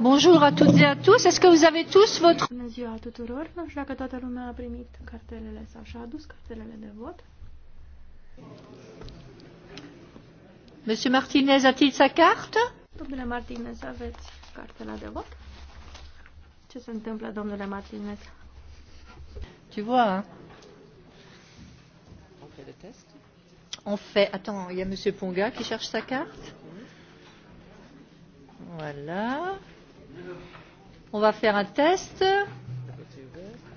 Bonjour à toutes et à tous. Est-ce que vous avez tous votre... Bună ziua tuturor. Nu știu dacă toată lumea a primit cartelele sau și-a adus cartelele de vot. Monsieur Martinez a-t-il sa carte? Domnule Martinez, aveți cartela de vot? Ce se întâmplă, domnule Martinez? Tu vois, hein? On fait le test? On fait... Attends, il y a Monsieur Ponga qui cherche sa carte. Voilà. On va faire un test.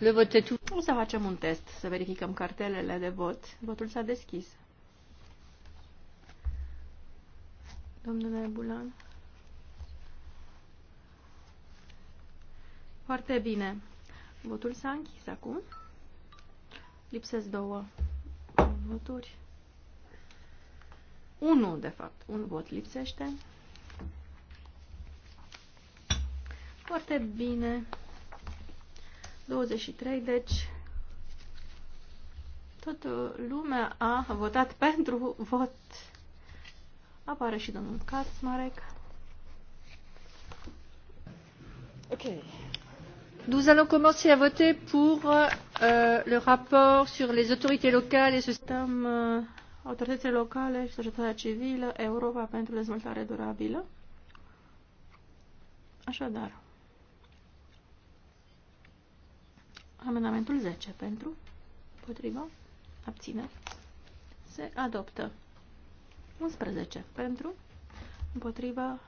Le vote est ouvert. On va faire un test, să verificăm cartelele de vot. Votul s-a deschis. Domnule Bulan. Foarte bine. Votul s-a închis acum. Lipsesc două voturi. Unul, de fapt. Un vot lipsește. Foarte bine. 23, deci toată lumea a votat pentru vot. Apare și domnul Kacmarek. Ok. Nous allons commencer à voter pour euh, le rapport sur les autorités locales et système euh, autoritățile locale și société civile Europa pentru dezvoltare durabilă. Așadar, Amendamentul 10 pentru, potrivă, abține, se adoptă. 11 pentru, împotrivă,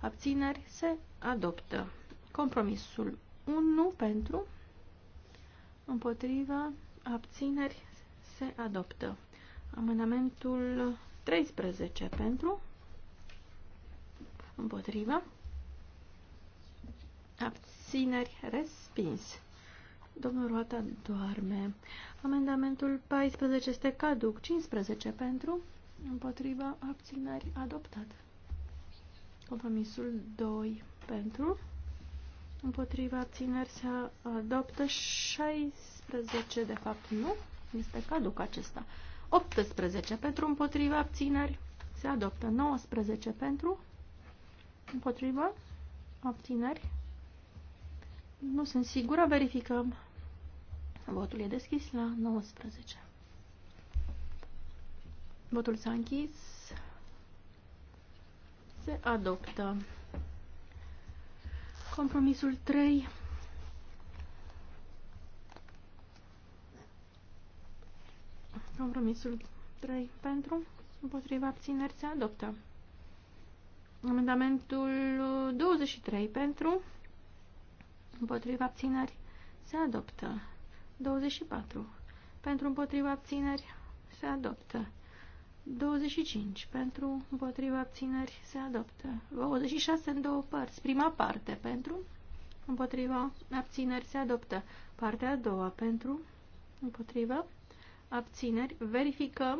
abțineri, se adoptă. Compromisul 1 pentru, împotrivă, abțineri, se adoptă. Amendamentul 13 pentru, împotrivă, abțineri, respins. Domnul Roata doarme. Amendamentul 14 este caduc. 15 pentru. Împotriva abținări adoptat. Compromisul 2 pentru. Împotriva abțineri se adoptă 16, de fapt nu, este caduc acesta. 18 pentru împotriva abțineri se adoptă 19 pentru împotriva abțineri nu sunt sigură, verificăm. Votul e deschis la 19. Votul s-a închis. Se adoptă. Compromisul 3. Compromisul 3 pentru, împotriva abțineri se adoptă. Amendamentul 23 pentru, Împotriva abțineri se adoptă. 24. Pentru împotriva abțineri se adoptă. 25. Pentru împotriva abțineri se adoptă. 26 în două părți. Prima parte pentru împotriva abțineri se adoptă. Partea a doua pentru împotriva abțineri. Verificăm.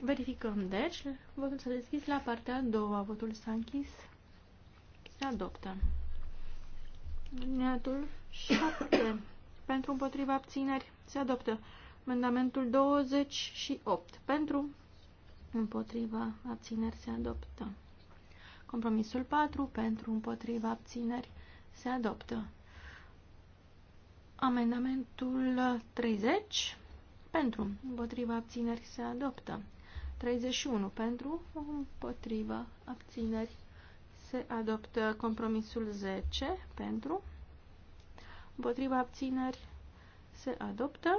Verificăm, deci, votul s-a deschis la partea a doua, votul s-a închis, se adoptă. Alineatul 7. Pentru împotriva abțineri se adoptă. Amendamentul 28. Pentru împotriva abțineri se adoptă. Compromisul 4. Pentru împotriva abțineri se adoptă. Amendamentul 30. Pentru împotriva abțineri se adoptă. 31. Pentru împotriva abțineri se adoptă compromisul 10 pentru. Împotriva abțineri se adoptă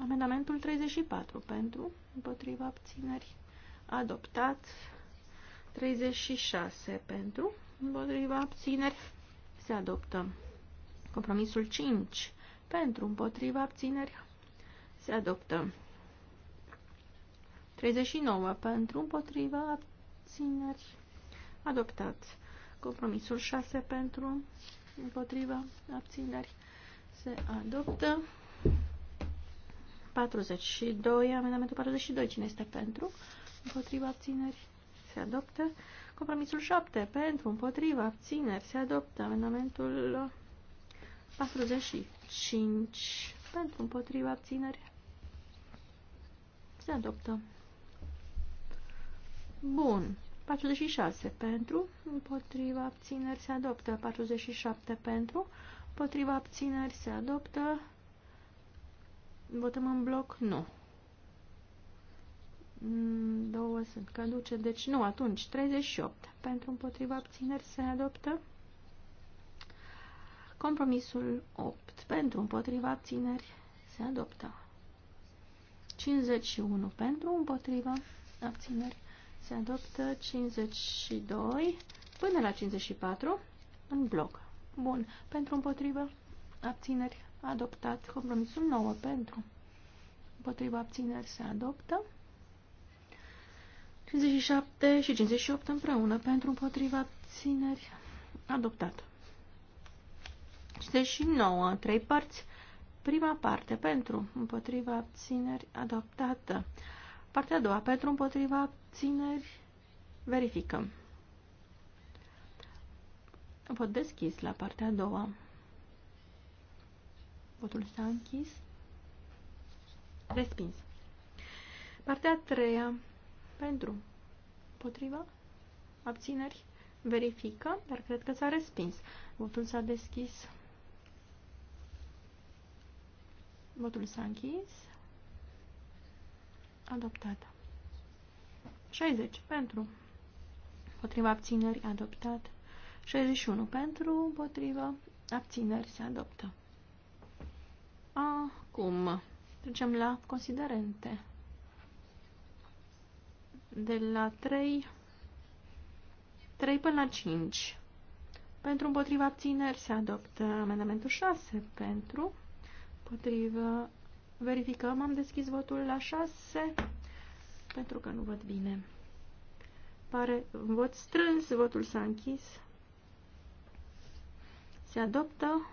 amendamentul 34 pentru. Împotriva abțineri adoptat 36 pentru. Împotriva abțineri se adoptă compromisul 5 pentru. Împotriva abțineri se adoptă 39 pentru. Împotriva abțineri adoptat. Compromisul 6 pentru, împotriva, abțineri, se adoptă. 42, amendamentul 42, cine este pentru, împotriva, abțineri, se adoptă. Compromisul 7 pentru, împotriva, abțineri, se adoptă. Amendamentul 45 pentru, împotriva, abțineri, se adoptă. Bun. 46 pentru, împotriva abțineri se adoptă. 47 pentru, împotriva abțineri se adoptă. Votăm în bloc? Nu. Mm, două sunt caduce, deci nu, atunci 38. Pentru împotriva abțineri se adoptă. Compromisul 8. Pentru împotriva abțineri se adoptă. 51 pentru împotriva abțineri se adoptă 52 până la 54 în bloc. Bun. Pentru împotrivă, abțineri, adoptat. Compromisul 9 pentru Împotrivă, abțineri se adoptă. 57 și 58 împreună pentru împotriva abțineri adoptat. 59, trei părți. Prima parte pentru împotriva abțineri adoptată. Partea a doua, pentru împotriva abțineri, verificăm. Vot deschis la partea a doua. Votul s-a închis. Respins. Partea a treia, pentru împotriva abțineri, verifică, dar cred că s-a respins. Votul s-a deschis. Votul s-a închis adoptată. 60 pentru, potriva abțineri, adoptat. 61 pentru, potriva abțineri, se adoptă. Acum, trecem la considerente. De la 3, 3 până la 5. Pentru împotriva abțineri se adoptă amendamentul 6. Pentru împotriva Verificăm, am deschis votul la 6, pentru că nu văd bine. Pare un vot strâns, votul s-a închis. Se adoptă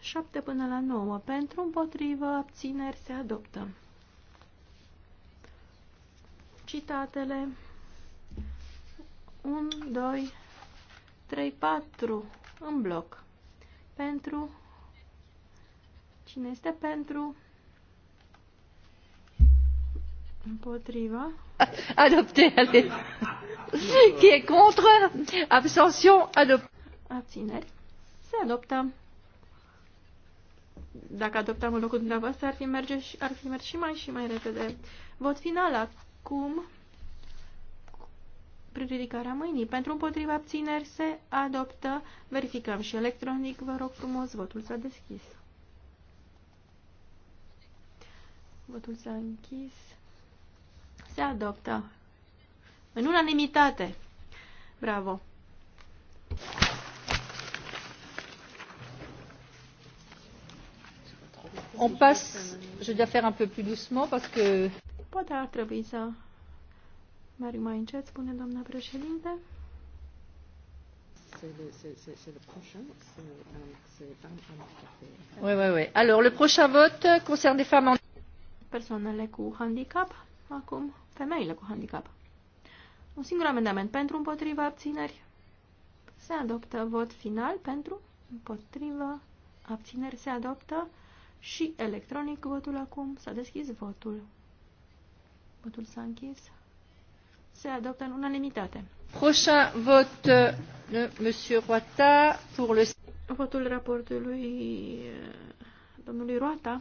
7 până la 9. Pentru, împotrivă, abțineri se adoptă. Citatele 1, 2, 3, 4 în bloc. Pentru, Cine este pentru? Împotriva. Adopté. Qui est contre? Abstention. Abțineri. Se adoptă. Dacă adoptam în locul dumneavoastră, ar fi, merge și, ar fi mers și mai și mai repede. Vot final acum. Prin ridicarea mâinii. Pentru împotriva abțineri se adoptă. Verificăm și electronic. Vă rog frumos, votul s-a deschis. Votul s-a închis. Se adoptă. În unanimitate. Bravo. On passe, je dois faire un peu plus doucement parce que... Poate ar trebui să merg mai încet, spune doamna președinte. Oui, oui, oui. Alors, le prochain vote concerne des femmes en persoanele cu handicap, acum femeile cu handicap. Un singur amendament pentru împotriva abțineri. Se adoptă vot final pentru împotriva abțineri. Se adoptă și electronic votul acum. S-a deschis votul. Votul s-a închis. Se adoptă în unanimitate. Prochain vot de Monsieur Roata pour le... Votul raportului eh, domnului Roata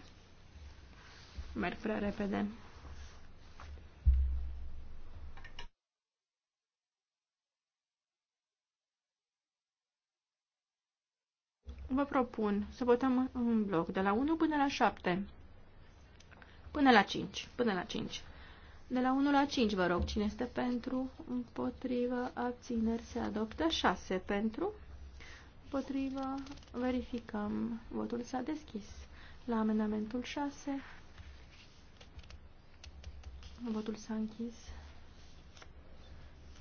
Merg prea repede. Vă propun să votăm un bloc de la 1 până la 7. Până la 5. Până la 5. De la 1 la 5, vă rog, cine este pentru, împotrivă, abțineri, se adoptă, 6 pentru, împotrivă, verificăm, votul s-a deschis. La amendamentul 6, Votul s-a închis.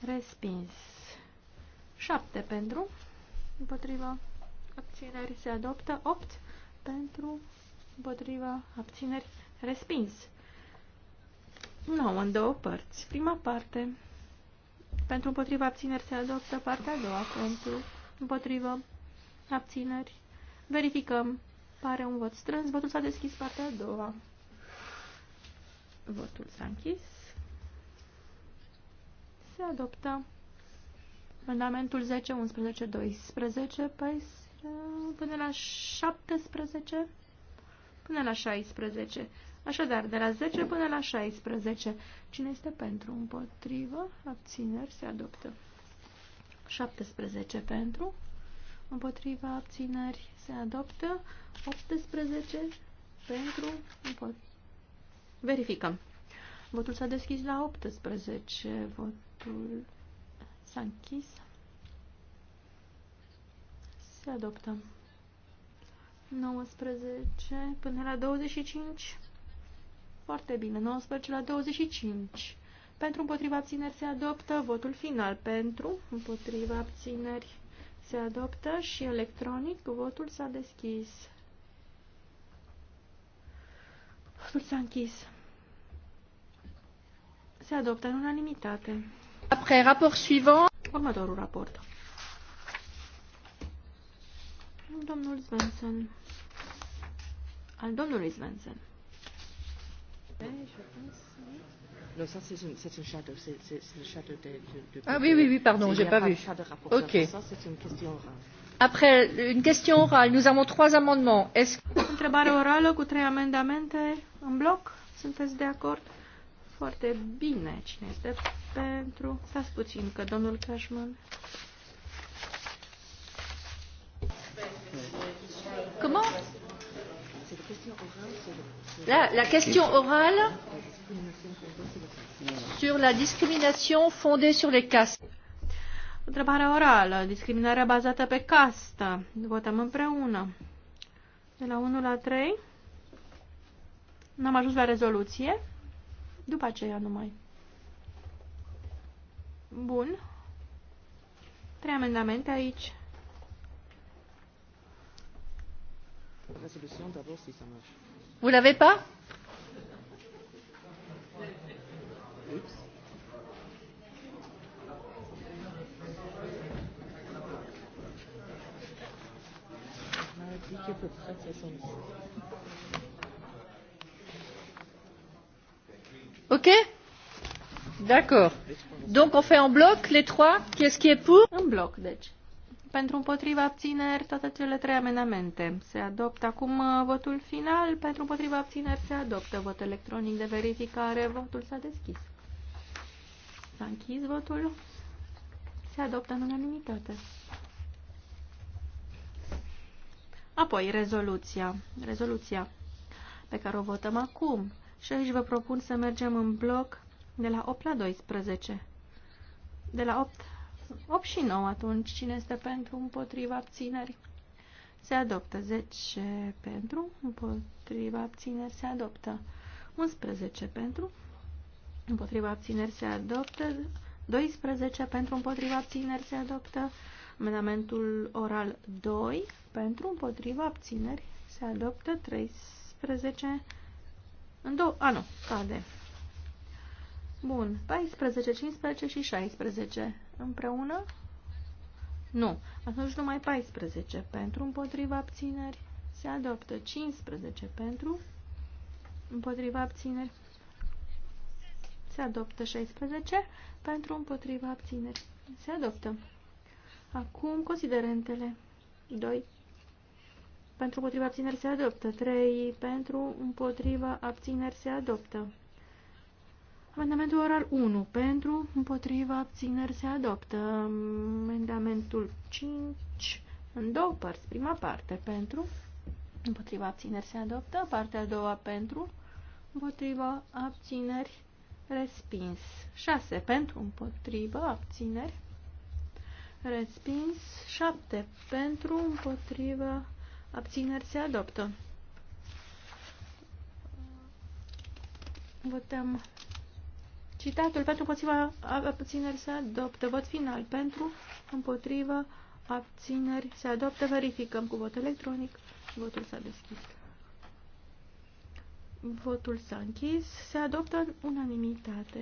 Respins. 7 pentru. Împotriva. Abțineri se adoptă. 8 pentru. Împotriva. Abțineri. Respins. 9 în două părți. Prima parte. Pentru împotriva abțineri se adoptă. Partea a doua. Pentru împotriva abțineri. Verificăm. Pare un vot strâns. Votul s-a deschis partea a doua. Votul s-a închis. Se adoptă amendamentul 10, 11, 12, 14, până la 17, până la 16. Așadar, de la 10 până la 16. Cine este pentru? Împotrivă? Abțineri? Se adoptă. 17 pentru. Împotriva abțineri se adoptă. 18 pentru. Împotriva Verificăm. Votul s-a deschis la 18. Votul s-a închis. Se adoptă. 19 până la 25. Foarte bine. 19 la 25. Pentru împotriva abțineri se adoptă votul final. Pentru împotriva abțineri se adoptă și electronic votul s-a deschis. Votul s-a închis. Se adoptă în unanimitate. Après raport suivant. Următorul raport. Domnul Svensson. Al domnului Svensson. Non, ça c'est une, c'est une c'est, le shadow de, de, de... Ah oui, oui, oui, pardon, j'ai pas vu. Ok. Ça c'est une question orale. Après, une question orale. Nous avons trois amendements. Est-ce... Întrebare orală cu trei amendamente în bloc. Sunteți de acord? Foarte bine. Cine este pentru? Stați puțin, că domnul Cashman... Comment la, la question orale sur la discrimination fondée sur les castes. Întrebare orală. Discriminarea bazată pe castă. Votăm împreună. De la 1 la 3. N-am ajuns la rezoluție. După aceea numai. Bun. Trei amendamente aici. Vous l'avez pas Oops. peu Ok D'accord. Donc on fait en bloc les trois. Qu'est-ce qui est pour En bloc, deci. Pentru împotriva abțineri, toate cele trei amendamente. Se adoptă acum uh, votul final. Pentru împotriva abțineri se adoptă vot electronic de verificare. Votul s-a deschis. S-a închis votul. Se adoptă în unanimitate. Apoi, rezoluția. Rezoluția pe care o votăm acum. Și aici vă propun să mergem în bloc de la 8 la 12. De la 8, 8 și 9 atunci. Cine este pentru, împotriva, abțineri? Se adoptă. 10 pentru, împotriva, abțineri, se adoptă. 11 pentru, împotriva, abțineri, se adoptă. 12 pentru, împotriva, abțineri, se adoptă. Amendamentul oral 2 pentru împotriva abțineri se adoptă 13 în două, a nu, cade. Bun, 14, 15 și 16 împreună? Nu, atunci numai 14 pentru împotriva abțineri se adoptă 15 pentru împotriva abțineri se adoptă 16 pentru împotriva abțineri se adoptă Acum considerentele. 2. Pentru împotriva abțineri se adoptă. 3. Pentru împotriva abțineri se adoptă. Amendamentul oral 1. Pentru împotriva abțineri se adoptă. Amendamentul 5. În două părți. Prima parte pentru împotriva abțineri se adoptă. Partea a doua pentru împotriva abțineri respins. 6. Pentru împotriva abțineri Respins 7 pentru, împotrivă, abțineri se adoptă. Votăm citatul pentru împotriva abțineri se adoptă. Vot final pentru, împotrivă, abțineri se adoptă. Verificăm cu vot electronic. Votul s-a deschis. Votul s-a închis. Se adoptă în unanimitate.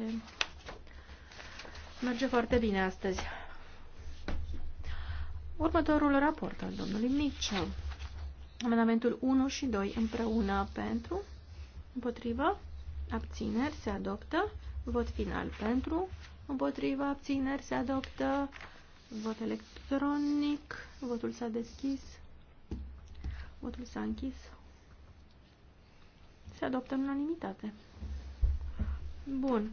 Merge foarte bine astăzi. Următorul raport al domnului Mitchell. Amendamentul 1 și 2 împreună pentru, împotrivă, abțineri, se adoptă, vot final pentru, împotrivă, abțineri, se adoptă, vot electronic, votul s-a deschis, votul s-a închis, se adoptă în unanimitate. Bun.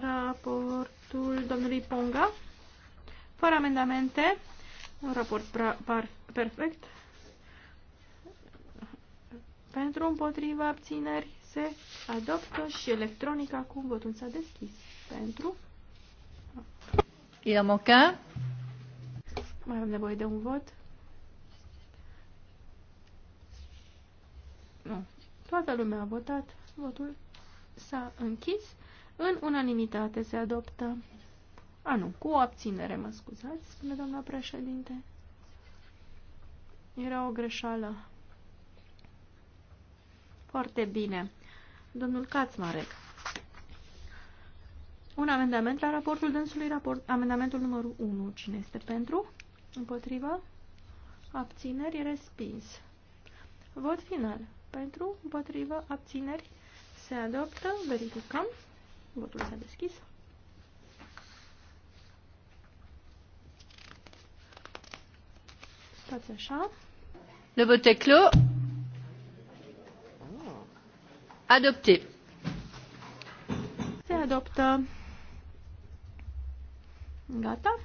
Raportul domnului Ponga fără amendamente, un raport par perfect, pentru împotriva abțineri se adoptă și electronic acum votul s-a deschis. Pentru. Il a Mai avem nevoie de un vot. Nu. Toată lumea a votat. Votul s-a închis. În unanimitate se adoptă. A, nu, cu abținere, mă scuzați, spune doamna președinte. Era o greșeală. Foarte bine. Domnul Cațmarec. Un amendament la raportul dânsului, raport, amendamentul numărul 1. Cine este pentru? Împotrivă? Abțineri, respins. Vot final. Pentru, împotrivă, abțineri, se adoptă, verificăm. Votul s-a deschis. Tot așa. Le vote est clos. Adopté. Se adoptă. Gata.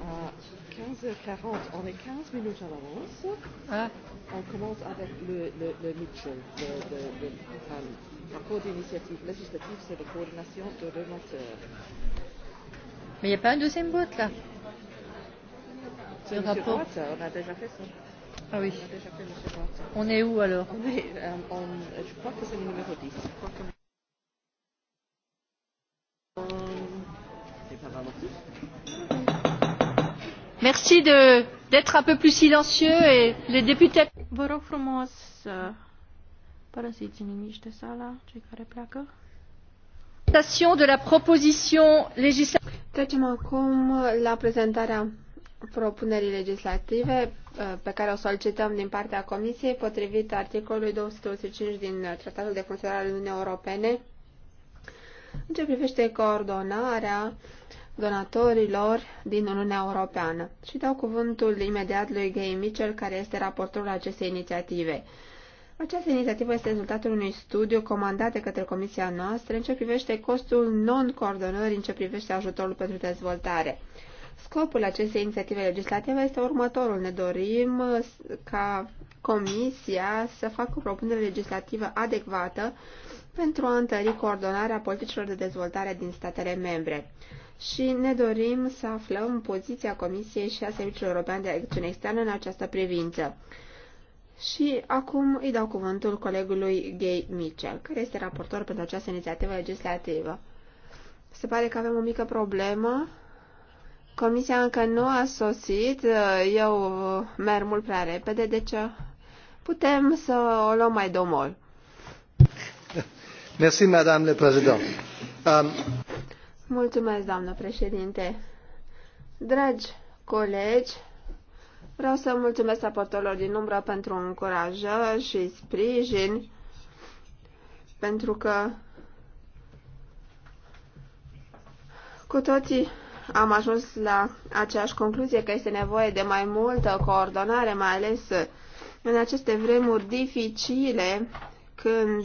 À 15h40, on est 15 minutes à l'avance. Ah. On commence avec le, le, le Mitchell, le, le, le, le, le rapport d'initiative législative sur la coordination de remonteurs. Mais il n'y a pas un deuxième boîte là Le rapport. Watt, on a déjà fait ça. Ah oui. On, a déjà fait on est où alors on est, euh, on, Je crois que c'est le numéro 10. Je crois que... Merci d'être un peu plus silencieux et les députés. Vă rog frumos să părăsiți liniște sala, cei care pleacă. de la proposition législative. Trecem acum la prezentarea propunerii legislative uh, pe care o solicităm din partea Comisiei potrivit articolului 225 din Tratatul de Funcționare al Uniunii Europene în ce privește coordonarea donatorilor din Uniunea Europeană. Și dau cuvântul imediat lui Gay Mitchell, care este raportorul acestei inițiative. Această inițiativă este rezultatul unui studiu comandat de către Comisia noastră în ce privește costul non-coordonării în ce privește ajutorul pentru dezvoltare. Scopul acestei inițiative legislative este următorul. Ne dorim uh, ca Comisia să facă o propunere legislativă adecvată pentru a întări coordonarea politicilor de dezvoltare din statele membre. Și ne dorim să aflăm poziția Comisiei și a Serviciului European de Acțiune Externă în această privință. Și acum îi dau cuvântul colegului Gay Mitchell, care este raportor pentru această inițiativă legislativă. Se pare că avem o mică problemă. Comisia încă nu a sosit, eu merg mult prea repede, deci putem să o luăm mai domol. Merci, Madame le Président. Um... Mulțumesc, doamnă președinte. Dragi colegi, Vreau să mulțumesc aportorilor din umbră pentru încurajări și sprijin, pentru că cu toții am ajuns la aceeași concluzie că este nevoie de mai multă coordonare, mai ales în aceste vremuri dificile, când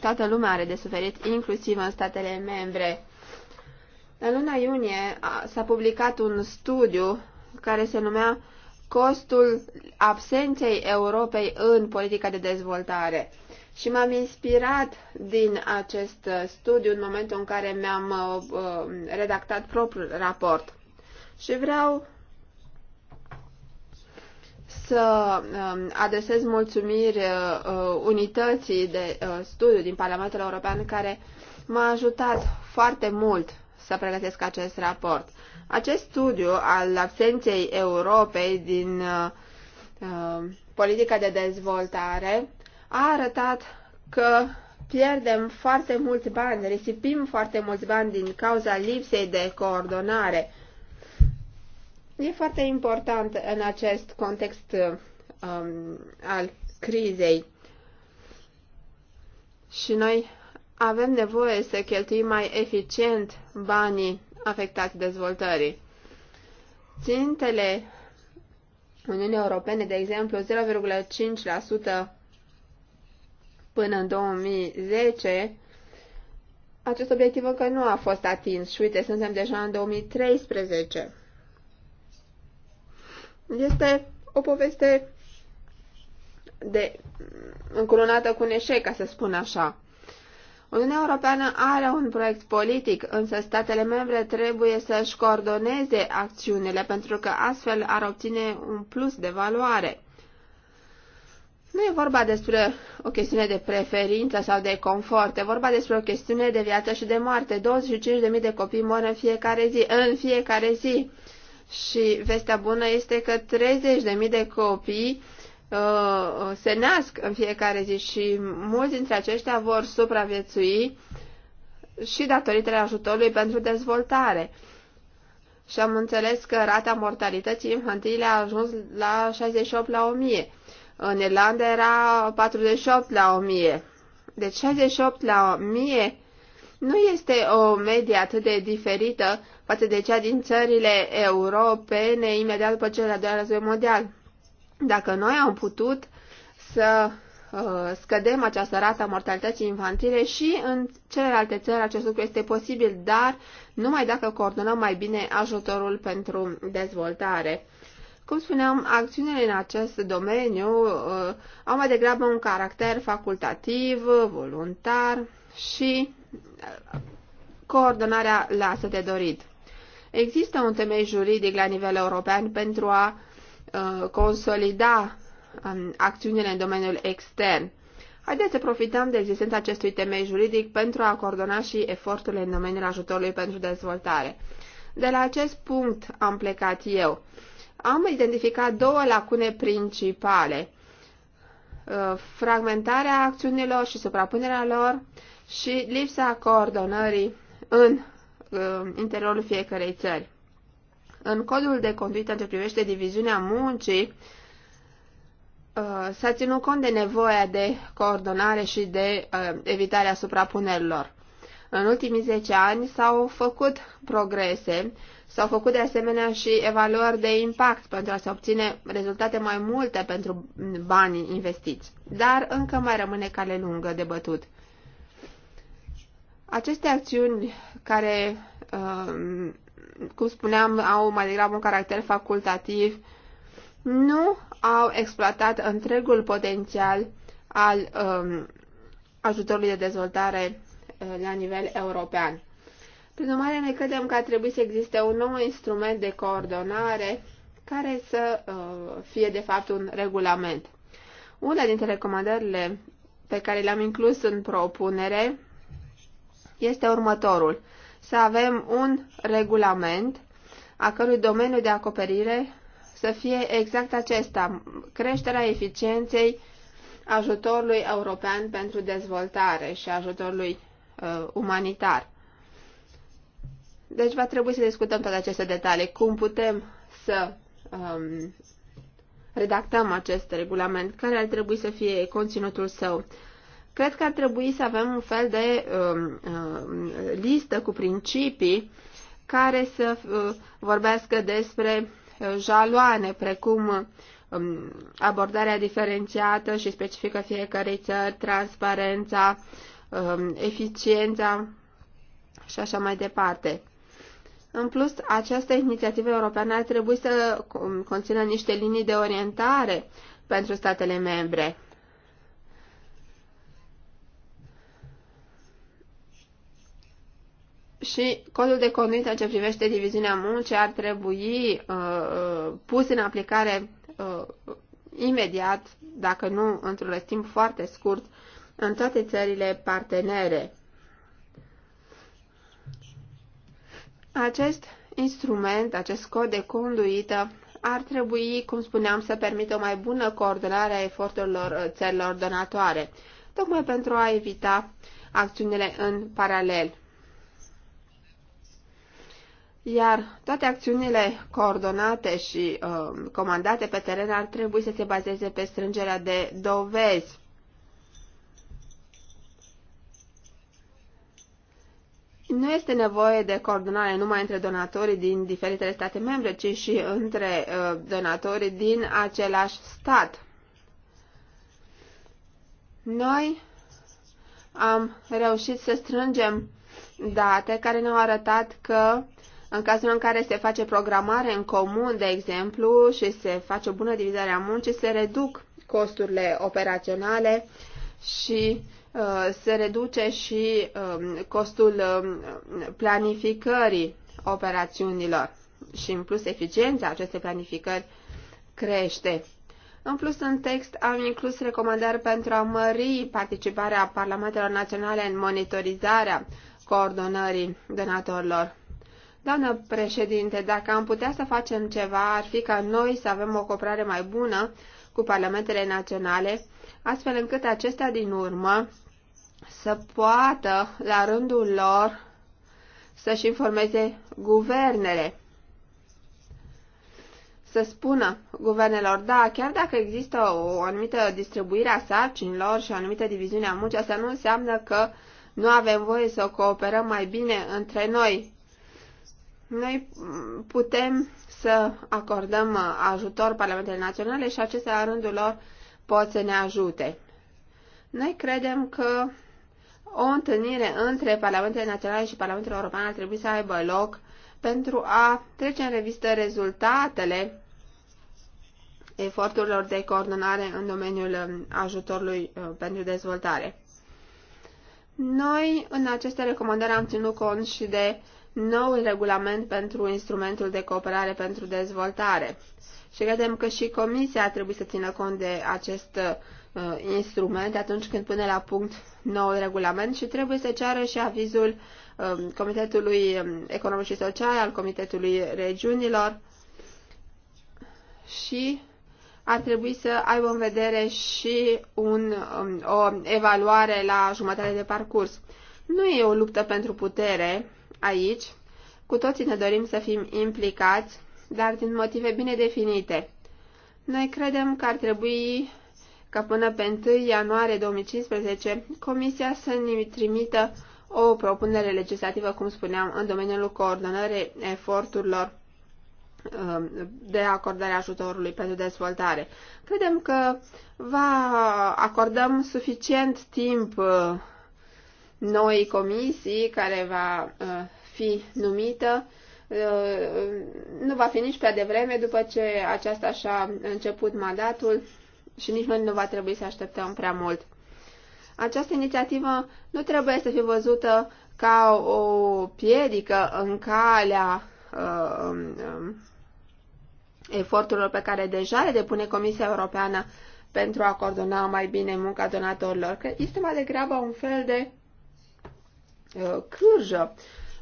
toată lumea are de suferit, inclusiv în statele membre. În luna iunie s-a publicat un studiu care se numea Costul absenței Europei în politica de dezvoltare. Și m-am inspirat din acest studiu în momentul în care mi-am uh, uh redactat propriul raport. Și vreau să um, adresez mulțumiri uh, unității de uh, studiu din Parlamentul European care m-a ajutat foarte mult să pregătesc acest raport. Acest studiu al absenței Europei din uh, uh, politica de dezvoltare a arătat că pierdem foarte mulți bani, risipim foarte mulți bani din cauza lipsei de coordonare. E foarte important în acest context um, al crizei. Și noi avem nevoie să cheltuim mai eficient banii afectați dezvoltării. Țintele Uniunii Europene, de exemplu, 0,5% până în 2010, acest obiectiv încă nu a fost atins și uite, suntem deja în 2013. Este o poveste de încurunată cu un eșec, ca să spun așa. Uniunea Europeană are un proiect politic, însă statele membre trebuie să-și coordoneze acțiunile, pentru că astfel ar obține un plus de valoare. Nu e vorba despre o chestiune de preferință sau de confort, e vorba despre o chestiune de viață și de moarte. 25.000 de copii mor în fiecare zi. În fiecare zi. Și vestea bună este că 30.000 de copii Uh, se nasc în fiecare zi și mulți dintre aceștia vor supraviețui și datorită ajutorului pentru dezvoltare. Și am înțeles că rata mortalității infantile a ajuns la 68 la 1000. În Irlanda era 48 la 1000. Deci 68 la 1000 nu este o medie atât de diferită față de cea din țările europene imediat după cel de-al doilea război mondial. Dacă noi am putut să uh, scădem această rată a mortalității infantile și în celelalte țări acest lucru este posibil, dar numai dacă coordonăm mai bine ajutorul pentru dezvoltare. Cum spuneam, acțiunile în acest domeniu uh, au mai degrabă un caracter facultativ, voluntar și uh, coordonarea lasă de dorit. Există un temei juridic la nivel european pentru a uh, Uh, consolida um, acțiunile în domeniul extern. Haideți să profităm de existența acestui temei juridic pentru a coordona și eforturile în domeniul ajutorului pentru dezvoltare. De la acest punct am plecat eu. Am identificat două lacune principale. Uh, fragmentarea acțiunilor și suprapunerea lor și lipsa coordonării în uh, interiorul fiecarei țări. În codul de conduită ce privește diviziunea muncii, uh, s-a ținut cont de nevoia de coordonare și de uh, evitarea suprapunerilor. În ultimii 10 ani s-au făcut progrese, s-au făcut de asemenea și evaluări de impact pentru a se obține rezultate mai multe pentru banii investiți, dar încă mai rămâne cale lungă de bătut. Aceste acțiuni care uh, cum spuneam, au mai degrabă un caracter facultativ, nu au exploatat întregul potențial al um, ajutorului de dezvoltare uh, la nivel european. Prin urmare, ne credem că ar trebui să existe un nou instrument de coordonare care să uh, fie, de fapt, un regulament. Una dintre recomandările pe care le-am inclus în propunere este următorul să avem un regulament a cărui domeniu de acoperire să fie exact acesta, creșterea eficienței ajutorului european pentru dezvoltare și ajutorului uh, umanitar. Deci va trebui să discutăm toate aceste detalii, cum putem să um, redactăm acest regulament, care ar trebui să fie conținutul său. Cred că ar trebui să avem un fel de uh, uh, listă cu principii care să uh, vorbească despre uh, jaloane, precum uh, abordarea diferențiată și specifică fiecarei țări, transparența, uh, eficiența și așa mai departe. În plus, această inițiativă europeană ar trebui să conțină niște linii de orientare pentru statele membre. și codul de conduită ce privește diviziunea muncii ar trebui uh, uh, pus în aplicare uh, imediat, dacă nu într-un timp foarte scurt, în toate țările partenere. Acest instrument, acest cod de conduită, ar trebui, cum spuneam, să permită o mai bună coordonare a eforturilor uh, țărilor donatoare, tocmai pentru a evita acțiunile în paralel iar toate acțiunile coordonate și uh, comandate pe teren ar trebui să se bazeze pe strângerea de dovezi. Nu este nevoie de coordonare numai între donatorii din diferitele state membre, ci și între uh, donatorii din același stat. Noi am reușit să strângem date care ne-au arătat că în cazul în care se face programare în comun, de exemplu, și se face o bună divizare a muncii, se reduc costurile operaționale și uh, se reduce și uh, costul uh, planificării operațiunilor. Și în plus eficiența acestei planificări crește. În plus, în text am inclus recomandări pentru a mări participarea parlamentelor naționale în monitorizarea coordonării donatorilor Doamnă președinte, dacă am putea să facem ceva, ar fi ca noi să avem o cooperare mai bună cu parlamentele naționale, astfel încât acestea din urmă să poată, la rândul lor, să-și informeze guvernele. Să spună guvernelor, da, chiar dacă există o anumită distribuire a sarcinilor și o anumită diviziune a muncii, asta nu înseamnă că nu avem voie să cooperăm mai bine între noi. Noi putem să acordăm uh, ajutor Parlamentele Naționale și acestea, la rândul lor, pot să ne ajute. Noi credem că o întâlnire între Parlamentele Naționale și Parlamentul European ar trebui să aibă loc pentru a trece în revistă rezultatele eforturilor de coordonare în domeniul um, ajutorului uh, pentru dezvoltare. Noi, în aceste recomandări, am ținut cont și de noul regulament pentru instrumentul de cooperare pentru dezvoltare. Și credem că și Comisia ar trebui să țină cont de acest uh, instrument atunci când pune la punct noul regulament și trebuie să ceară și avizul uh, Comitetului Economic și Social, al Comitetului Regiunilor și ar trebui să aibă în vedere și un, um, o evaluare la jumătate de parcurs. Nu e o luptă pentru putere, aici. Cu toții ne dorim să fim implicați, dar din motive bine definite. Noi credem că ar trebui ca până pe 1 ianuarie 2015 Comisia să ne trimită o propunere legislativă, cum spuneam, în domeniul coordonării eforturilor um, de acordarea ajutorului pentru dezvoltare. Credem că va acordăm suficient timp uh, noi comisii care va uh, fi numită uh, nu va fi nici prea devreme după ce aceasta și-a început mandatul și nici noi nu va trebui să așteptăm prea mult. Această inițiativă nu trebuie să fie văzută ca o piedică în calea uh, um, eforturilor pe care deja le depune Comisia Europeană pentru a coordona mai bine munca donatorilor. Că este mai degrabă un fel de Uh, cârjă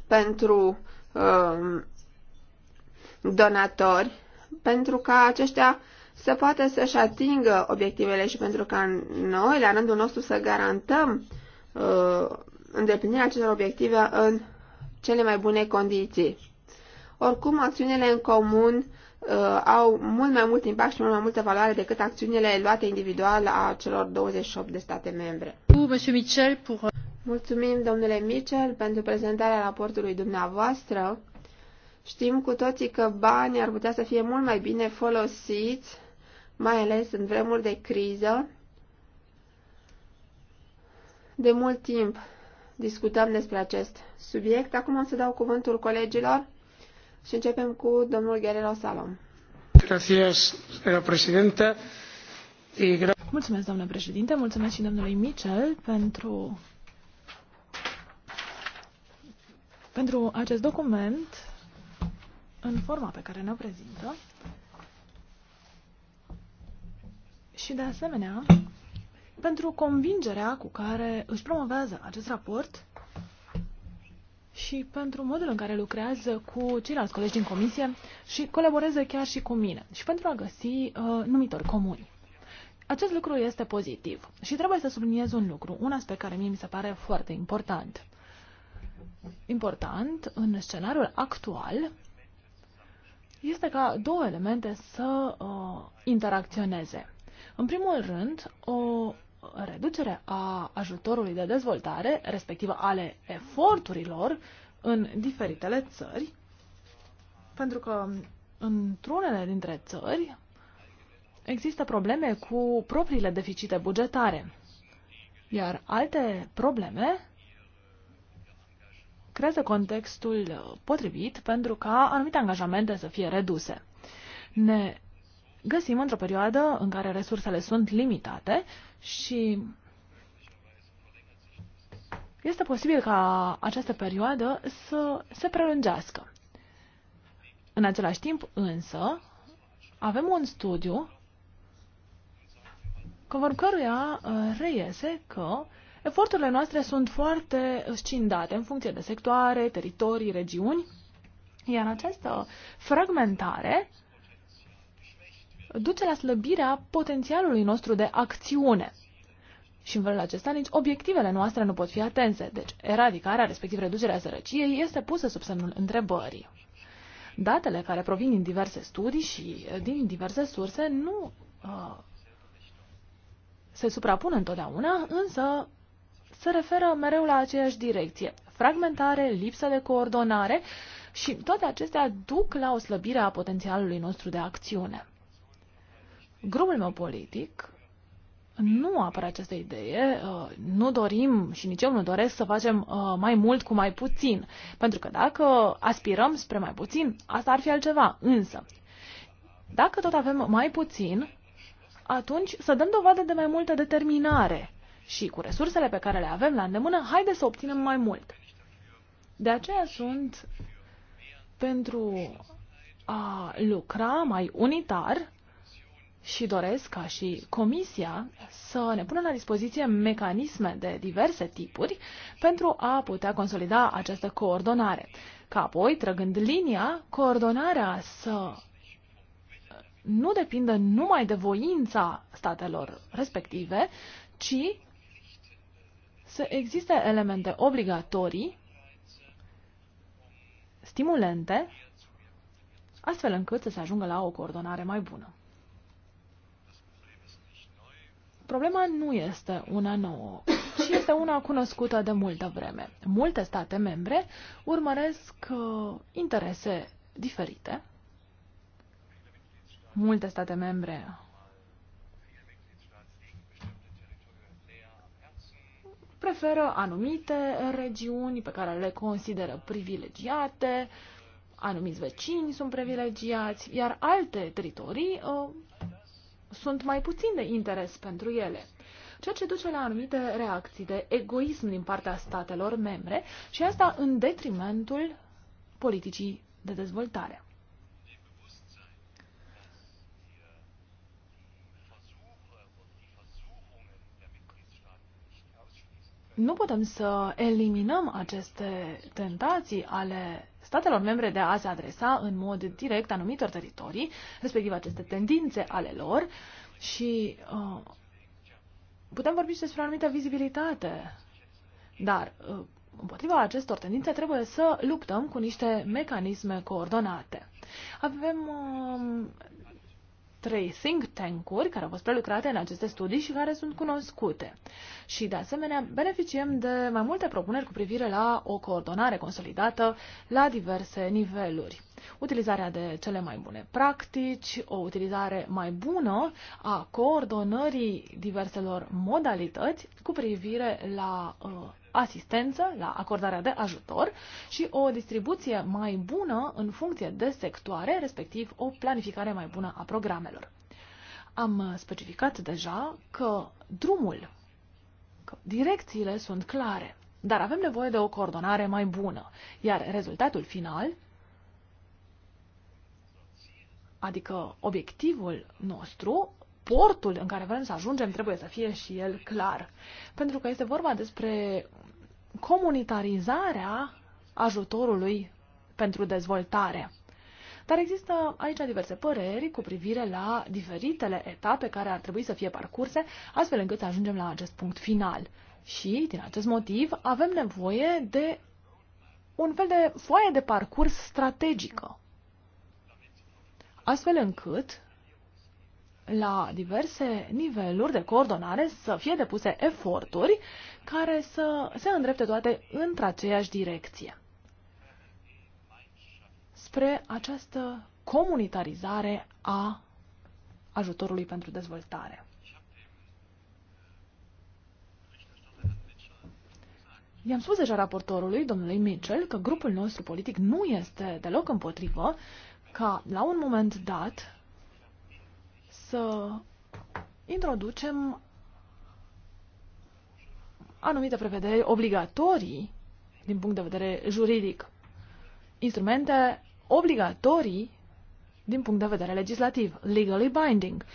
pentru uh, donatori, pentru ca aceștia să poată să-și atingă obiectivele și pentru ca noi, la rândul nostru, să garantăm uh, îndeplinirea acestor obiective în cele mai bune condiții. Oricum, acțiunile în comun uh, au mult mai mult impact și mult mai multă valoare decât acțiunile luate individual a celor 28 de state membre. Mulțumim, domnule Mitchell, pentru prezentarea raportului dumneavoastră. Știm cu toții că banii ar putea să fie mult mai bine folosiți, mai ales în vremuri de criză. De mult timp discutăm despre acest subiect. Acum o să dau cuvântul colegilor și începem cu domnul Guerrero Salom. Mulțumesc, domnule președinte, mulțumesc și domnului Mitchell pentru pentru acest document în forma pe care ne-o prezintă și, de asemenea, pentru convingerea cu care își promovează acest raport și pentru modul în care lucrează cu ceilalți colegi din comisie și colaboreze chiar și cu mine și pentru a găsi uh, numitori comuni. Acest lucru este pozitiv și trebuie să subliniez un lucru, un aspect care mie mi se pare foarte important important în scenariul actual este ca două elemente să uh, interacționeze. În primul rând, o reducere a ajutorului de dezvoltare, respectiv ale eforturilor în diferitele țări, pentru că într-unele dintre țări există probleme cu propriile deficite bugetare, iar alte probleme creeze contextul uh, potrivit pentru ca anumite angajamente să fie reduse. Ne găsim într-o perioadă în care resursele sunt limitate și este posibil ca această perioadă să se prelungească. În același timp, însă, avem un studiu conform căruia uh, reiese că uh, Eforturile noastre sunt foarte scindate în funcție de sectoare, teritorii, regiuni, iar această fragmentare duce la slăbirea potențialului nostru de acțiune. Și în felul acesta nici obiectivele noastre nu pot fi atense, deci eradicarea, respectiv reducerea sărăciei, este pusă sub semnul întrebării. Datele care provin din diverse studii și eh, din diverse surse nu uh, se suprapun întotdeauna, însă se referă mereu la aceeași direcție. Fragmentare, lipsă de coordonare și toate acestea duc la o slăbire a potențialului nostru de acțiune. Grupul meu politic nu apără această idee, uh, nu dorim și nici eu nu doresc să facem uh, mai mult cu mai puțin, pentru că dacă aspirăm spre mai puțin, asta ar fi altceva, însă dacă tot avem mai puțin, atunci să dăm dovadă de mai multă determinare și cu resursele pe care le avem la îndemână, haide să obținem mai mult. De aceea sunt pentru a lucra mai unitar și doresc ca și Comisia să ne pună la dispoziție mecanisme de diverse tipuri pentru a putea consolida această coordonare. Ca apoi, trăgând linia, coordonarea să nu depindă numai de voința statelor respective, ci să existe elemente obligatorii, stimulente, astfel încât să se ajungă la o coordonare mai bună. Problema nu este una nouă, ci este una cunoscută de multă vreme. Multe state membre urmăresc uh, interese diferite. Multe state membre preferă anumite regiuni pe care le consideră privilegiate, anumiți vecini sunt privilegiați, iar alte teritorii uh, sunt mai puțin de interes pentru ele ceea ce duce la anumite reacții de egoism din partea statelor membre și asta în detrimentul politicii de dezvoltare. nu putem să eliminăm aceste tentații ale statelor membre de a se adresa în mod direct anumitor teritorii, respectiv aceste tendințe ale lor și uh, putem vorbi și despre anumită vizibilitate. Dar uh, împotriva acestor tendințe trebuie să luptăm cu niște mecanisme coordonate. Avem uh, trei think tank-uri care au fost prelucrate în aceste studii și care sunt cunoscute. Și, de asemenea, beneficiem de mai multe propuneri cu privire la o coordonare consolidată la diverse niveluri. Utilizarea de cele mai bune practici, o utilizare mai bună a coordonării diverselor modalități cu privire la uh, asistență, la acordarea de ajutor și o distribuție mai bună în funcție de sectoare, respectiv o planificare mai bună a programelor. Am specificat deja că drumul, că direcțiile sunt clare, dar avem nevoie de o coordonare mai bună, iar rezultatul final, adică obiectivul nostru, portul în care vrem să ajungem trebuie să fie și el clar. Pentru că este vorba despre comunitarizarea ajutorului pentru dezvoltare. Dar există aici diverse păreri cu privire la diferitele etape care ar trebui să fie parcurse, astfel încât să ajungem la acest punct final. Și, din acest motiv, avem nevoie de un fel de foaie de parcurs strategică, astfel încât la diverse niveluri de coordonare să fie depuse eforturi care să se îndrepte toate într-aceeași direcție. Spre această comunitarizare a ajutorului pentru dezvoltare. I-am spus deja raportorului, domnului Mitchell, că grupul nostru politic nu este deloc împotrivă ca, la un moment dat, să introducem anumite prevederi obligatorii din punct de vedere juridic, instrumente obligatorii din punct de vedere legislativ, legally binding,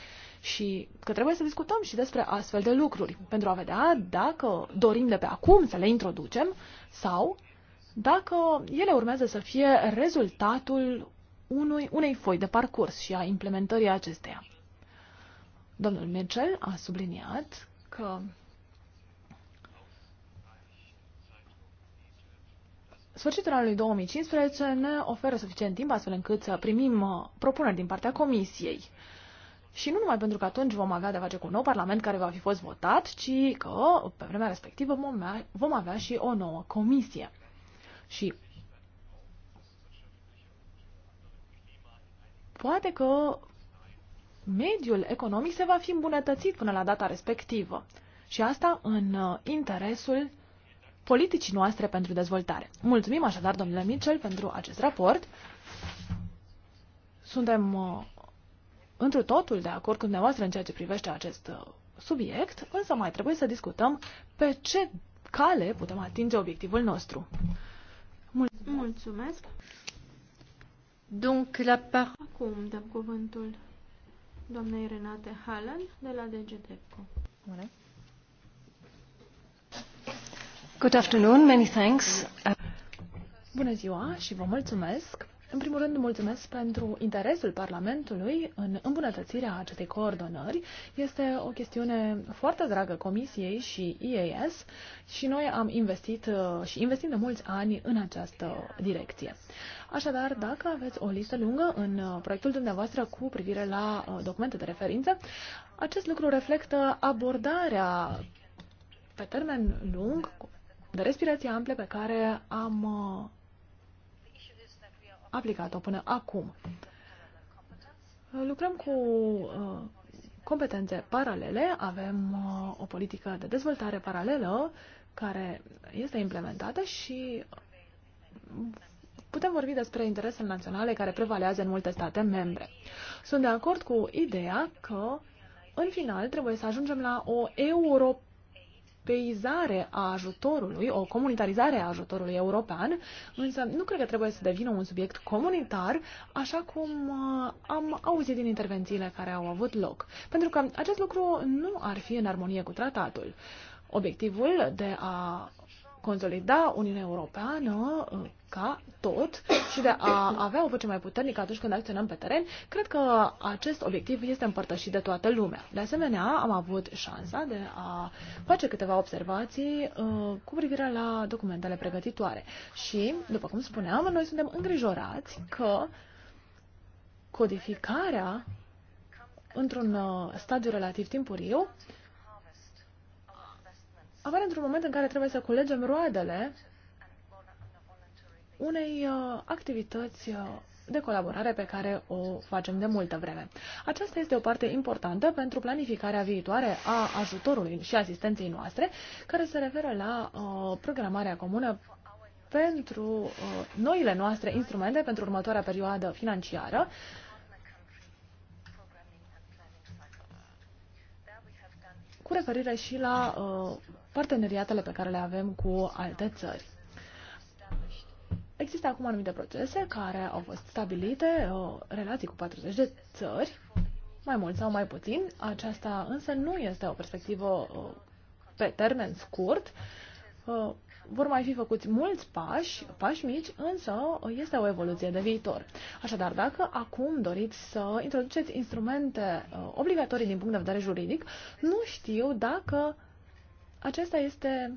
și că trebuie să discutăm și despre astfel de lucruri pentru a vedea dacă dorim de pe acum să le introducem sau dacă ele urmează să fie rezultatul unui, unei foi de parcurs și a implementării acesteia. Domnul Mitchell a subliniat că sfârșitul anului 2015 ne oferă suficient timp astfel încât să primim uh, propuneri din partea Comisiei. Și nu numai pentru că atunci vom avea de face cu un nou parlament care va fi fost votat, ci că pe vremea respectivă vom avea și o nouă comisie. Și poate că mediul economic se va fi îmbunătățit până la data respectivă. Și asta în uh, interesul politicii noastre pentru dezvoltare. Mulțumim așadar, domnule Mitchell, pentru acest raport. Suntem uh, întru totul de acord cu dumneavoastră în ceea ce privește acest uh, subiect, însă mai trebuie să discutăm pe ce cale putem atinge obiectivul nostru. Mulțumesc! Mulțumesc. Donc, la par... Acum dăm cuvântul doamnei Renate Hallen de la DGTEPCO. Good afternoon, many thanks. Bună ziua și vă mulțumesc. În primul rând, mulțumesc pentru interesul Parlamentului în îmbunătățirea acestei coordonări. Este o chestiune foarte dragă Comisiei și EAS și noi am investit uh, și investim de mulți ani în această direcție. Așadar, dacă aveți o listă lungă în uh, proiectul dumneavoastră cu privire la uh, documente de referință, acest lucru reflectă abordarea pe termen lung de respirație ample pe care am aplicat-o până acum. Lucrăm cu uh, competențe paralele, avem uh, o politică de dezvoltare paralelă care este implementată și putem vorbi despre interesele naționale care prevalează în multe state membre. Sunt de acord cu ideea că, în final, trebuie să ajungem la o Europa europeizare a ajutorului, o comunitarizare a ajutorului european, însă nu cred că trebuie să devină un subiect comunitar, așa cum uh, am auzit din intervențiile care au avut loc, pentru că acest lucru nu ar fi în armonie cu tratatul. Obiectivul de a consolida Uniunea Europeană uh, ca tot și de a avea o voce mai puternică atunci când acționăm pe teren, cred că acest obiectiv este împărtășit de toată lumea. De asemenea, am avut șansa de a face câteva observații uh, cu privire la documentele pregătitoare. Și, după cum spuneam, noi suntem îngrijorați că codificarea într-un uh, stadiu relativ timpuriu uh, apare într-un moment în care trebuie să culegem roadele unei uh, activități uh, de colaborare pe care o facem de multă vreme. Aceasta este o parte importantă pentru planificarea viitoare a ajutorului și asistenței noastre, care se referă la uh, programarea comună pentru uh, noile noastre instrumente pentru următoarea perioadă financiară. Cu referire și la uh, parteneriatele pe care le avem cu alte țări. Există acum anumite procese care au fost stabilite, relații cu 40 de țări, mai mult sau mai puțin. Aceasta însă nu este o perspectivă pe termen scurt. Vor mai fi făcuți mulți pași, pași mici, însă este o evoluție de viitor. Așadar, dacă acum doriți să introduceți instrumente obligatorii din punct de vedere juridic, nu știu dacă acesta este,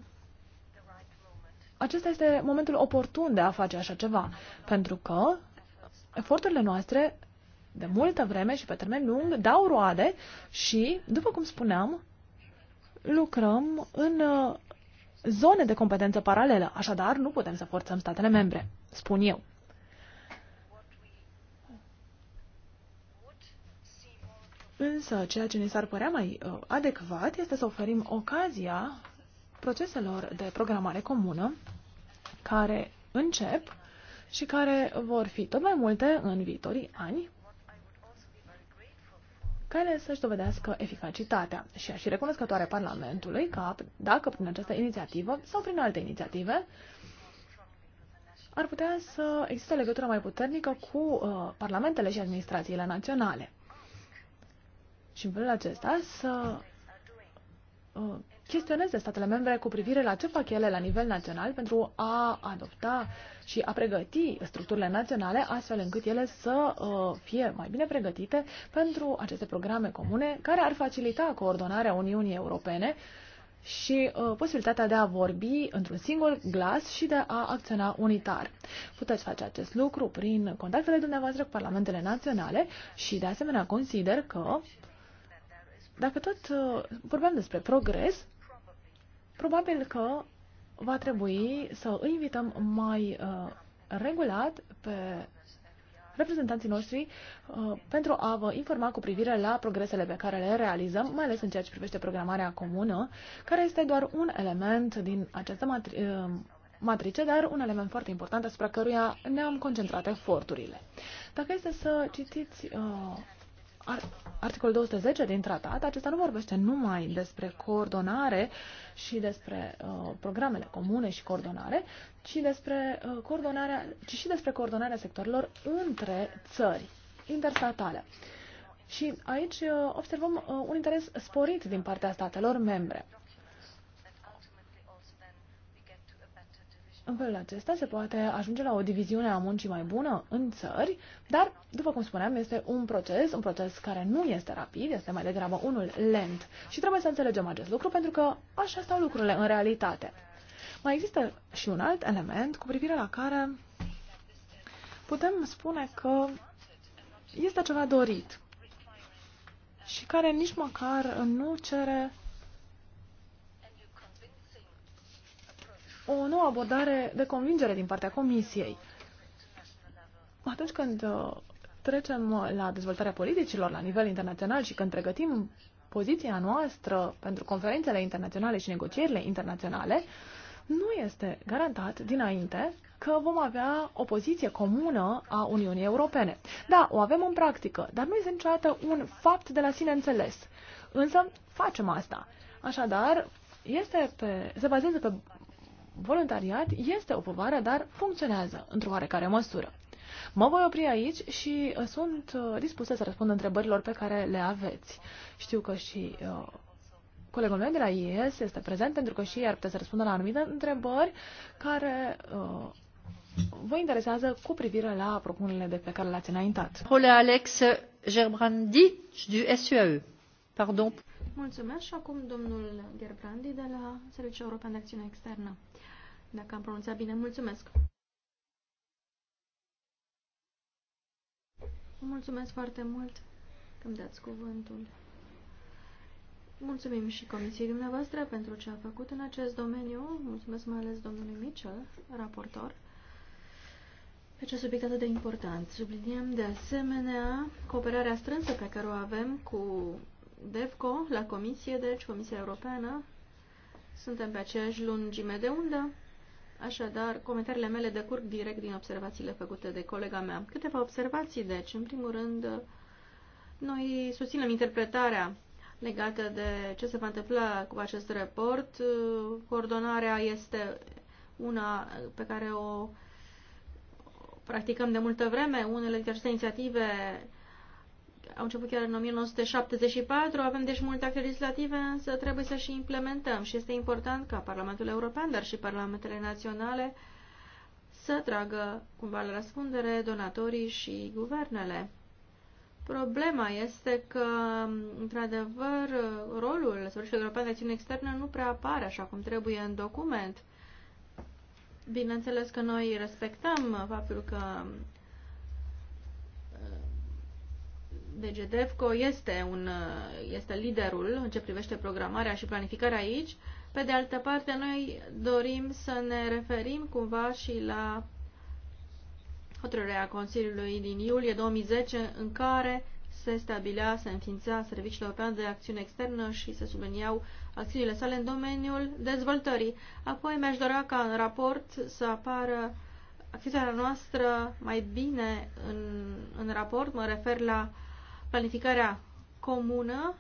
acesta este momentul oportun de a face așa ceva, pentru că eforturile noastre de multă vreme și pe termen lung dau roade și, după cum spuneam, lucrăm în uh, zone de competență paralelă, așadar nu putem să forțăm statele membre, spun eu. Însă, ceea ce ne s-ar părea mai uh, adecvat este să oferim ocazia proceselor de programare comună care încep și care vor fi tot mai multe în viitorii ani, care să-și dovedească eficacitatea. Și aș fi recunoscătoare Parlamentului că dacă prin această inițiativă sau prin alte inițiative ar putea să existe legătură mai puternică cu uh, parlamentele și administrațiile naționale și în felul acesta să uh, chestioneze statele membre cu privire la ce fac ele la nivel național pentru a adopta și a pregăti structurile naționale astfel încât ele să uh, fie mai bine pregătite pentru aceste programe comune care ar facilita coordonarea Uniunii Europene și uh, posibilitatea de a vorbi într-un singur glas și de a acționa unitar. Puteți face acest lucru prin contactele dumneavoastră cu parlamentele naționale și, de asemenea, consider că dacă tot uh, vorbeam despre progres, probabil că va trebui să invităm mai uh, regulat pe reprezentanții noștri uh, pentru a vă informa cu privire la progresele pe care le realizăm, mai ales în ceea ce privește programarea comună, care este doar un element din această matrice, dar un element foarte important asupra căruia ne-am concentrat eforturile. Dacă este să citiți articolul 210 din tratat, acesta nu vorbește numai despre coordonare și despre uh, programele comune și coordonare, ci, despre, uh, coordonarea, ci și despre coordonarea sectorilor între țări interstatale. Și aici uh, observăm uh, un interes sporit din partea statelor membre. În felul acesta se poate ajunge la o diviziune a muncii mai bună în țări, dar, după cum spuneam, este un proces, un proces care nu este rapid, este mai degrabă unul lent. Și trebuie să înțelegem acest lucru pentru că așa stau lucrurile în realitate. Mai există și un alt element cu privire la care putem spune că este ceva dorit și care nici măcar nu cere o nouă abordare de convingere din partea Comisiei. Atunci când uh, trecem la dezvoltarea politicilor la nivel internațional și când pregătim poziția noastră pentru conferințele internaționale și negocierile internaționale, nu este garantat dinainte că vom avea o poziție comună a Uniunii Europene. Da, o avem în practică, dar nu este niciodată un fapt de la sine înțeles. Însă facem asta. Așadar, este pe, se bazează pe voluntariat este o povară, dar funcționează într-o oarecare măsură. Mă voi opri aici și uh, sunt uh, dispusă să răspund întrebărilor pe care le aveți. Știu că și uh, colegul meu de la IES este prezent pentru că și ei ar putea să răspundă la anumite întrebări care uh, vă interesează cu privire la propunerile de pe care le-ați înaintat. Ole Alex Gerbrandi du SUAE. Pardon. Mulțumesc și acum domnul Gerbrandi de la Serviciul European de Acțiune Externă dacă am pronunțat bine. Mulțumesc! Mulțumesc foarte mult că îmi dați cuvântul. Mulțumim și comisiei dumneavoastră pentru ce a făcut în acest domeniu. Mulțumesc mai ales domnului Mitchell, raportor, pe acest subiect atât de important. Subliniem de asemenea cooperarea strânsă pe care o avem cu DEVCO la comisie, deci Comisia Europeană. Suntem pe aceeași lungime de undă Așadar, comentariile mele decurg direct din observațiile făcute de colega mea. Câteva observații, deci. În primul rând, noi susținem interpretarea legată de ce se va întâmpla cu acest raport. Coordonarea este una pe care o practicăm de multă vreme. Unele dintre aceste inițiative au început chiar în 1974, avem deci multe acte legislative, însă trebuie să și implementăm și este important ca Parlamentul European, dar și Parlamentele Naționale să tragă cumva la răspundere donatorii și guvernele. Problema este că, într-adevăr, rolul Sfârșitului European de Acțiune Externă nu prea apare așa cum trebuie în document. Bineînțeles că noi respectăm faptul că DG DEFCO este, un, uh, este liderul în ce privește programarea și planificarea aici. Pe de altă parte, noi dorim să ne referim cumva și la hotărârea Consiliului din iulie 2010 în care se stabilea, se înființa Serviciul European de Acțiune Externă și se subliniau acțiunile sale în domeniul dezvoltării. Apoi mi-aș dorea ca în raport să apară acțiunea noastră mai bine în, în raport, mă refer la uh, planificarea comună,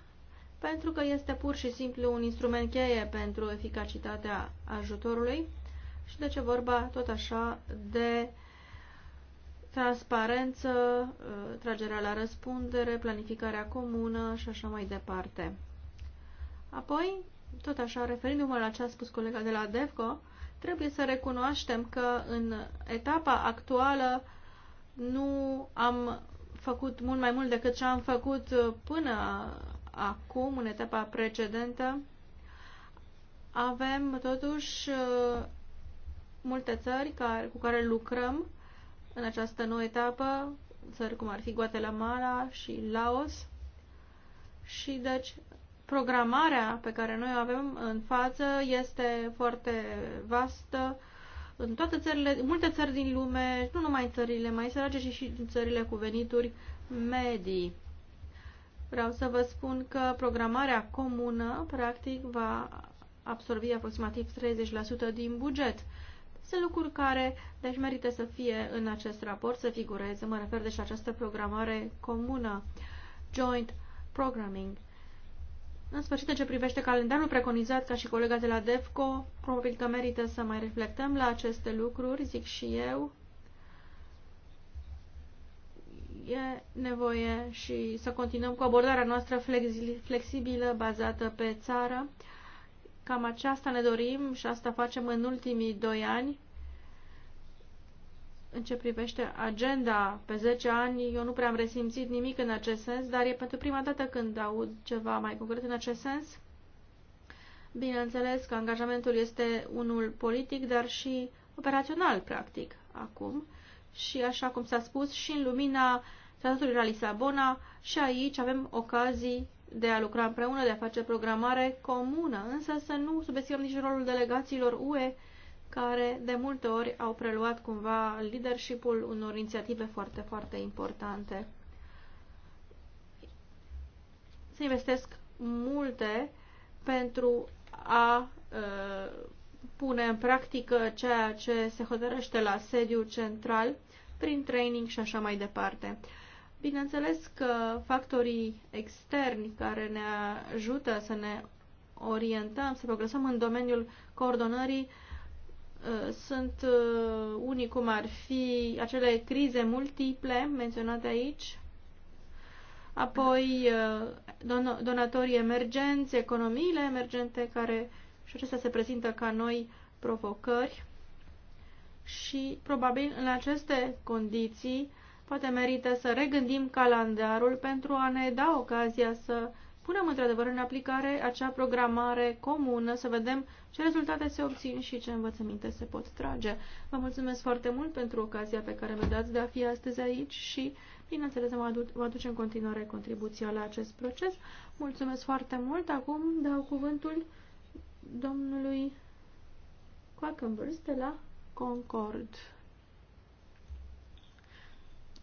pentru că este pur și simplu un instrument cheie pentru eficacitatea ajutorului și de deci ce vorba tot așa de transparență, ă, tragerea la răspundere, planificarea comună și așa mai departe. Apoi, tot așa, referindu-mă la ce a spus colega de la DEVCO, trebuie să recunoaștem că în etapa actuală nu am făcut mult mai mult decât ce am făcut uh, până acum, în etapa precedentă. Avem totuși uh, multe țări care, cu care lucrăm în această nouă etapă, țări cum ar fi Guatemala și Laos. Și deci programarea pe care noi o avem în față este foarte vastă, în toate țările, multe țări din lume, nu numai în țările mai sărace, ci și în țările cu venituri medii. Vreau să vă spun că programarea comună, practic, va absorbi aproximativ 30% din buget. Sunt lucruri care, deci, merită să fie în acest raport, să figureze, mă refer deci la această programare comună, joint programming. În sfârșit, în ce privește calendarul preconizat ca și colega de la DEFCO, probabil că merită să mai reflectăm la aceste lucruri, zic și eu. E nevoie și să continuăm cu abordarea noastră flexibilă, bazată pe țară. Cam aceasta ne dorim și asta facem în ultimii doi ani în ce privește agenda pe 10 ani, eu nu prea am resimțit nimic în acest sens, dar e pentru prima dată când aud ceva mai concret în acest sens. Bineînțeles că angajamentul este unul politic, dar și operațional, practic, acum. Și așa cum s-a spus, și în lumina Tratatului la Lisabona, și aici avem ocazii de a lucra împreună, de a face programare comună, însă să nu subestimăm nici rolul delegațiilor UE care de multe ori au preluat cumva leadership-ul unor inițiative foarte, foarte importante. Se investesc multe pentru a uh, pune în practică ceea ce se hotărăște la sediu central prin training și așa mai departe. Bineînțeles că factorii externi care ne ajută să ne orientăm, să progresăm în domeniul coordonării uh, Uh, sunt uh, unii cum ar fi acele crize multiple menționate aici, apoi uh, don donatorii emergenți, economiile emergente care și acestea se prezintă ca noi provocări și probabil în aceste condiții poate merită să regândim calendarul pentru a ne da ocazia să punem într-adevăr în aplicare acea programare comună, să vedem ce rezultate se obțin și ce învățăminte se pot trage. Vă mulțumesc foarte mult pentru ocazia pe care mi-o dați de a fi astăzi aici și, bineînțeles, vă, aduc, vă în continuare contribuția la acest proces. Mulțumesc foarte mult. Acum dau cuvântul domnului Quackenburs de la Concord.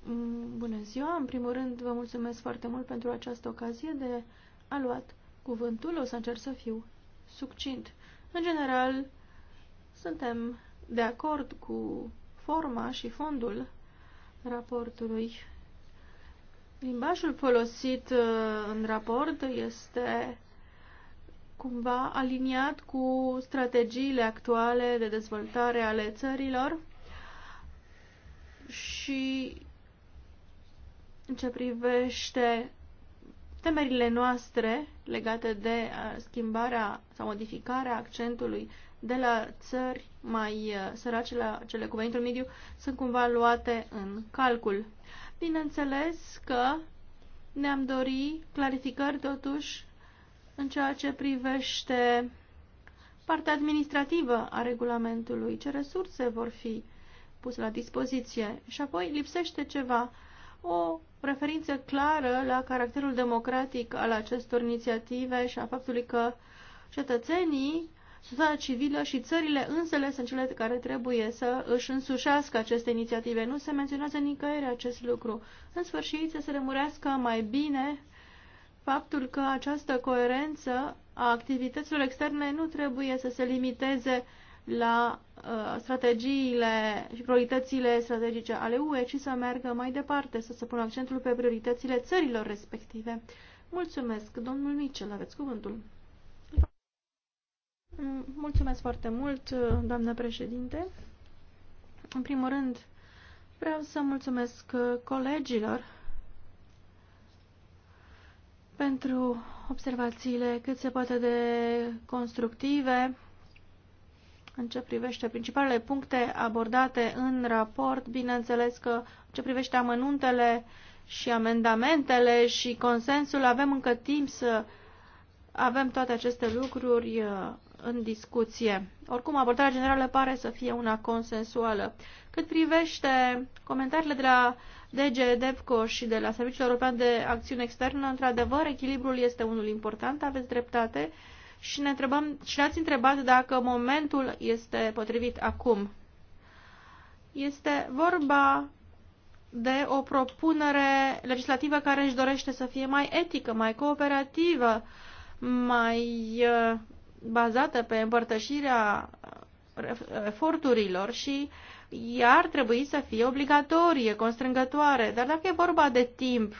Mm, bună ziua! În primul rând, vă mulțumesc foarte mult pentru această ocazie de a luat cuvântul, o să încerc să fiu succint. În general, suntem de acord cu forma și fondul raportului. Limbajul folosit uh, în raport este cumva aliniat cu strategiile actuale de dezvoltare ale țărilor și în ce privește temerile noastre legate de uh, schimbarea sau modificarea accentului de la țări mai uh, sărace la cele cu venitul mediu sunt cumva luate în calcul. Bineînțeles că ne-am dori clarificări totuși în ceea ce privește partea administrativă a regulamentului, ce resurse vor fi puse la dispoziție și apoi lipsește ceva, o referință clară la caracterul democratic al acestor inițiative și a faptului că cetățenii, societatea civilă și țările însele sunt cele care trebuie să își însușească aceste inițiative. Nu se menționează nicăieri acest lucru. În sfârșit, să se remurească mai bine faptul că această coerență a activităților externe nu trebuie să se limiteze la uh, strategiile și prioritățile strategice ale UE, ci să meargă mai departe, să se pună accentul pe prioritățile țărilor respective. Mulțumesc, domnul Michel, aveți cuvântul. Mm, mulțumesc foarte mult, doamnă președinte. În primul rând, vreau să mulțumesc colegilor pentru observațiile cât se poate de constructive în ce privește principalele puncte abordate în raport, bineînțeles că în ce privește amănuntele și amendamentele și consensul, avem încă timp să avem toate aceste lucruri uh, în discuție. Oricum, abordarea generală pare să fie una consensuală. Cât privește comentariile de la DG DEVCO și de la Serviciul European de Acțiune Externă, într-adevăr, echilibrul este unul important, aveți dreptate și ne întrebăm, și ne-ați întrebat dacă momentul este potrivit acum. Este vorba de o propunere legislativă care își dorește să fie mai etică, mai cooperativă, mai uh, bazată pe împărtășirea uh, eforturilor și iar trebui să fie obligatorie, constrângătoare. Dar dacă e vorba de timp,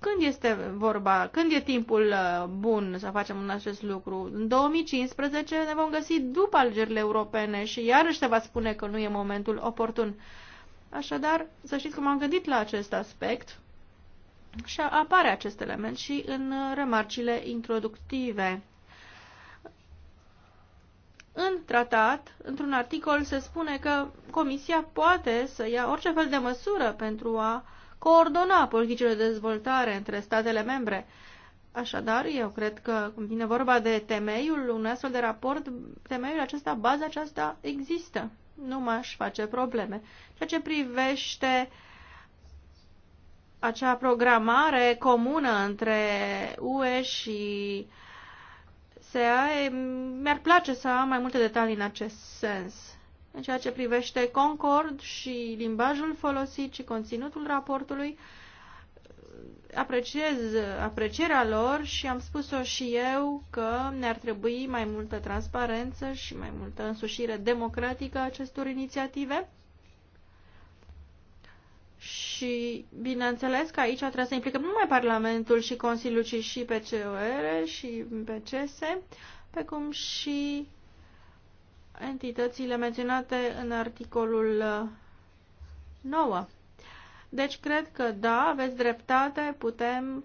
când este vorba, când e timpul uh, bun să facem un acest lucru? În 2015 ne vom găsi după alegerile europene și iarăși se va spune că nu e momentul oportun. Așadar, să știți că m-am gândit la acest aspect și apare acest element și în uh, remarcile introductive. În tratat, într-un articol, se spune că Comisia poate să ia orice fel de măsură pentru a uh, coordona politicile de dezvoltare între statele membre. Așadar, eu cred că când vine vorba de temeiul un astfel de raport, temeiul acesta, baza aceasta există. Nu m-aș face probleme. Ceea ce privește acea programare comună între UE și SEA, mi-ar place să am mai multe detalii în acest sens în ceea ce privește Concord și limbajul folosit și conținutul raportului. Apreciez aprecierea lor și am spus-o și eu că ne-ar trebui mai multă transparență și mai multă însușire democratică a acestor inițiative. Și bineînțeles că aici trebuie să implicăm nu numai Parlamentul și Consiliul, ci și PCOR și PCS, cum și entitățile menționate în articolul 9. Uh, deci cred că da, aveți dreptate, putem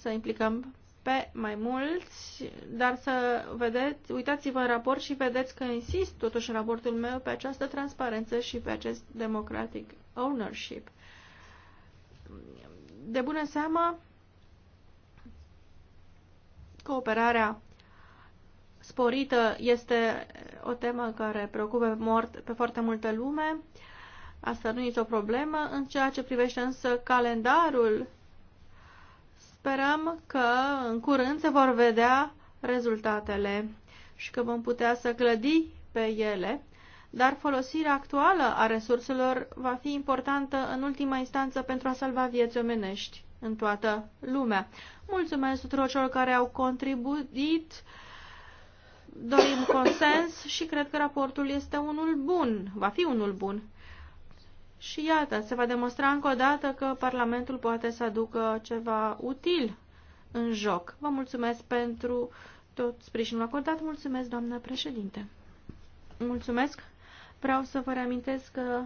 să implicăm pe mai mulți, dar să vedeți, uitați-vă în raport și vedeți că insist totuși în raportul meu pe această transparență și pe acest democratic ownership. De bună seamă, cooperarea sporită este o temă care preocupă mort pe foarte multă lume. Asta nu este o problemă. În ceea ce privește însă calendarul, sperăm că în curând se vor vedea rezultatele și că vom putea să clădi pe ele, dar folosirea actuală a resurselor va fi importantă în ultima instanță pentru a salva vieți omenești în toată lumea. Mulțumesc tuturor celor care au contribuit dorim consens și cred că raportul este unul bun, va fi unul bun. Și iată, se va demonstra încă o dată că Parlamentul poate să aducă ceva util în joc. Vă mulțumesc pentru tot sprijinul acordat. Mulțumesc, doamnă președinte. Mulțumesc. Vreau să vă reamintesc că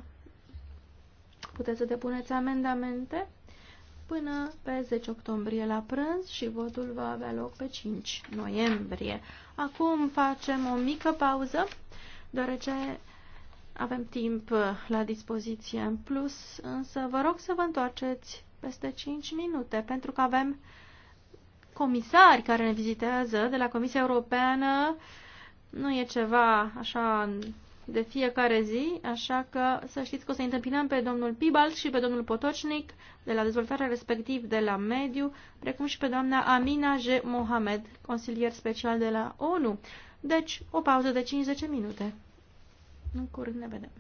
puteți să depuneți amendamente până pe 10 octombrie la prânz și votul va avea loc pe 5 noiembrie. Acum facem o mică pauză, deoarece avem timp la dispoziție în plus, însă vă rog să vă întoarceți peste 5 minute, pentru că avem comisari care ne vizitează de la Comisia Europeană. Nu e ceva așa de fiecare zi, așa că să știți că o să întâmpinăm pe domnul Pibalt și pe domnul Potocnic de la dezvoltare respectiv de la mediu, precum și pe doamna Amina J. Mohamed, consilier special de la ONU. Deci, o pauză de 50 minute. În curând ne vedem.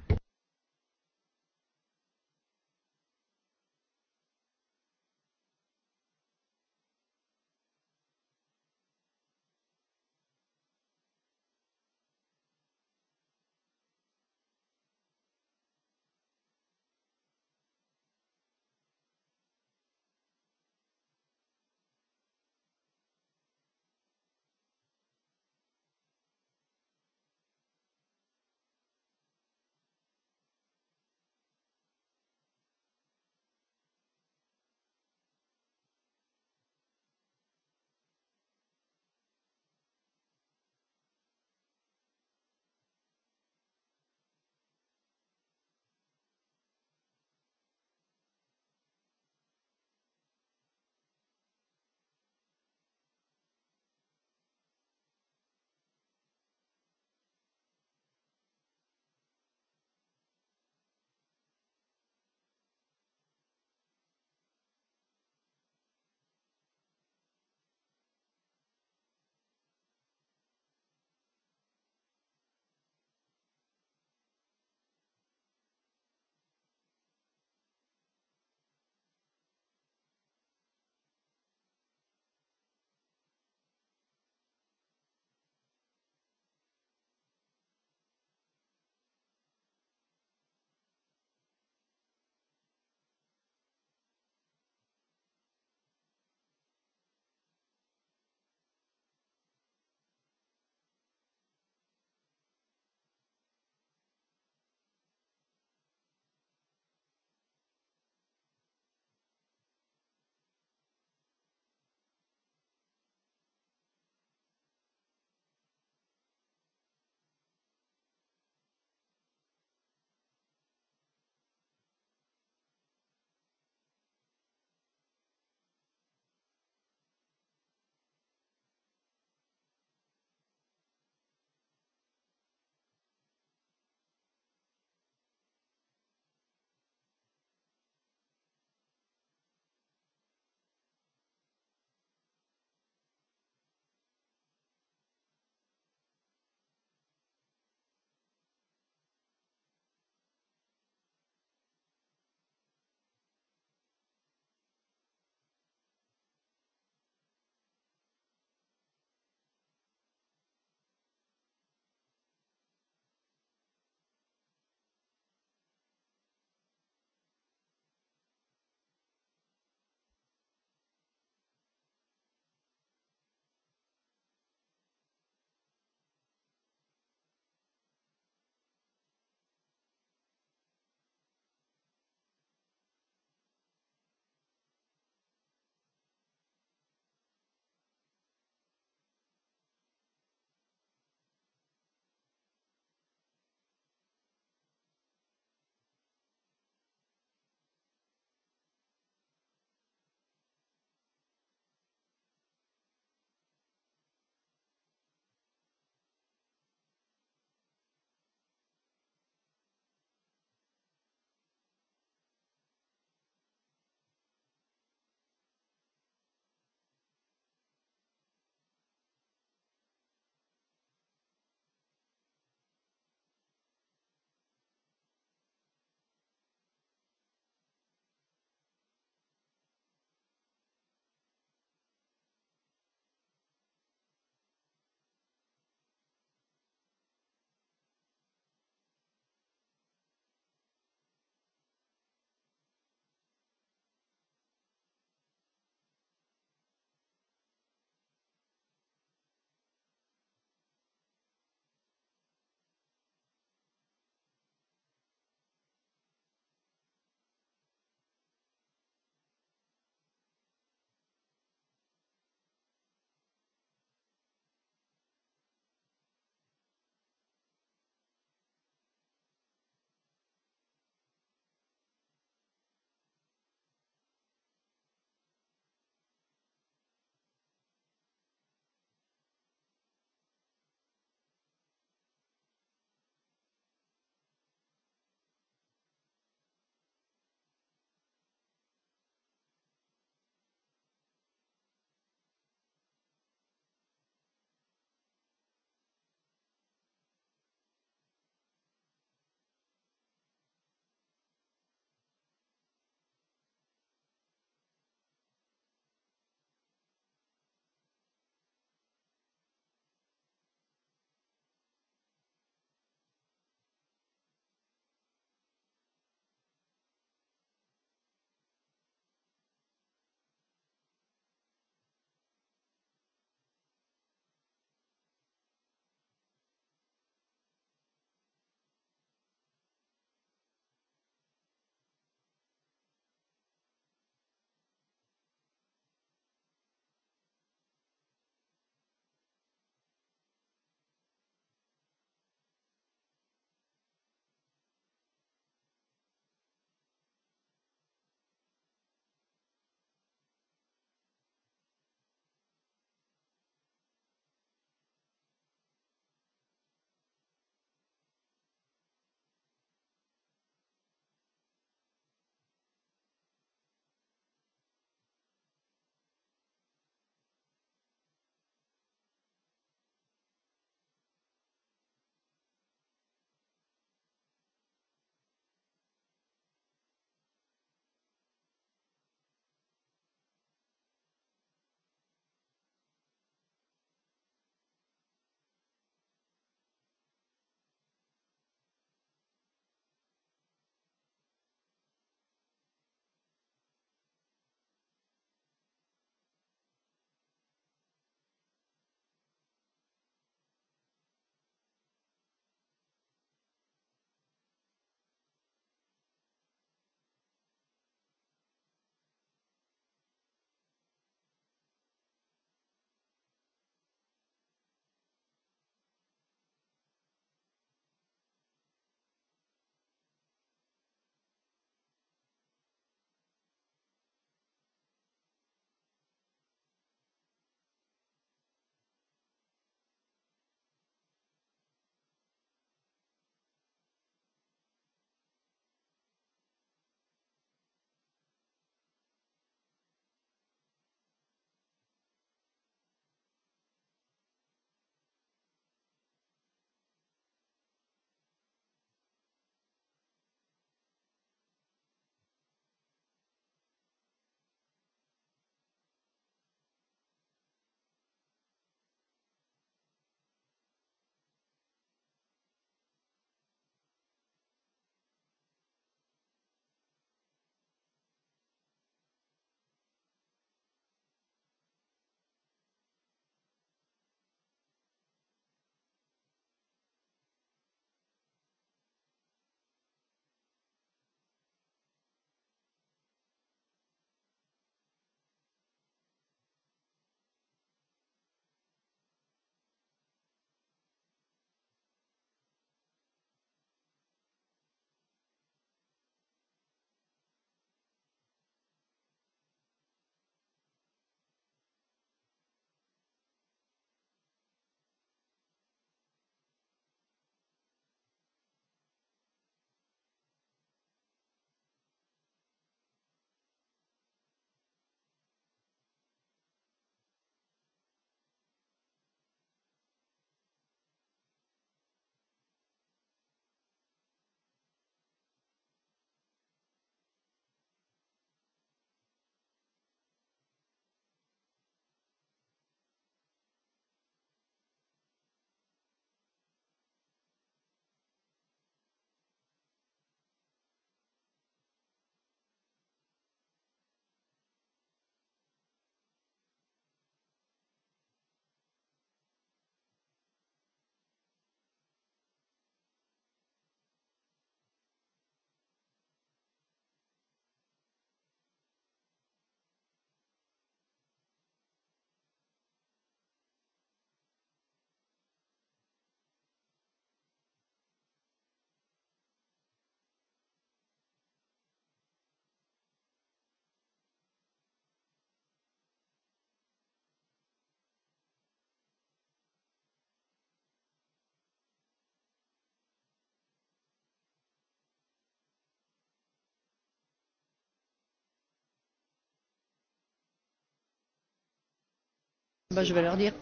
Bah, je vais leur dire.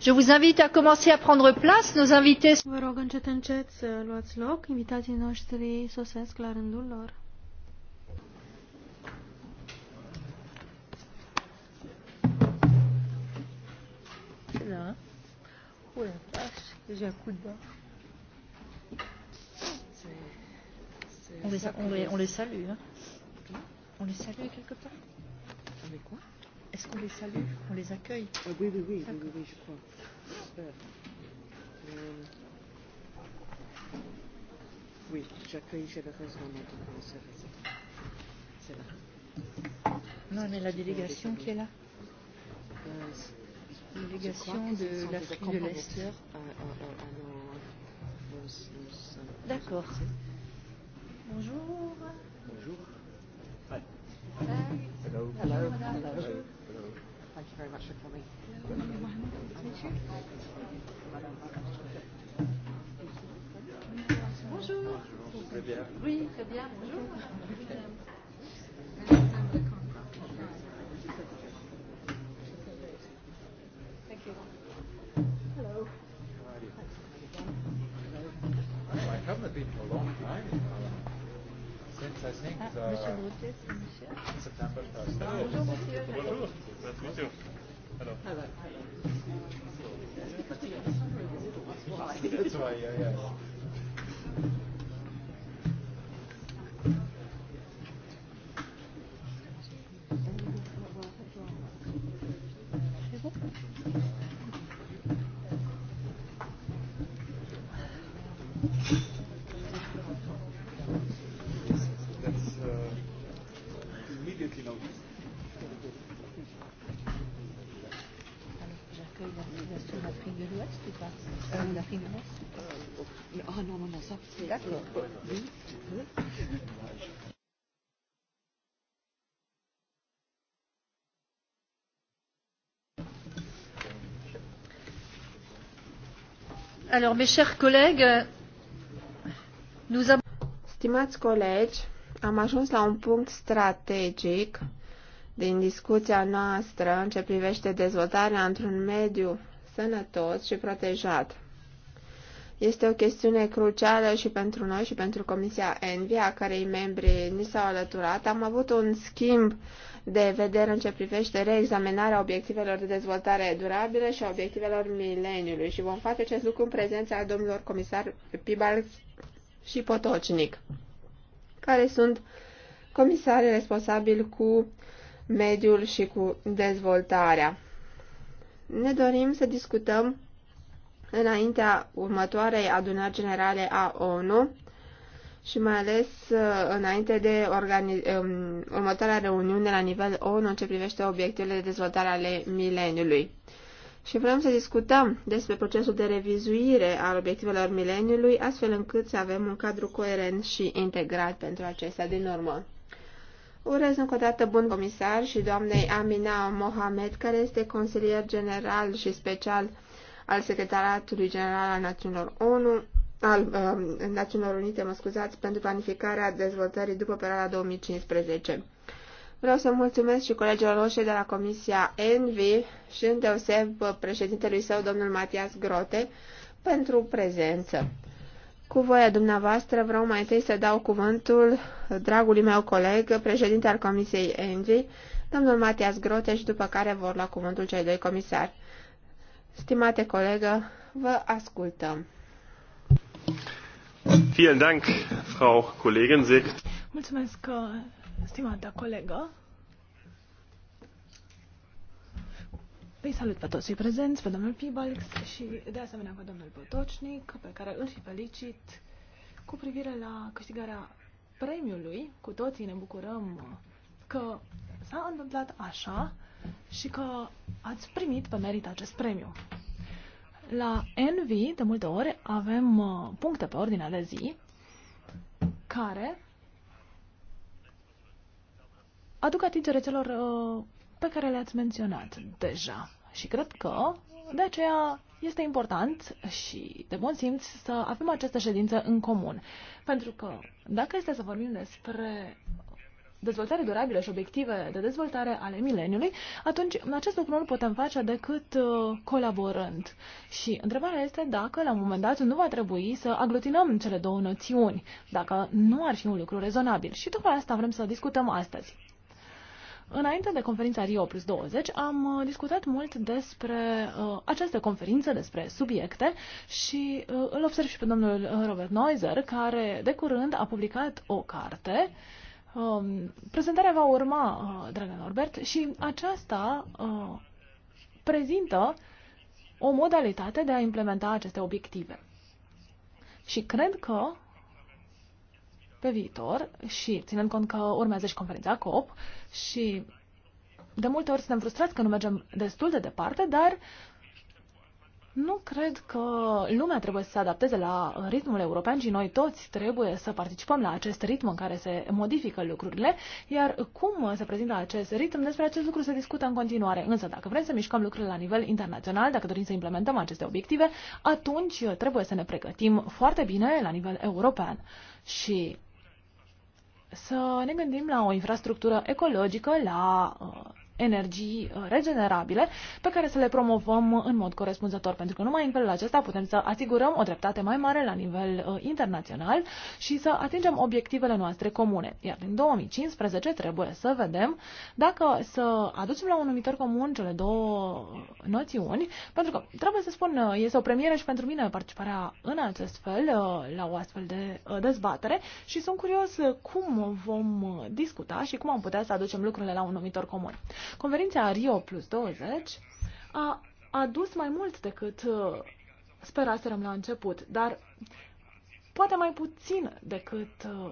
Je vous invite à commencer à prendre place. Nos invités... Vă rog încet, încet să luați loc. Invitații noștri sosesc la rândul lor. Là, Oh la vache, j'ai un coup de barre. On les, on, les, on les salue. Hein. On les salue quelque part Avec quoi Est-ce qu'on les salue On les accueille ah, oui, oui, oui, oui, oui, oui, je crois. Euh, oui, j'accueille généreusement notre conseil. C'est là. Non, mais la délégation qui est là La délégation de l'Afrique de l'Est. D'accord. Bonjour. Bonjour. Hi. Hi. Hello. Hello. Hello. Hello. Thank you very much for coming. Bonjour. Oui, très bien. Bonjour. Thank you. Hello. I haven't been for a long time. Since I think the September 1st. Hello. Bonjour. Nice to meet you. Hello. Hello. That's why, yeah, yeah. Alors, mes chers collègues, nous avons... Stimați colegi, am ajuns la un punct strategic din discuția noastră în ce privește dezvoltarea într-un mediu sănătos și protejat. Este o chestiune crucială și pentru noi și pentru Comisia Envi, a cărei membrii ni s-au alăturat. Am avut un schimb uh, de vedere în ce privește reexaminarea obiectivelor de dezvoltare durabilă și a obiectivelor mileniului și vom face acest lucru în prezența domnilor comisar Pibal și Potocnic, care sunt comisarii responsabili cu mediul și cu dezvoltarea. Ne dorim să discutăm înaintea următoarei adunări generale a ONU și mai ales uh, înainte de um, următoarea reuniune la nivel ONU în ce privește obiectivele de dezvoltare ale mileniului. Și vrem să discutăm despre procesul de revizuire al obiectivelor mileniului, astfel încât să avem un cadru coerent și integrat pentru acestea din urmă. Urez încă o dată bun comisar și doamnei Amina Mohamed, care este consilier general și special al Secretariatului General al Națiunilor ONU, al uh, Națiunilor Unite, mă scuzați, pentru planificarea dezvoltării după perioada 2015. Vreau să mulțumesc și colegilor noștri de la Comisia ENVI și îndeoseb președintelui său, domnul Matias Grote, pentru prezență. Cu voia dumneavoastră vreau mai întâi să dau cuvântul dragului meu coleg, președinte al Comisiei ENVI, domnul Matias Grote și după care vor lua cuvântul cei doi comisari. Stimate colegă, vă ascultăm. Vielen Dank, Frau Kollegin Sicht. Mulțumesc, uh, stimată colegă. Îi salut pe toți cei prezenți, pe domnul Pibalx și de asemenea pe domnul Potocnic, pe care îl felicit cu privire la câștigarea premiului. Cu toții ne bucurăm că s-a întâmplat așa și că ați primit pe merit acest premiu. La Envy, de multe ori, avem uh, puncte pe ordinea de zi care aduc atingere celor uh, pe care le-ați menționat deja. Și cred că de aceea este important și de bun simț să avem această ședință în comun. Pentru că dacă este să vorbim despre dezvoltare durabilă și obiective de dezvoltare ale mileniului, atunci acest lucru nu îl putem face decât uh, colaborând. Și întrebarea este dacă la un moment dat nu va trebui să aglutinăm cele două noțiuni, dacă nu ar fi un lucru rezonabil. Și tocmai asta vrem să discutăm astăzi. Înainte de conferința Rio Plus 20 am uh, discutat mult despre uh, această conferință, despre subiecte și uh, îl observ și pe domnul uh, Robert Neuser, care de curând a publicat o carte uh, Um, prezentarea va urma, uh, dragă Norbert, și aceasta uh, prezintă o modalitate de a implementa aceste obiective. Și cred că pe viitor și ținând cont că urmează și conferința COP și de multe ori suntem frustrați că nu mergem destul de departe, dar nu cred că lumea trebuie să se adapteze la ritmul european și noi toți trebuie să participăm la acest ritm în care se modifică lucrurile, iar cum se prezintă acest ritm, despre acest lucru se discută în continuare. Însă dacă vrem să mișcăm lucrurile la nivel internațional, dacă dorim să implementăm aceste obiective, atunci trebuie să ne pregătim foarte bine la nivel european. Și să ne gândim la o infrastructură ecologică, la uh, energii uh, regenerabile pe care să le promovăm în mod corespunzător, pentru că numai în felul acesta putem să asigurăm o dreptate mai mare la nivel uh, internațional și să atingem obiectivele noastre comune. Iar din 2015 trebuie să vedem dacă să aducem la un numitor comun cele două uh, noțiuni, pentru că trebuie să spun, este o premieră și pentru mine participarea în acest fel la o astfel de dezbatere și sunt curios cum vom discuta și cum am putea să aducem lucrurile la un numitor comun. Conferința Rio plus 20 a adus mai mult decât uh, speraserăm la început, dar poate mai puțin decât uh,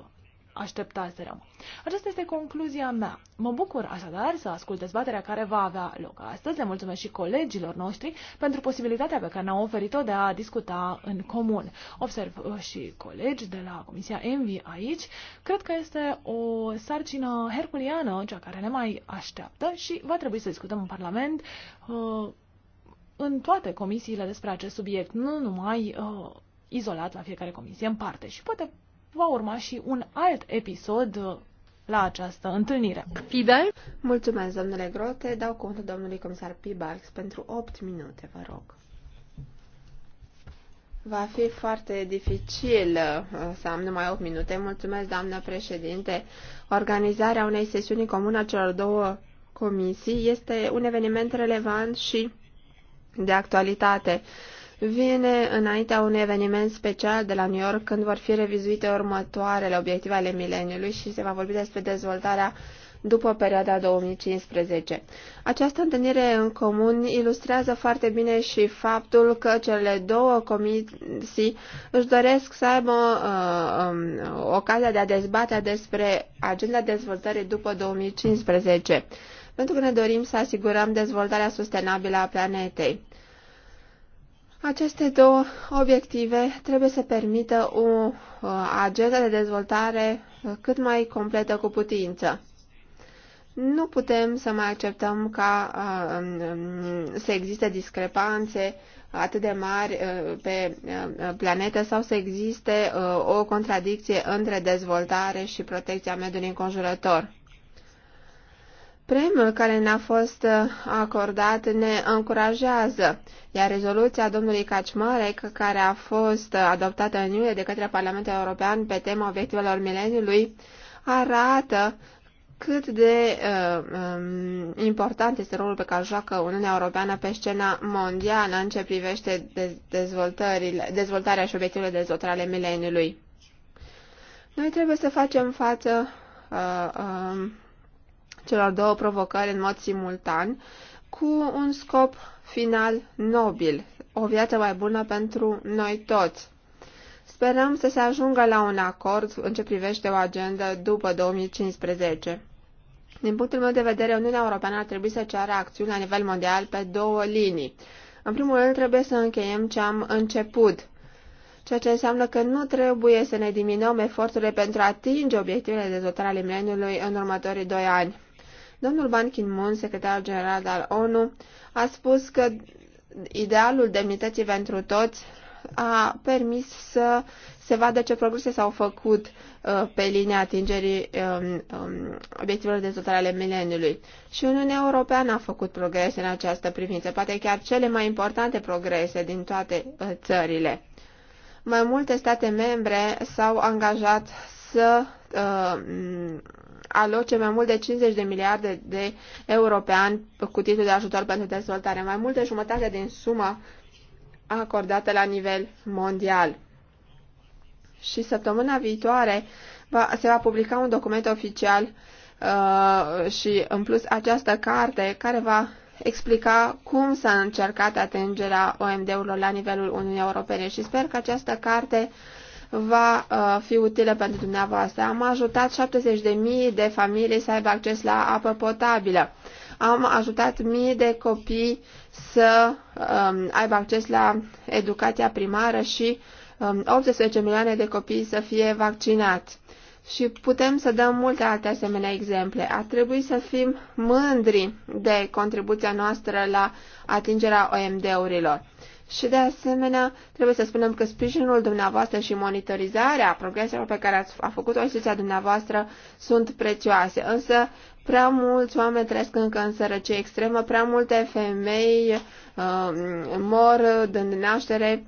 așteptaserăm. Aceasta este concluzia mea. Mă bucur așadar să ascult dezbaterea care va avea loc astăzi. Le mulțumesc și colegilor noștri pentru posibilitatea pe care ne-au oferit-o de a discuta în comun. Observ uh, și colegi de la Comisia Envi aici. Cred că este o sarcină herculiană, cea care ne mai așteaptă și va trebui să discutăm în Parlament uh, în toate comisiile despre acest subiect, nu numai uh, izolat la fiecare comisie în parte și poate va urma și un alt episod uh, la această întâlnire. Fidel. Mulțumesc, domnule Grote. Dau cuvântul domnului comisar Pibarx pentru 8 minute, vă rog. Va fi foarte dificil uh, să am numai 8 minute. Mulțumesc, doamnă președinte. Organizarea unei sesiuni comune a celor două comisii este un eveniment relevant și de actualitate vine înaintea unui eveniment special de la New York când vor fi revizuite următoarele obiective ale mileniului și se va vorbi despre dezvoltarea după perioada 2015. Această întâlnire în comun ilustrează foarte bine și faptul că cele două comisii își doresc să aibă uh, um, ocazia de a dezbate despre agenda dezvoltării după 2015, pentru că ne dorim să asigurăm dezvoltarea sustenabilă a planetei. Aceste două obiective trebuie să permită o uh, agendă de dezvoltare uh, cât mai completă cu putință. Nu putem să mai acceptăm ca uh, um, um, să existe discrepanțe atât de mari pe planetă sau să existe o contradicție între dezvoltare și protecția mediului înconjurător. Premiul care ne-a fost uh, acordat ne încurajează, iar rezoluția domnului Kaczmarek, care a fost uh, adoptată în iulie de către Parlamentul European pe tema obiectivelor mileniului, arată cât de uh, um, important este rolul pe care joacă Uniunea Europeană pe scena mondială în ce privește dezvoltările, dezvoltarea și obiectivele de dezvoltare ale mileniului. Noi trebuie să facem față uh, uh, celor două provocări în mod simultan, cu un scop final nobil, o viață mai bună pentru noi toți. Sperăm să se ajungă la un acord în ce privește o agendă după 2015. Din punctul meu de vedere, Uniunea Europeană ar trebui să ceară acțiuni la nivel mondial pe două linii. În primul rând, trebuie să încheiem ce am început, ceea ce înseamnă că nu trebuie să ne diminuăm eforturile pentru a atinge obiectivele de dezvoltare ale mileniului în următorii doi ani. Domnul Ban Ki-moon, secretar general al ONU, a spus că idealul demnității pentru toți a permis să se vadă ce progrese s-au făcut uh, pe linia atingerii um, um, obiectivelor de dezvoltare ale mileniului. Și Uniunea Europeană a făcut progrese în această privință, poate chiar cele mai importante progrese din toate uh, țările. Mai multe state membre s-au angajat să uh, aloce mai mult de 50 de miliarde de euro pe an cu titlul de ajutor pentru dezvoltare, mai mult de jumătate din suma acordată la nivel mondial. Și săptămâna viitoare va, se va publica un document oficial uh, și în plus această carte care va explica cum s-a încercat atingerea OMD-urilor la nivelul Uniunii Europene și sper că această carte uh, va uh, fi utilă pentru dumneavoastră. Am ajutat 70.000 de familii să aibă acces la apă potabilă. Am ajutat mii de copii să um, aibă acces la educația primară și um, 18 milioane de copii să fie vaccinați. Și putem să dăm multe alte asemenea exemple. Ar trebui să fim mândri de contribuția noastră la atingerea OMD-urilor. Și de asemenea, trebuie să spunem că sprijinul dumneavoastră și monitorizarea progreselor pe care ați, a făcut-o instituția dumneavoastră sunt prețioase. Însă, prea mulți oameni trăiesc încă în sărăcie extremă, prea multe femei uh, mor dând naștere,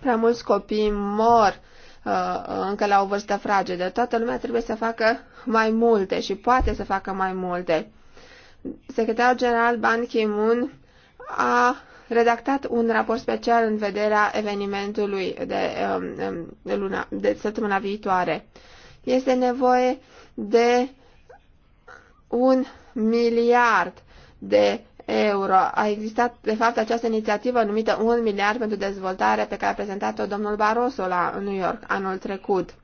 prea mulți copii mor uh, încă la o vârstă fragedă. Toată lumea trebuie să facă mai multe și poate să facă mai multe. Secretarul General Ban Ki-moon a redactat un raport special în vederea evenimentului de, um, um, de, luna, de săptămâna viitoare. Este nevoie de un miliard de euro. A existat, de fapt, această inițiativă numită Un miliard pentru dezvoltare pe care a prezentat-o domnul Barroso la New York anul trecut.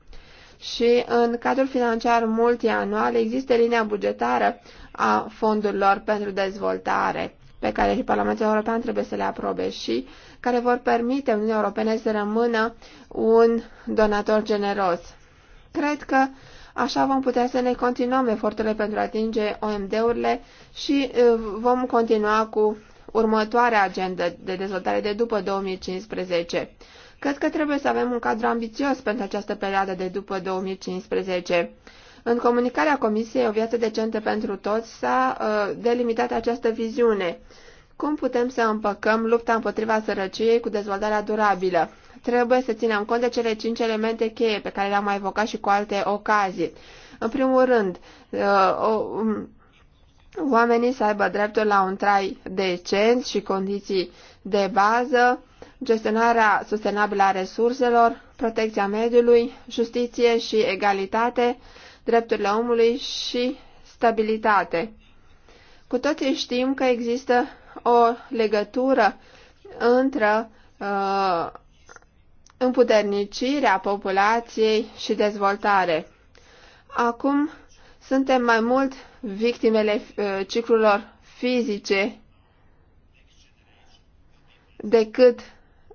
Și în cadrul financiar multianual există linia bugetară a fondurilor pentru dezvoltare pe care și Parlamentul European trebuie să le aprobe și care vor permite Uniunii Europene să rămână un donator generos. Cred că Așa vom putea să ne continuăm eforturile pentru a atinge OMD-urile și uh, vom continua cu următoarea agendă de dezvoltare de după 2015. Cred că trebuie să avem un cadru ambițios pentru această perioadă de după 2015 în comunicarea Comisiei O viață decentă pentru toți s-a uh, delimitat această viziune. Cum putem să împăcăm lupta împotriva sărăciei cu dezvoltarea durabilă? Trebuie să ținem cont de cele cinci elemente cheie pe care le-am mai evocat și cu alte ocazii. În primul rând, uh, o, um, oamenii să aibă dreptul la un trai decent și condiții de bază, gestionarea sustenabilă a resurselor, protecția mediului, justiție și egalitate, drepturile omului și stabilitate. Cu toții știm că există o legătură între uh, împuternicirea populației și dezvoltare. Acum suntem mai mult victimele uh, ciclurilor fizice decât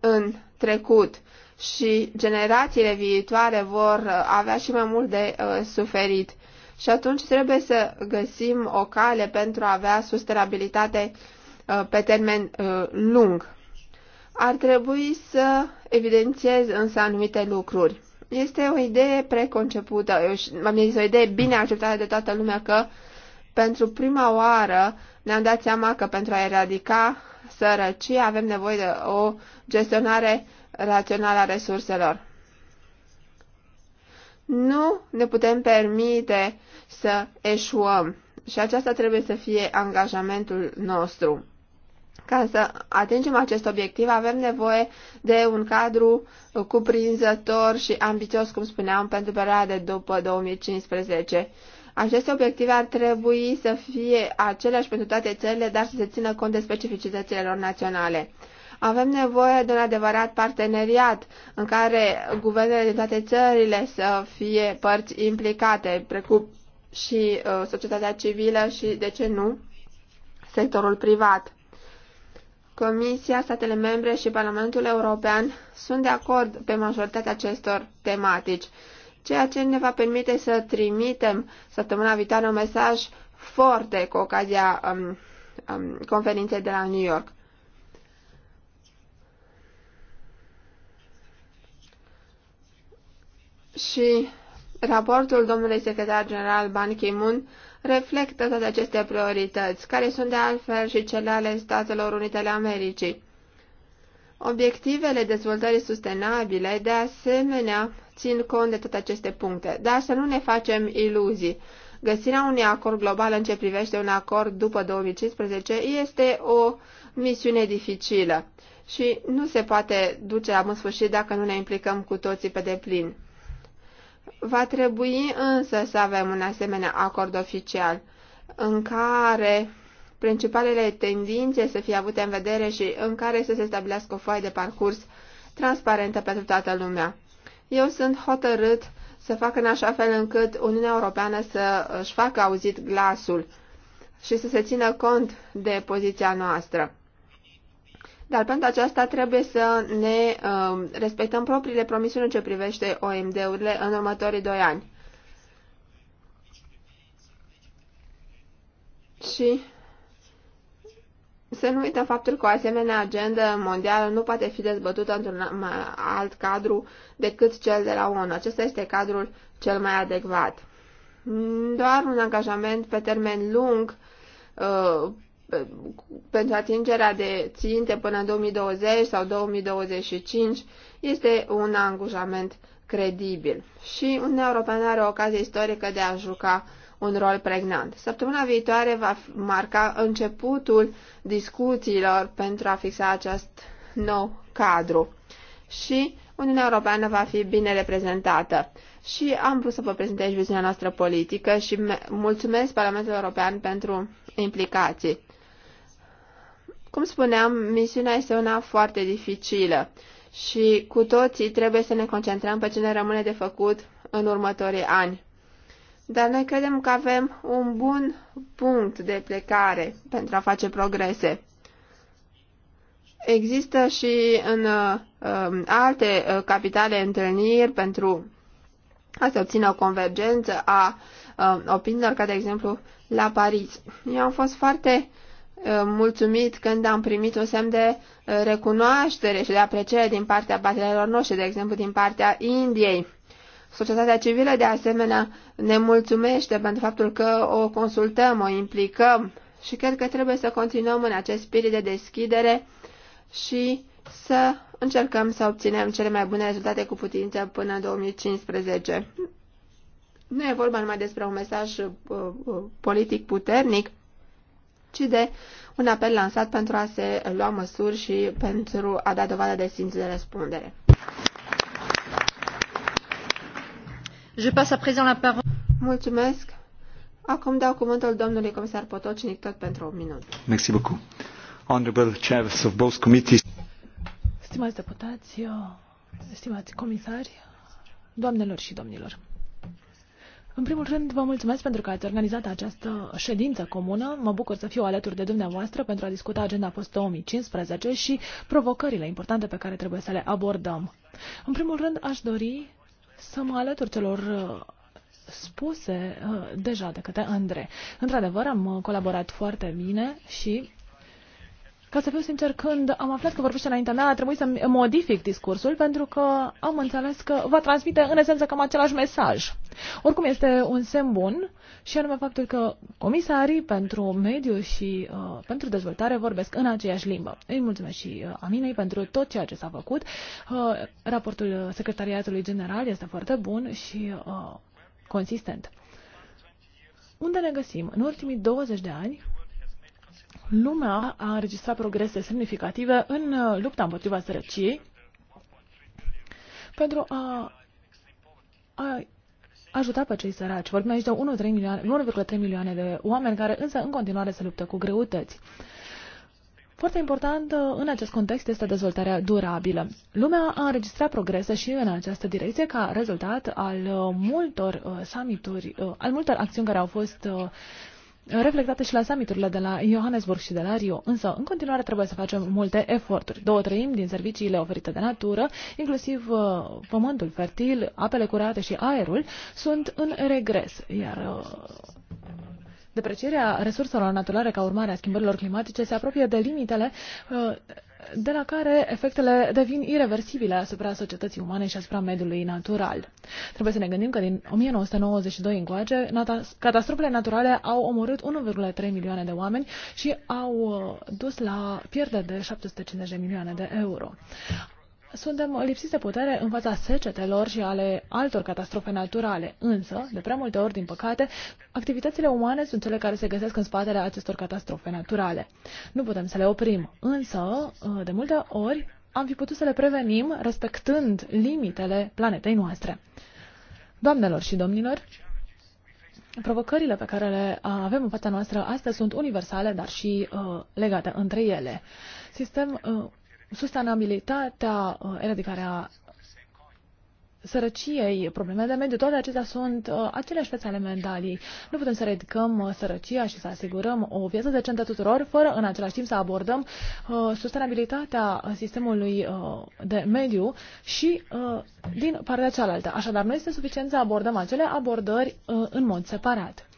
în trecut și generațiile viitoare vor uh, avea și mai mult de uh, suferit. Și atunci trebuie să găsim o cale pentru a avea sustenabilitate uh, pe termen uh, lung. Ar trebui să evidențiez însă anumite lucruri. Este o idee preconcepută, m am zis o idee bine acceptată de toată lumea că pentru prima oară ne-am dat seama că pentru a eradica sărăcia avem nevoie de o gestionare uh, rațională a resurselor. Nu ne putem permite să eșuăm și aceasta trebuie să fie angajamentul nostru. Ca să atingem acest obiectiv, avem nevoie de un cadru cuprinzător și ambițios, cum spuneam, pentru perioada după 2015. Aceste obiective ar trebui să fie aceleași pentru toate țările, dar să se țină cont de specificitățile lor naționale. Avem nevoie de un adevărat parteneriat în care guvernele din toate țările să fie părți implicate, precum și uh, societatea civilă și, de ce nu, sectorul privat. Comisia, statele membre și Parlamentul European sunt de acord pe majoritatea acestor tematici, ceea ce ne va permite să trimitem săptămâna viitoare un mesaj foarte cu ocazia um, um, conferinței de la New York. și raportul domnului secretar general Ban Ki-moon reflectă toate aceste priorități, care sunt de altfel și cele ale Statelor Unite ale Americii. Obiectivele dezvoltării sustenabile, de asemenea, țin cont de toate aceste puncte, dar să nu ne facem iluzii. Găsirea unui acord global în ce privește un acord după 2015 este o misiune dificilă și nu se poate duce la bun sfârșit dacă nu ne implicăm cu toții pe deplin. Va trebui însă să avem un asemenea acord oficial în care principalele tendințe să fie avute în vedere și în care să se stabilească o foaie de parcurs transparentă pentru toată lumea. Eu sunt hotărât să fac în așa fel încât Uniunea Europeană să își facă auzit glasul și să se țină cont de poziția noastră. Dar pentru aceasta trebuie să ne uh, respectăm propriile promisiuni în ce privește OMD-urile în următorii doi ani. Și să nu uităm faptul că o asemenea agenda mondială nu poate fi dezbătută într-un alt cadru decât cel de la ONU. Acesta este cadrul cel mai adecvat. Doar un angajament pe termen lung uh, pentru atingerea de ținte până în 2020 sau 2025 este un angajament credibil. Și Uniunea Europeană are o ocazie istorică de a juca un rol pregnant. Săptămâna viitoare va marca începutul discuțiilor pentru a fixa acest nou cadru. Și Uniunea Europeană va fi bine reprezentată. Și am vrut să vă prezentez viziunea noastră politică și mulțumesc Parlamentul European pentru implicații. Cum spuneam, misiunea este una foarte dificilă și cu toții trebuie să ne concentrăm pe ce ne rămâne de făcut în următorii ani. Dar noi credem că avem un bun punct de plecare pentru a face progrese. Există și în uh, alte uh, capitale întâlniri pentru a se obține o convergență a uh, opiniilor, ca de exemplu la Paris. Eu am fost foarte uh, Uh, mulțumit când am primit un semn de uh, recunoaștere și de apreciere din partea partenerilor noștri, de exemplu din partea Indiei. Societatea civilă, de asemenea, ne mulțumește pentru faptul că o consultăm, o implicăm și cred că trebuie să continuăm în acest spirit de deschidere și să încercăm să obținem cele mai bune rezultate cu putință până în 2015. Nu e vorba numai despre un mesaj uh, politic puternic, ci de un apel lansat pentru a se lua măsuri și pentru a da dovadă de simț de răspundere. Je passe à présent la parole. Mulțumesc. Acum dau cuvântul domnului comisar Potocnic tot pentru un minut. Merci beaucoup. Honorable chairs of both committees. Stimați deputați, stimați comisari, doamnelor și domnilor. În primul rând, vă mulțumesc pentru că ați organizat această ședință comună. Mă bucur să fiu alături de dumneavoastră pentru a discuta agenda post-2015 și provocările importante pe care trebuie să le abordăm. În primul rând, aș dori să mă alătur celor uh, spuse uh, deja de către Andre. Într-adevăr, am uh, colaborat foarte bine și ca să fiu sincer, când am aflat că vorbește înaintea mea, a trebuit să modific discursul pentru că am înțeles că va transmite în esență cam același mesaj. Oricum este un semn bun și anume faptul că comisarii pentru mediu și uh, pentru dezvoltare vorbesc în aceeași limbă. Îi mulțumesc și uh, Aminei pentru tot ceea ce s-a făcut. Uh, raportul Secretariatului General este foarte bun și uh, consistent. Unde ne găsim? În ultimii 20 de ani Lumea a înregistrat progrese semnificative în uh, lupta împotriva sărăciei pentru a, a ajuta pe cei săraci. Vorbim aici de 1,3 milioane, milioane de oameni care însă în continuare se luptă cu greutăți. Foarte important uh, în acest context este dezvoltarea durabilă. Lumea a înregistrat progrese și în această direcție ca rezultat al uh, multor summituri, al multor acțiuni care au fost reflectate și la summiturile de la Johannesburg și de la Rio. Însă, în continuare, trebuie să facem multe eforturi. Două treimi din serviciile oferite de natură, inclusiv uh, pământul fertil, apele curate și aerul, sunt în regres, iar uh, deprecierea resurselor naturale ca urmare a schimbărilor climatice se apropie de limitele uh, de la care efectele devin irreversibile asupra societății umane și asupra mediului natural. Trebuie să ne gândim că din 1992 încoace, catastrofele naturale au omorât 1,3 milioane de oameni și au uh, dus la pierdere de 750 de milioane de euro suntem lipsiți de putere în fața secetelor și ale altor catastrofe naturale, însă, de prea multe ori, din păcate, activitățile umane sunt cele care se găsesc în spatele acestor catastrofe naturale. Nu putem să le oprim, însă, de multe ori, am fi putut să le prevenim respectând limitele planetei noastre. Doamnelor și domnilor, provocările pe care le avem în fața noastră astăzi sunt universale, dar și uh, legate între ele. Sistem, uh, sustenabilitatea, uh, eradicarea sărăciei, probleme de mediu, toate acestea sunt uh, aceleași fețe ale medaliei. Nu putem să ridicăm uh, sărăcia și să asigurăm o viață decentă tuturor, fără în același timp să abordăm uh, sustenabilitatea sistemului uh, de mediu și uh, din partea cealaltă. Așadar, nu este suficient să abordăm acele abordări uh, în mod separat.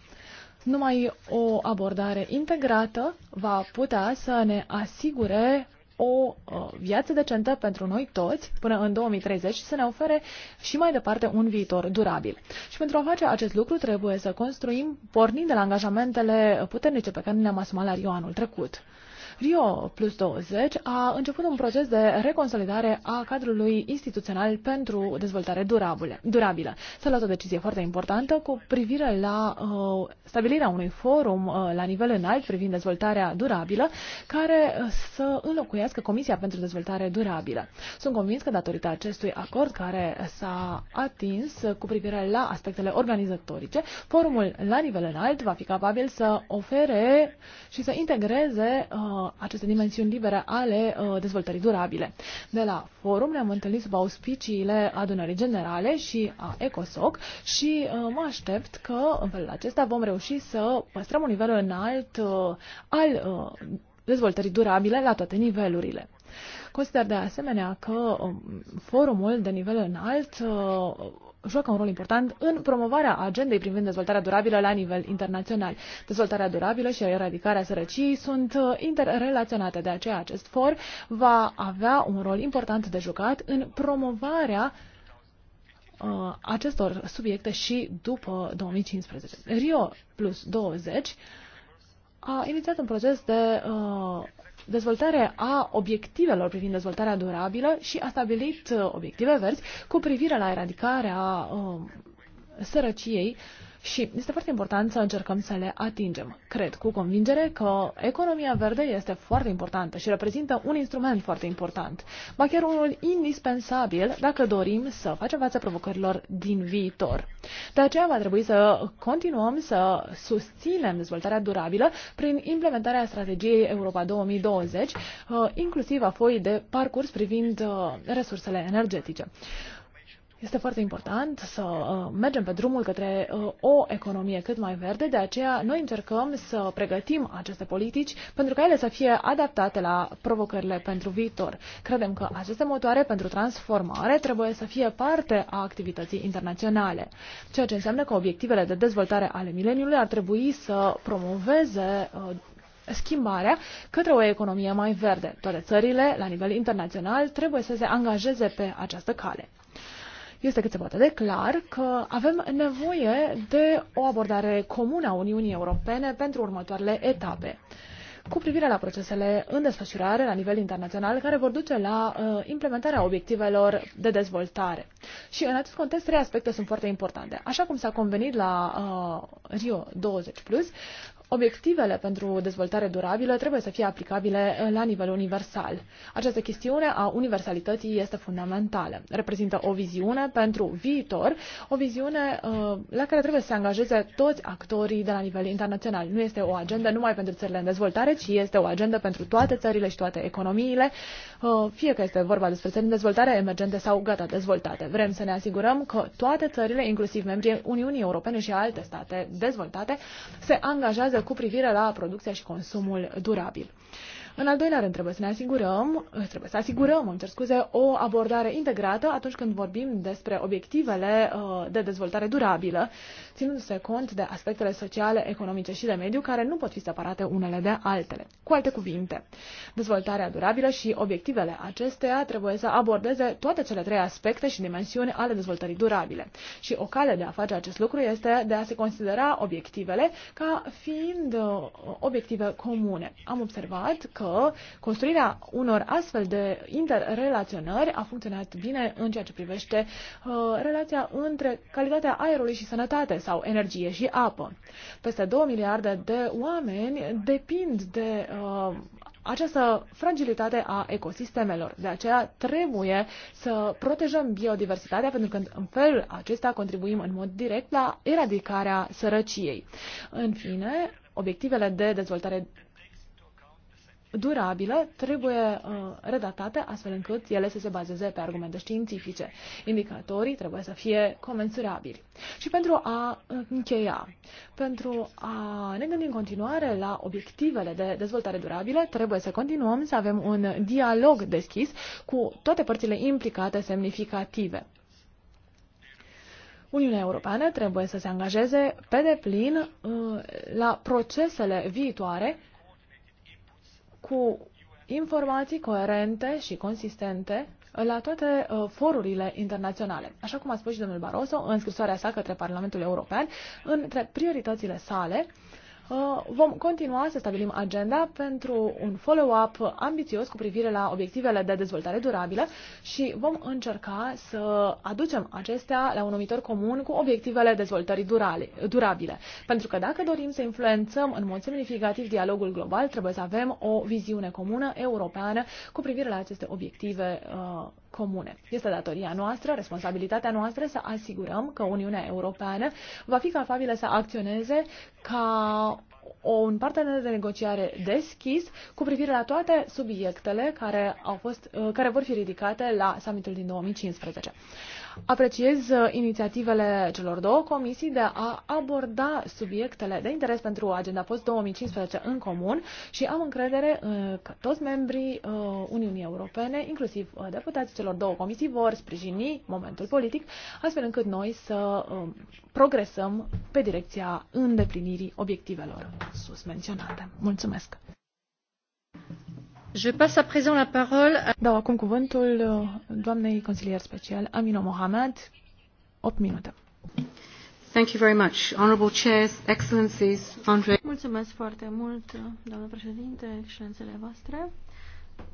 Numai o abordare integrată va putea să ne asigure o viață decentă pentru noi toți până în 2030 și să ne ofere și mai departe un viitor durabil. Și pentru a face acest lucru trebuie să construim pornind de la angajamentele puternice pe care ne-am asumat la Rio anul trecut. Rio Plus 20 a început un proces de reconsolidare a cadrului instituțional pentru dezvoltare durabile, durabilă. S-a luat o decizie foarte importantă cu privire la uh, stabilirea unui forum uh, la nivel înalt privind dezvoltarea durabilă, care uh, să înlocuiască Comisia pentru Dezvoltare Durabilă. Sunt convins că datorită acestui acord care s-a atins cu privire la aspectele organizatorice, forumul la nivel înalt va fi capabil să ofere și să integreze uh, aceste dimensiuni libere ale uh, dezvoltării durabile. De la forum ne-am întâlnit sub auspiciile adunării generale și a ECOSOC și uh, mă aștept că în felul acesta vom reuși să păstrăm un nivel înalt uh, al dezvoltării durabile la toate nivelurile. Consider de asemenea că um, forumul de nivel înalt joacă un rol important în promovarea agendei privind dezvoltarea durabilă la nivel internațional. Dezvoltarea durabilă și eradicarea sărăciei sunt uh, interrelaționate, de aceea acest for va avea un rol important de jucat în promovarea uh, acestor subiecte și după 2015. Rio plus 20 a inițiat un proces de uh, dezvoltare a obiectivelor privind dezvoltarea durabilă și a stabilit uh, obiective verzi cu privire la eradicarea uh, sărăciei uh, și este foarte important să încercăm să le atingem. Cred cu convingere că economia verde este foarte importantă și reprezintă un instrument foarte important, ba chiar unul indispensabil dacă dorim să facem față provocărilor din viitor. De aceea va trebui să continuăm să susținem dezvoltarea durabilă prin implementarea strategiei Europa 2020, uh, inclusiv a foii de parcurs privind uh, resursele energetice. Este foarte important să uh, mergem pe drumul către uh, o economie cât mai verde, de aceea noi încercăm să pregătim aceste politici pentru ca ele să fie adaptate la provocările pentru viitor. Credem că aceste motoare pentru transformare trebuie să fie parte a activității internaționale, ceea ce înseamnă că obiectivele de dezvoltare ale mileniului ar trebui să promoveze uh, schimbarea către o economie mai verde. Toate țările, la nivel internațional, trebuie să se angajeze pe această cale. Este cât se poate de clar că avem nevoie de o abordare comună a Uniunii Europene pentru următoarele etape cu privire la procesele în desfășurare la nivel internațional care vor duce la uh, implementarea obiectivelor de dezvoltare. Și în acest context, trei aspecte sunt foarte importante. Așa cum s-a convenit la uh, Rio 20+, plus, obiectivele pentru dezvoltare durabilă trebuie să fie aplicabile uh, la nivel universal. Această chestiune a universalității este fundamentală. Reprezintă o viziune pentru viitor, o viziune uh, la care trebuie să se angajeze toți actorii de la nivel internațional. Nu este o agendă numai pentru țările în dezvoltare, ci este o agendă pentru toate țările și toate economiile, uh, fie că este vorba despre țări în dezvoltare, emergente sau gata dezvoltate. Vrem să ne asigurăm că toate țările, inclusiv membrii Uniunii Europene și alte state dezvoltate, se angajează cu privire la producția și consumul durabil. În al doilea rând, trebuie să ne asigurăm, trebuie să asigurăm, îmi cer scuze, o abordare integrată atunci când vorbim despre obiectivele uh, de dezvoltare durabilă, ținându-se cont de aspectele sociale, economice și de mediu, care nu pot fi separate unele de altele. Cu alte cuvinte, dezvoltarea durabilă și obiectivele acesteia trebuie să abordeze toate cele trei aspecte și dimensiuni ale dezvoltării durabile. Și o cale de a face acest lucru este de a se considera obiectivele ca fiind uh, obiective comune. Am observat că construirea unor astfel de interrelaționări a funcționat bine în ceea ce privește uh, relația între calitatea aerului și sănătate sau energie și apă. Peste 2 miliarde de oameni depind de uh, această fragilitate a ecosistemelor. De aceea trebuie să protejăm biodiversitatea, pentru că în felul acesta contribuim în mod direct la eradicarea sărăciei. În fine, obiectivele de dezvoltare durabile trebuie uh, redatate astfel încât ele să se bazeze pe argumente științifice. Indicatorii trebuie să fie comensurabili. Și pentru a uh, încheia, pentru a ne gândi în continuare la obiectivele de dezvoltare durabilă, trebuie să continuăm să avem un dialog deschis cu toate părțile implicate semnificative. Uniunea Europeană trebuie să se angajeze pe deplin uh, la procesele viitoare cu informații coerente și consistente la toate uh, forurile internaționale. Așa cum a spus și domnul Barroso în scrisoarea sa către Parlamentul European, între prioritățile sale, uh, Uh, vom continua să stabilim agenda pentru un follow-up ambițios cu privire la obiectivele de dezvoltare durabilă și vom încerca să aducem acestea la un numitor comun cu obiectivele dezvoltării durale, durabile. Pentru că dacă dorim să influențăm în mod semnificativ dialogul global, trebuie să avem o viziune comună europeană cu privire la aceste obiective uh, comune. Este datoria noastră, responsabilitatea noastră să asigurăm că Uniunea Europeană va fi capabilă să acționeze ca o un partener de negociare deschis cu privire la toate subiectele care, au fost, uh, care vor fi ridicate la summitul din 2015. Apreciez uh, inițiativele celor două comisii de a aborda subiectele de interes pentru Agenda Post 2015 în comun și am încredere uh, că toți membrii uh, Uniunii Europene, inclusiv deputații celor două comisii, vor sprijini momentul politic, astfel încât noi să um, progresăm pe direcția îndeplinirii obiectivelor sus menționate. Mulțumesc! Je passe à présent la parole à... Dau acum cuvântul uh, doamnei consilier special Amino Mohamed, 8 minute. Thank you very much. Honorable chairs, excellencies, Andre. Mulțumesc foarte mult, doamnă președinte, excelențele voastre,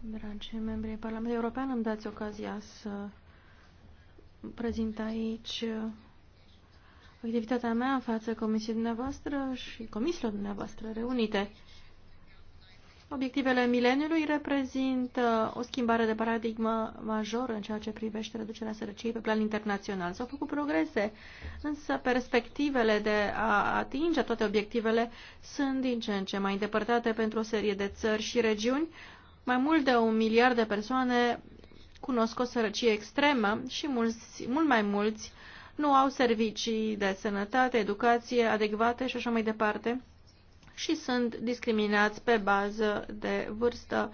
dragi membri ai Parlamentului European, îmi dați ocazia să prezint aici uh, activitatea mea în fața comisiei dumneavoastră și comisiilor dumneavoastră reunite. Obiectivele mileniului reprezintă o schimbare de paradigmă majoră în ceea ce privește reducerea sărăciei pe plan internațional. S-au făcut progrese, însă perspectivele de a atinge toate obiectivele sunt din ce în ce mai îndepărtate pentru o serie de țări și regiuni. Mai mult de un miliard de persoane cunosc o sărăcie extremă și mulți, mult mai mulți nu au servicii de sănătate, educație adecvate și așa mai departe și sunt discriminați pe bază de vârstă,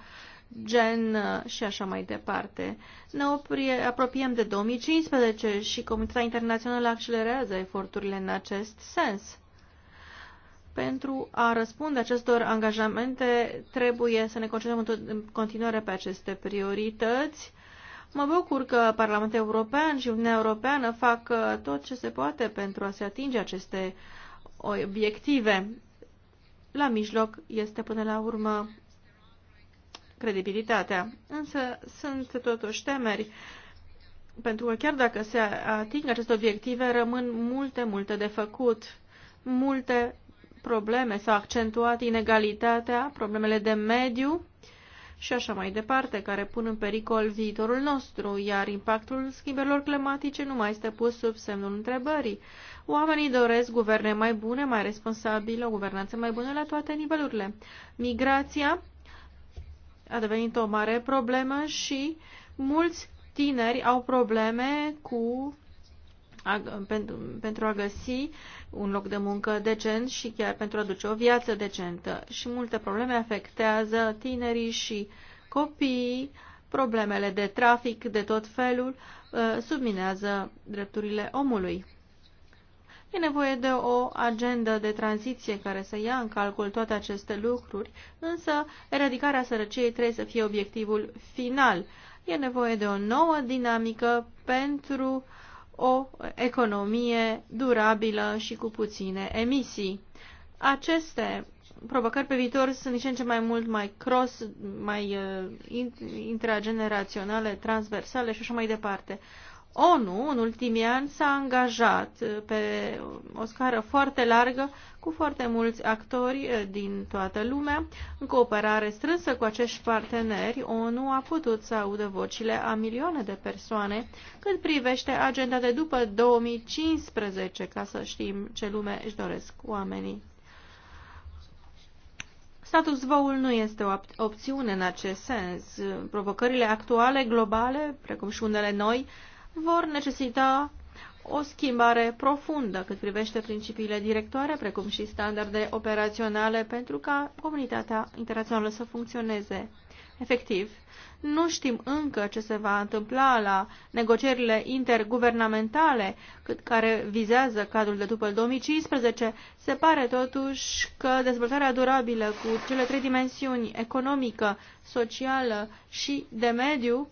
gen și așa mai departe. Ne oprie, apropiem de 2015 și Comunitatea Internațională accelerează eforturile în acest sens. Pentru a răspunde acestor angajamente, trebuie să ne concentrăm în continuare pe aceste priorități. Mă bucur că Parlamentul European și Uniunea Europeană fac uh, tot ce se poate pentru a se atinge aceste obiective la mijloc este până la urmă credibilitatea. Însă sunt totuși temeri, pentru că chiar dacă se ating aceste obiective, rămân multe, multe de făcut. Multe probleme s-au accentuat, inegalitatea, problemele de mediu și așa mai departe, care pun în pericol viitorul nostru, iar impactul schimbărilor climatice nu mai este pus sub semnul întrebării. Oamenii doresc guverne mai bune, mai responsabile, o guvernanță mai bună la toate nivelurile. Migrația a devenit o mare problemă și mulți tineri au probleme cu a, pentru, pentru a găsi un loc de muncă decent și chiar pentru a duce o viață decentă. Și multe probleme afectează tinerii și copiii, problemele de trafic de tot felul ă, subminează drepturile omului. E nevoie de o agendă de tranziție care să ia în calcul toate aceste lucruri, însă eradicarea sărăciei trebuie să fie obiectivul final. E nevoie de o nouă dinamică pentru o economie durabilă și cu puține emisii. Aceste provocări pe viitor sunt nici în ce mai mult mai cross, mai uh, intrageneraționale, transversale și așa mai departe. ONU în ultimii ani s-a angajat uh, pe o scară foarte largă cu foarte mulți actori uh, din toată lumea. În cooperare strânsă cu acești parteneri, ONU a putut să audă vocile a milioane de persoane cât privește agenda de după 2015, ca să știm ce lume își doresc oamenii. Status voul nu este o opțiune în acest sens. Provocările actuale, globale, precum și unele noi, vor necesita o schimbare profundă cât privește principiile directoare, precum și standarde operaționale pentru ca comunitatea internațională să funcționeze efectiv. Nu știm încă ce se va întâmpla la negocierile interguvernamentale, cât care vizează cadrul de după 2015. Se pare totuși că dezvoltarea durabilă cu cele trei dimensiuni, economică, socială și de mediu,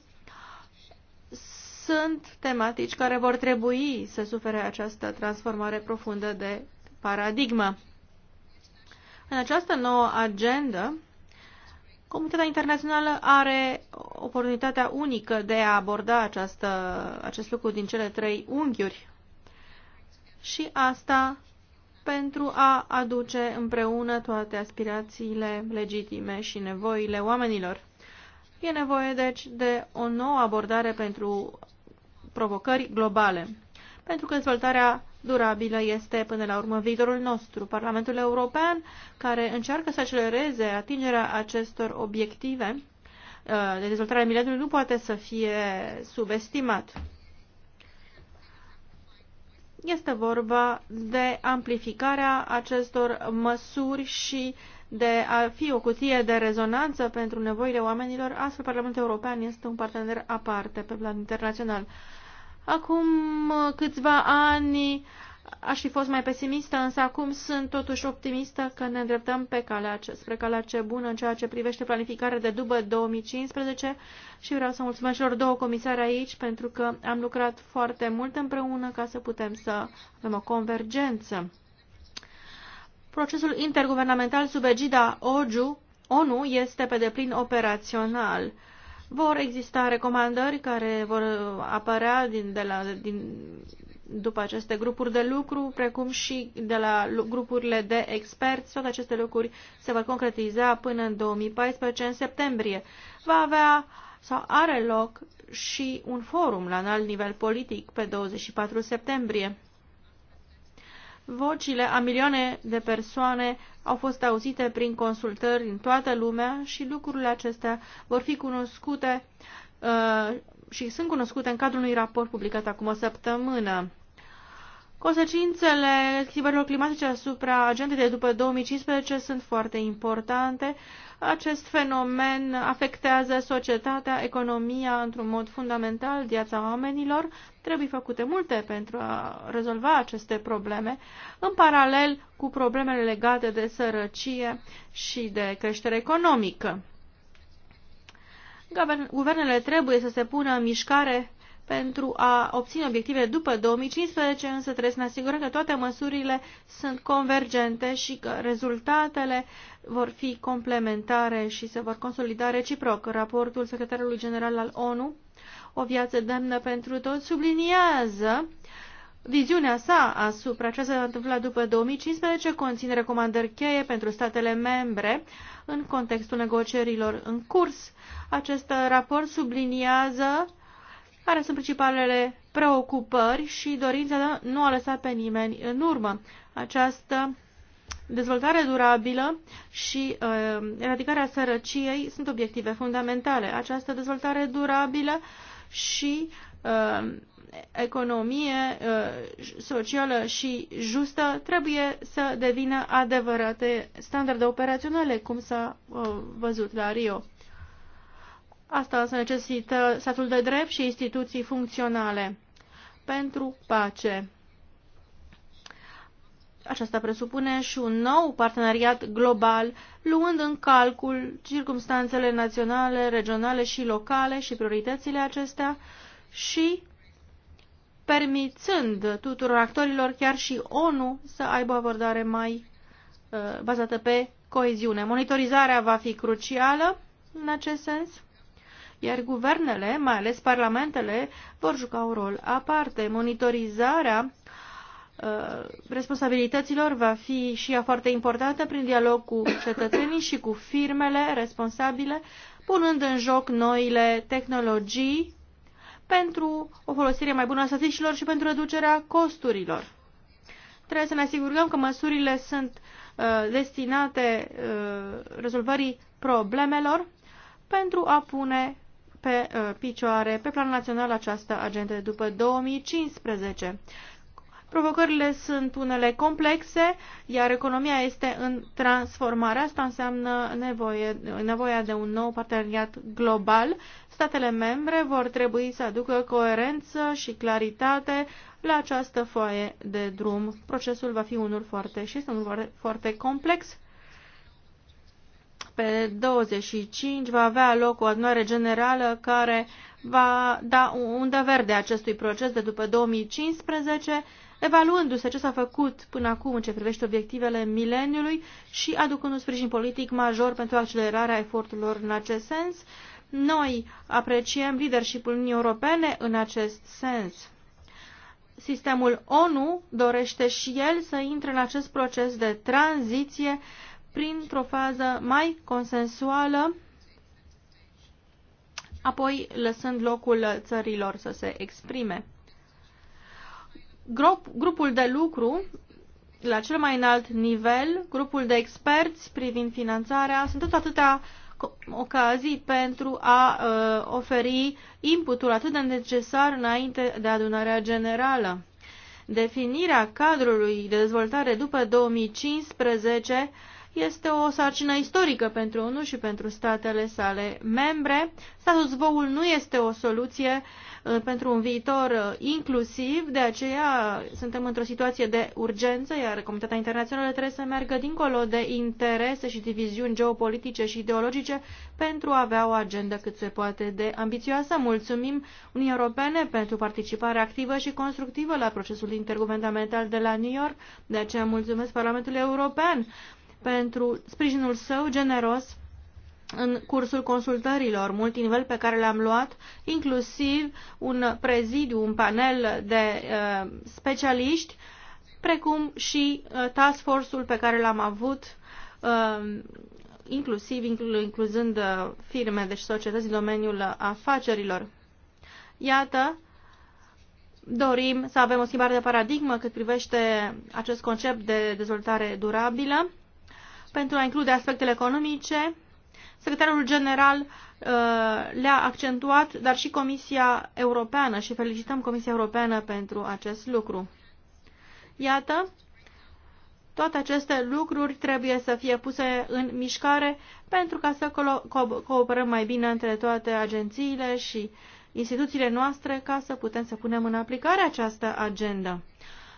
sunt tematici care vor trebui să sufere această transformare profundă de paradigmă. În această nouă agendă, Comunitatea internațională are oportunitatea unică de a aborda această, acest lucru din cele trei unghiuri. Și asta pentru a aduce împreună toate aspirațiile legitime și nevoile oamenilor. E nevoie, deci, de o nouă abordare pentru provocări globale. Pentru că dezvoltarea durabilă este, până la urmă, viitorul nostru. Parlamentul European, care încearcă să accelereze atingerea acestor obiective uh, de dezvoltare a mileniului, nu poate să fie subestimat. Este vorba de amplificarea acestor măsuri și de a fi o cutie de rezonanță pentru nevoile oamenilor, astfel Parlamentul European este un partener aparte pe plan internațional. Acum uh, câțiva ani aș fi fost mai pesimistă, însă acum sunt totuși optimistă că ne îndreptăm pe calea, spre calea ce bună în ceea ce privește planificarea de după 2015 și vreau să mulțumesc celor două comisari aici pentru că am lucrat foarte mult împreună ca să putem să avem o convergență. Procesul interguvernamental sub egida OGU, ONU este pe deplin operațional vor exista recomandări care vor apărea din, de la, din, după aceste grupuri de lucru, precum și de la grupurile de experți. Toate aceste lucruri se vor concretiza până în 2014, în septembrie. Va avea sau are loc și un forum la înalt nivel politic pe 24 septembrie. Vocile a milioane de persoane au fost auzite prin consultări în toată lumea și lucrurile acestea vor fi cunoscute uh, și sunt cunoscute în cadrul unui raport publicat acum o săptămână. Consecințele schimbărilor climatice asupra agendei de după 2015 sunt foarte importante. Uh, acest fenomen afectează societatea, economia într-un mod fundamental, viața oamenilor. Trebuie făcute multe pentru a rezolva aceste probleme, în paralel cu problemele legate de sărăcie și de creștere economică. Guvernele trebuie să se pună în mișcare pentru a obține obiectivele după 2015, însă trebuie să ne asigurăm că toate măsurile sunt convergente și că rezultatele vor fi complementare și se vor consolida reciproc. Raportul secretarului general al ONU, O viață demnă pentru toți, subliniază Viziunea sa asupra ce se va întâmpla după 2015 conține recomandări cheie pentru statele membre în contextul negocierilor în curs. Acest raport subliniază care sunt principalele preocupări și dorința de nu a lăsa pe nimeni în urmă. Această dezvoltare durabilă și uh, eradicarea sărăciei sunt obiective fundamentale. Această dezvoltare durabilă și uh, economie uh, socială și justă trebuie să devină adevărate standarde operaționale, cum s-a uh, văzut la Rio. Asta se necesită statul de drept și instituții funcționale pentru pace. Aceasta presupune și un nou parteneriat global, luând în calcul circumstanțele naționale, regionale și locale și prioritățile acestea și permițând tuturor actorilor, chiar și ONU, să aibă o abordare mai uh, bazată pe coeziune. Monitorizarea va fi crucială în acest sens iar guvernele, mai ales parlamentele, vor juca un rol aparte. Monitorizarea uh, responsabilităților va fi și ea foarte importantă prin dialog cu cetățenii și cu firmele responsabile, punând în joc noile tehnologii pentru o folosire mai bună a statisticilor și pentru reducerea costurilor. Trebuie să ne asigurăm că măsurile sunt uh, destinate uh, rezolvării problemelor pentru a pune pe uh, picioare pe plan național această agendă după 2015. Provocările sunt unele complexe, iar economia este în transformare. Asta înseamnă nevoie, nevoia de un nou parteneriat global. Statele membre vor trebui să aducă coerență și claritate la această foaie de drum. Procesul va fi unul foarte și este unul foarte complex pe 25 va avea loc o adunare generală care va da undă verde acestui proces de după 2015, evaluându-se ce s-a făcut până acum în ce privește obiectivele mileniului și aducând un sprijin politic major pentru accelerarea eforturilor în acest sens. Noi apreciem leadership-ul Uniunii Europene în acest sens. Sistemul ONU dorește și el să intre în acest proces de tranziție uh, printr-o fază mai consensuală, apoi lăsând locul țărilor să se exprime. Grup, grupul de lucru, la cel mai înalt nivel, grupul de experți privind finanțarea, sunt tot atâtea ocazii pentru a uh, oferi inputul atât de necesar înainte de adunarea generală. Definirea cadrului de dezvoltare după 2015 este o sarcină istorică pentru ONU și pentru statele sale membre. Status quo nu este o soluție uh, pentru un viitor uh, inclusiv, de aceea suntem într-o situație de urgență, iar comunitatea internațională trebuie să meargă dincolo de interese și diviziuni geopolitice și ideologice pentru a avea o agendă cât se poate de ambițioasă. Mulțumim Uniunii Europene pentru participarea activă și constructivă la procesul interguvernamental de la New York, de aceea mulțumesc Parlamentului European pentru sprijinul său generos în cursul consultărilor multinivel pe care le-am luat, inclusiv un prezidiu, un panel de uh, specialiști, precum și uh, task force-ul pe care l-am avut, uh, inclusiv inclu, incluzând uh, firme, deci societăți în domeniul afacerilor. Iată, dorim să avem o schimbare de paradigmă cât privește acest concept de dezvoltare durabilă pentru a include aspectele economice. Secretarul general uh, le-a accentuat, dar și Comisia Europeană și felicităm Comisia Europeană pentru acest lucru. Iată, toate aceste lucruri trebuie să fie puse în mișcare pentru ca să co cooperăm mai bine între toate agențiile și instituțiile noastre ca să putem să punem în aplicare această agendă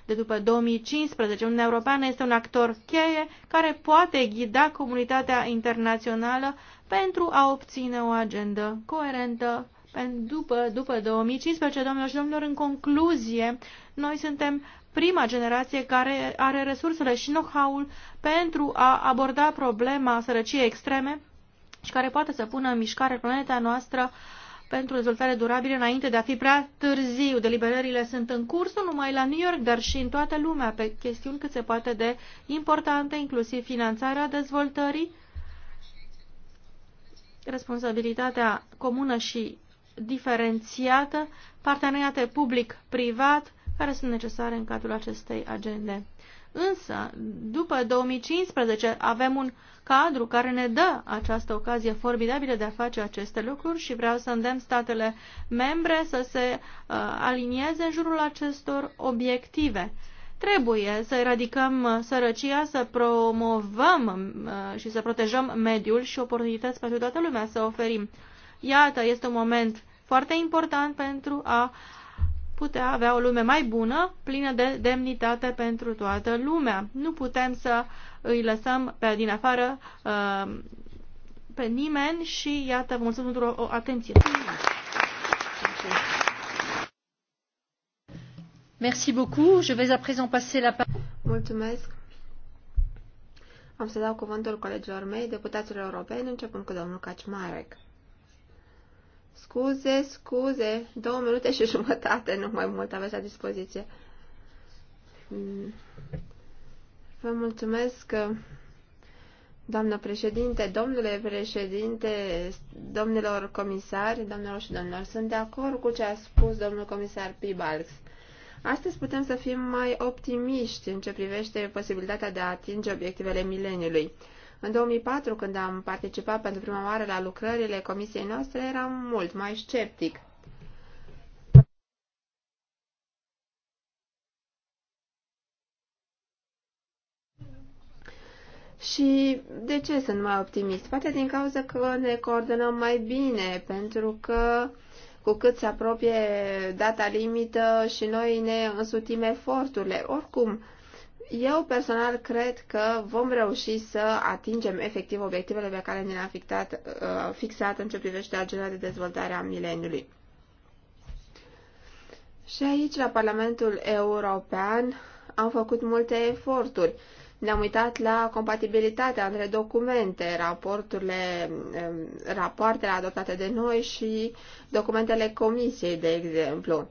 de după 2015. Uniunea Europeană este un actor cheie care poate ghida comunitatea internațională pentru a obține o agendă coerentă după, după 2015. Domnilor și domnilor, în concluzie, noi suntem prima generație care are resursele și know-how-ul pentru a aborda problema sărăciei extreme și care poate să pună în mișcare planeta noastră uh, pentru dezvoltare durabilă înainte de a fi prea târziu. Deliberările sunt în curs nu numai la New York, dar și în toată lumea pe chestiuni cât se poate de importante, inclusiv finanțarea dezvoltării, responsabilitatea comună și diferențiată, parteneriate public-privat, care sunt necesare în cadrul acestei agende. Însă, după 2015 avem un cadru care ne dă această ocazie formidabilă de a face aceste lucruri și vreau să îndemn statele membre să se uh, alinieze în jurul acestor obiective. Trebuie să eradicăm uh, sărăcia, să promovăm uh, și să protejăm mediul și oportunități pentru toată lumea să oferim. Iată, este un moment foarte important pentru a uh, putea avea o lume mai bună, plină de demnitate pentru toată lumea. Nu putem să îi lăsăm pe din afară uh, pe nimeni și iată, vă mulțumesc pentru o atenție. Merci beaucoup. Je vais à présent passer la parole. Mulțumesc. Am să dau cuvântul colegilor mei, deputaților europeni, începând cu domnul Kaczmarek. Scuze, scuze, două minute și jumătate, nu mai mult aveți la dispoziție. Mm. Vă mulțumesc, doamnă președinte, domnule președinte, domnilor comisari, domnilor și domnilor. Sunt de acord cu ce a spus domnul comisar Pibalx. Astăzi putem să fim mai optimiști în ce privește posibilitatea de a atinge obiectivele mileniului. În 2004, când am participat pentru prima oară la lucrările comisiei noastre, eram mult mai sceptic. Și de ce sunt mai optimist? Poate din cauza că ne coordonăm mai bine, pentru că cu cât se apropie data limită și noi ne însutim eforturile. Oricum, eu personal cred că vom reuși să atingem efectiv obiectivele pe care ne le-am fixat, uh, fixat în ce privește agenda de dezvoltare a mileniului. Și aici, la Parlamentul European, am făcut multe eforturi. Ne-am uitat la compatibilitatea între documente, raporturile, um, rapoartele adoptate de noi și documentele comisiei, de exemplu.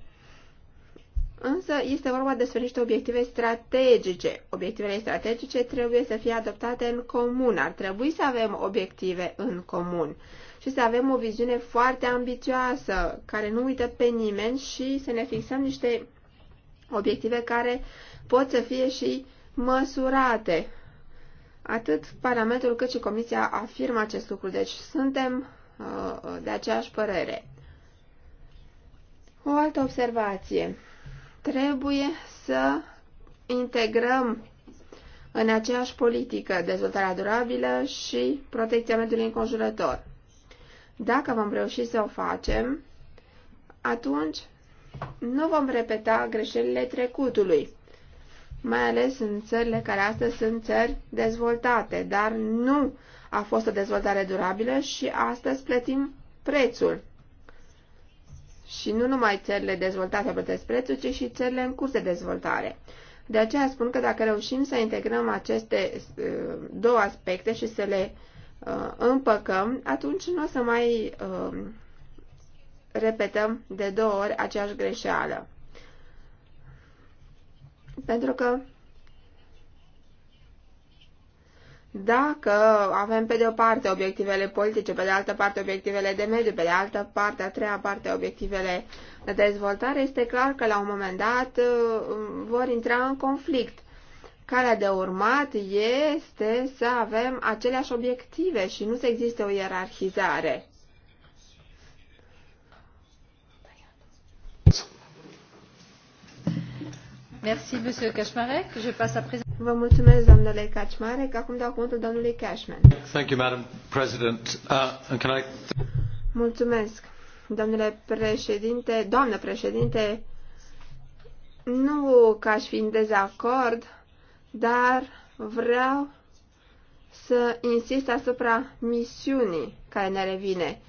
Însă este vorba despre niște obiective strategice. Obiectivele strategice trebuie să fie adoptate în comun. Ar trebui să avem obiective în comun și să avem o viziune foarte ambițioasă, care nu uită pe nimeni și să ne fixăm niște obiective care pot să fie și măsurate. Atât Parlamentul cât și Comisia afirmă acest lucru, deci suntem uh, de aceeași părere. O altă observație. Trebuie să integrăm în aceeași politică dezvoltarea durabilă și protecția mediului înconjurător. Dacă vom reuși să o facem, atunci nu vom repeta greșelile trecutului, mai ales în țările care astăzi sunt țări dezvoltate, dar nu a fost o dezvoltare durabilă și astăzi plătim prețul. Și nu numai țările dezvoltate plătesc prețul, ci și țările în curs de dezvoltare. De aceea spun că dacă reușim să integrăm aceste uh, două aspecte și să le uh, împăcăm, atunci nu o să mai uh, repetăm de două ori aceeași greșeală. Pentru că Dacă avem pe de o parte obiectivele politice, pe de altă parte obiectivele de mediu, pe de altă parte, a treia parte, obiectivele de dezvoltare, este clar că la un moment dat uh, vor intra în conflict. Calea de urmat este să avem aceleași obiective și nu să existe o ierarhizare. Merci, Monsieur Cachemarec. Je passe à présent. Vă mulțumesc, domnule Kaczmarek. Acum dau cuvântul domnului Cashman. Thank you, Madam President. Uh, can I... Mulțumesc, domnule președinte, doamnă președinte. Nu că aș fi în dezacord, dar vreau să insist asupra misiunii care ne revine.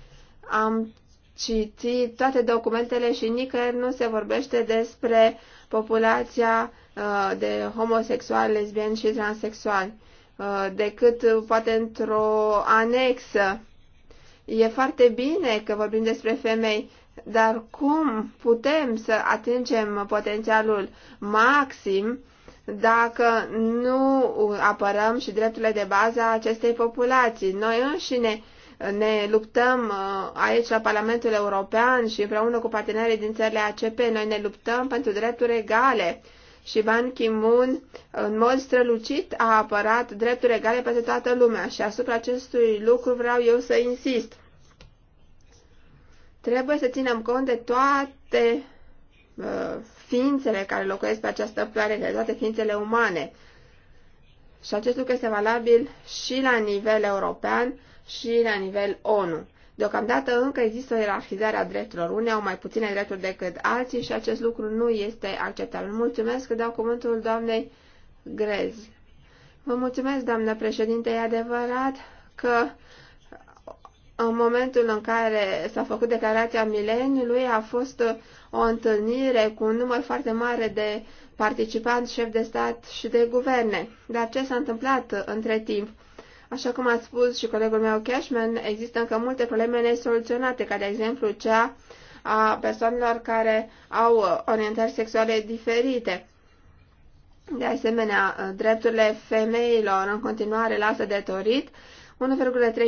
Am citit toate documentele și nicăieri nu se vorbește despre populația Uh, de homosexuali, lesbian și transexual, uh, decât uh, poate într-o anexă. E foarte bine că vorbim despre femei, dar cum putem să atingem potențialul maxim dacă nu apărăm și drepturile de bază a acestei populații? Noi înșine ne luptăm aici la Parlamentul European și împreună cu partenerii din țările ACP, noi ne luptăm pentru drepturi egale și Ban Ki-moon în mod strălucit a apărat drepturi egale pentru toată lumea și asupra acestui lucru vreau eu să insist. Trebuie să ținem cont de toate uh, ființele care locuiesc pe această planetă, de toate ființele umane. Și acest lucru este valabil și la nivel european și la nivel ONU. Deocamdată încă există o ierarhizare a drepturilor. Unii au mai puține drepturi decât alții și acest lucru nu este acceptabil. Mulțumesc că dau cuvântul doamnei Grez. Vă mulțumesc, doamnă președinte. E adevărat că în momentul în care s-a făcut declarația mileniului a fost o întâlnire cu un număr foarte mare de participanți, șef de stat și de guverne. Dar ce s-a întâmplat între timp? Așa cum a spus și colegul meu Cashman, există încă multe probleme nesoluționate, ca de exemplu cea a persoanelor care au uh, orientări sexuale diferite. De asemenea, uh, drepturile femeilor în continuare lasă de torit. 1,3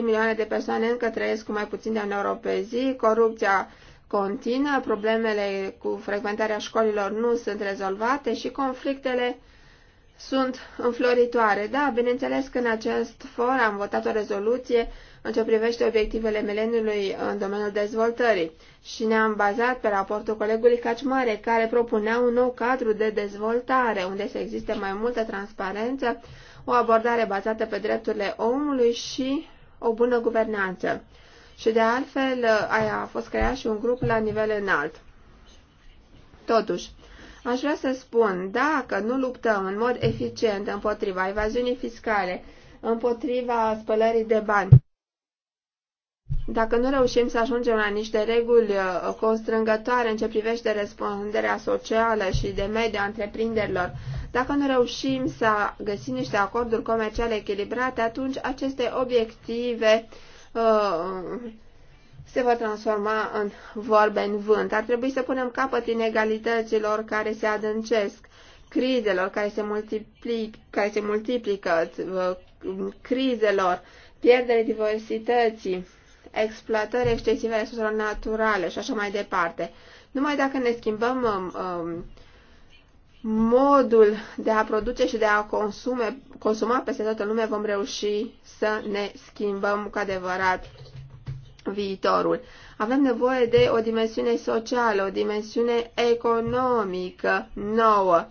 milioane de persoane încă trăiesc cu mai puțin de un euro pe zi, corupția continuă, problemele cu frecventarea școlilor nu sunt rezolvate și conflictele sunt înfloritoare. Da, bineînțeles că în acest for am votat o rezoluție în ce privește obiectivele mileniului în domeniul dezvoltării și ne-am bazat pe raportul colegului Cacmare, care propunea un nou cadru de dezvoltare, unde să existe mai multă transparență, o abordare bazată pe drepturile omului și o bună guvernanță. Și de altfel, aia a fost creat și un grup la nivel înalt. Totuși, Aș vrea să spun, dacă nu luptăm în mod eficient împotriva evaziunii fiscale, împotriva spălării de bani, dacă nu reușim să ajungem la niște reguli uh, constrângătoare în ce privește răspunderea socială și de mediu a întreprinderilor, dacă nu reușim să găsim niște acorduri comerciale echilibrate, atunci aceste obiective uh, se vor transforma în vorbe în vânt. Ar trebui să punem capăt inegalităților care se adâncesc, crizelor care se, multiplic, care se multiplică, crizelor, pierdere diversității, exploatări excesive resurselor naturale și așa mai departe. Numai dacă ne schimbăm um, um modul de a produce și de a consume, consuma peste toată lumea, vom reuși să ne schimbăm cu adevărat viitorul. Avem nevoie de o dimensiune socială, o dimensiune economică nouă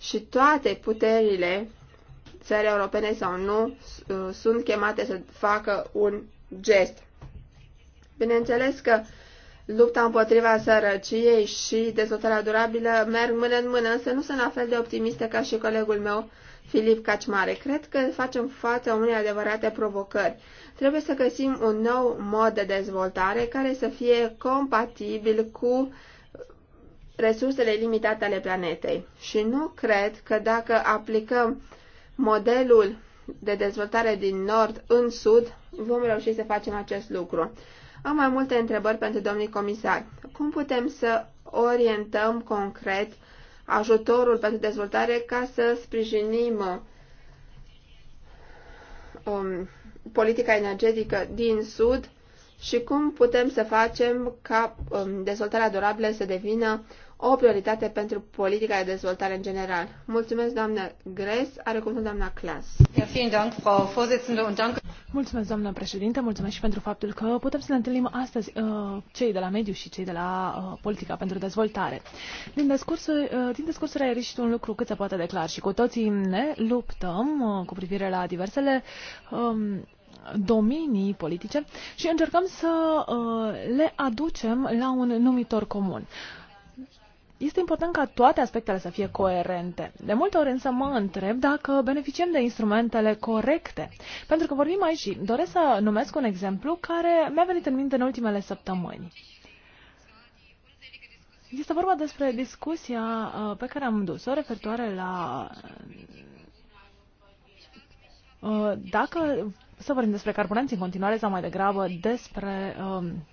și toate puterile, țări europene sau nu, sunt chemate să facă un gest. Bineînțeles că lupta împotriva sărăciei și dezvoltarea durabilă merg mână în mână, însă nu sunt la fel de optimistă ca și colegul meu Filip Cacmare. Cred că facem față unei adevărate provocări. Trebuie să găsim un nou mod de dezvoltare care să fie compatibil cu resursele limitate ale planetei. Și nu cred că dacă aplicăm modelul de dezvoltare din nord în sud, vom reuși să facem acest lucru. Am mai multe întrebări pentru domnii comisar. Cum putem să orientăm concret ajutorul pentru dezvoltare ca să sprijinim um, politica energetică din Sud și cum putem să facem ca um, dezvoltarea durabilă să devină o prioritate pentru politica de dezvoltare în general. Mulțumesc, doamnă Gres. Are cuvântul doamna Clas. Mulțumesc, doamnă președinte. Mulțumesc și pentru faptul că putem să ne întâlnim astăzi uh, cei de la mediu și cei de la uh, politica pentru dezvoltare. Din, discursul, uh, din discursuri a ieșit un lucru cât se poate de și cu toții ne luptăm cu privire la diversele um, domenii politice și încercăm să le aducem la un numitor comun. Este important ca toate aspectele să fie coerente. De multe ori însă mă întreb dacă beneficiem de instrumentele corecte. Pentru că vorbim aici, și doresc să numesc un exemplu care mi-a venit în minte în ultimele săptămâni. Este vorba despre discuția uh, pe care am dus-o referitoare la uh, dacă să vorbim despre carburanți în continuare sau mai degrabă despre um,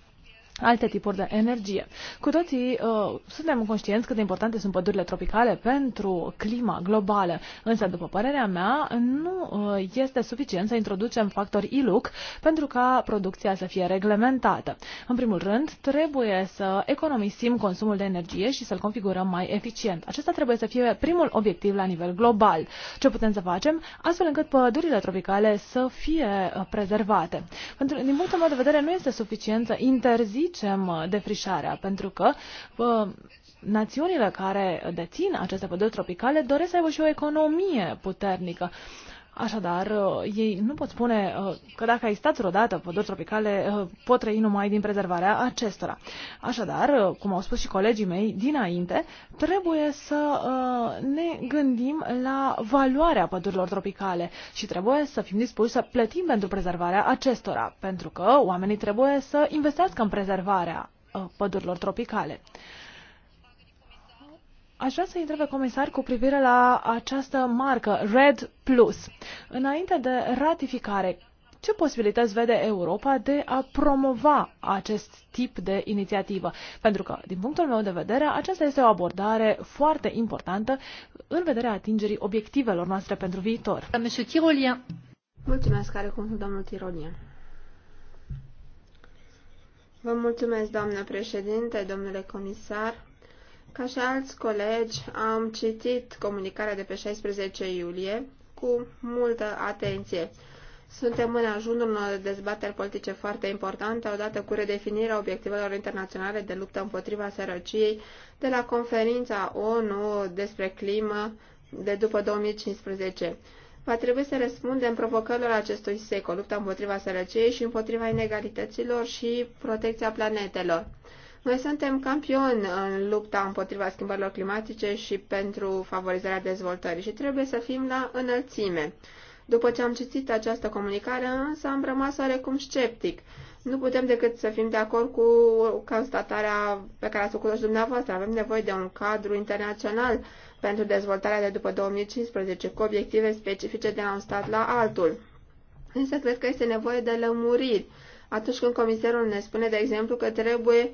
alte tipuri de energie. Cu toții uh, suntem conștienți cât de importante sunt pădurile tropicale pentru clima globală, însă, după părerea mea, nu uh, este suficient să introducem factori ILUC pentru ca producția să fie reglementată. În primul rând, trebuie să economisim consumul de energie și să-l configurăm mai eficient. Acesta trebuie să fie primul obiectiv la nivel global. Ce putem să facem? Astfel încât pădurile tropicale să fie uh, prezervate. Pentru, din punctul meu de vedere, nu este suficient să interzi interzicem uh, defrișarea, pentru că uh, națiunile care dețin aceste păduri tropicale doresc să aibă și o economie puternică. Așadar, uh, ei nu pot spune uh, că dacă ai vreodată păduri tropicale, uh, pot trăi numai din prezervarea acestora. Așadar, cum au spus și colegii mei dinainte, trebuie să ne gândim la valoarea pădurilor tropicale și trebuie să fim dispuși să plătim pentru prezervarea acestora, pentru că oamenii trebuie să investească în prezervarea pădurilor tropicale. Aș vrea să întreb pe comisar cu privire la această marcă Red Plus. Înainte de ratificare, ce posibilități vede Europa de a promova acest tip de inițiativă? Pentru că, din punctul meu de vedere, aceasta este o abordare foarte importantă în vederea atingerii obiectivelor noastre pentru viitor. Mulțumesc, are cuvântul domnul Tirolia. Vă mulțumesc, doamnă președinte, domnule comisar. Ca și alți colegi, am citit comunicarea de pe 16 iulie cu multă atenție. Suntem în ajunul unor dezbateri politice foarte importante, odată cu redefinirea obiectivelor internaționale de luptă împotriva sărăciei de la conferința ONU despre climă de după 2015. Va trebui să răspundem provocărilor acestui secol, lupta împotriva sărăciei și împotriva inegalităților și protecția planetelor. Noi suntem campioni în lupta împotriva schimbărilor climatice și pentru favorizarea dezvoltării și trebuie să fim la înălțime. După ce am citit această comunicare, însă am rămas oarecum sceptic. Nu putem decât să fim de acord cu constatarea pe care ați făcut-o și dumneavoastră. Avem nevoie de un cadru internațional pentru dezvoltarea de după 2015, cu obiective specifice de la un stat la altul. Însă cred că este nevoie de lămuriri atunci când comisarul ne spune, de exemplu, că trebuie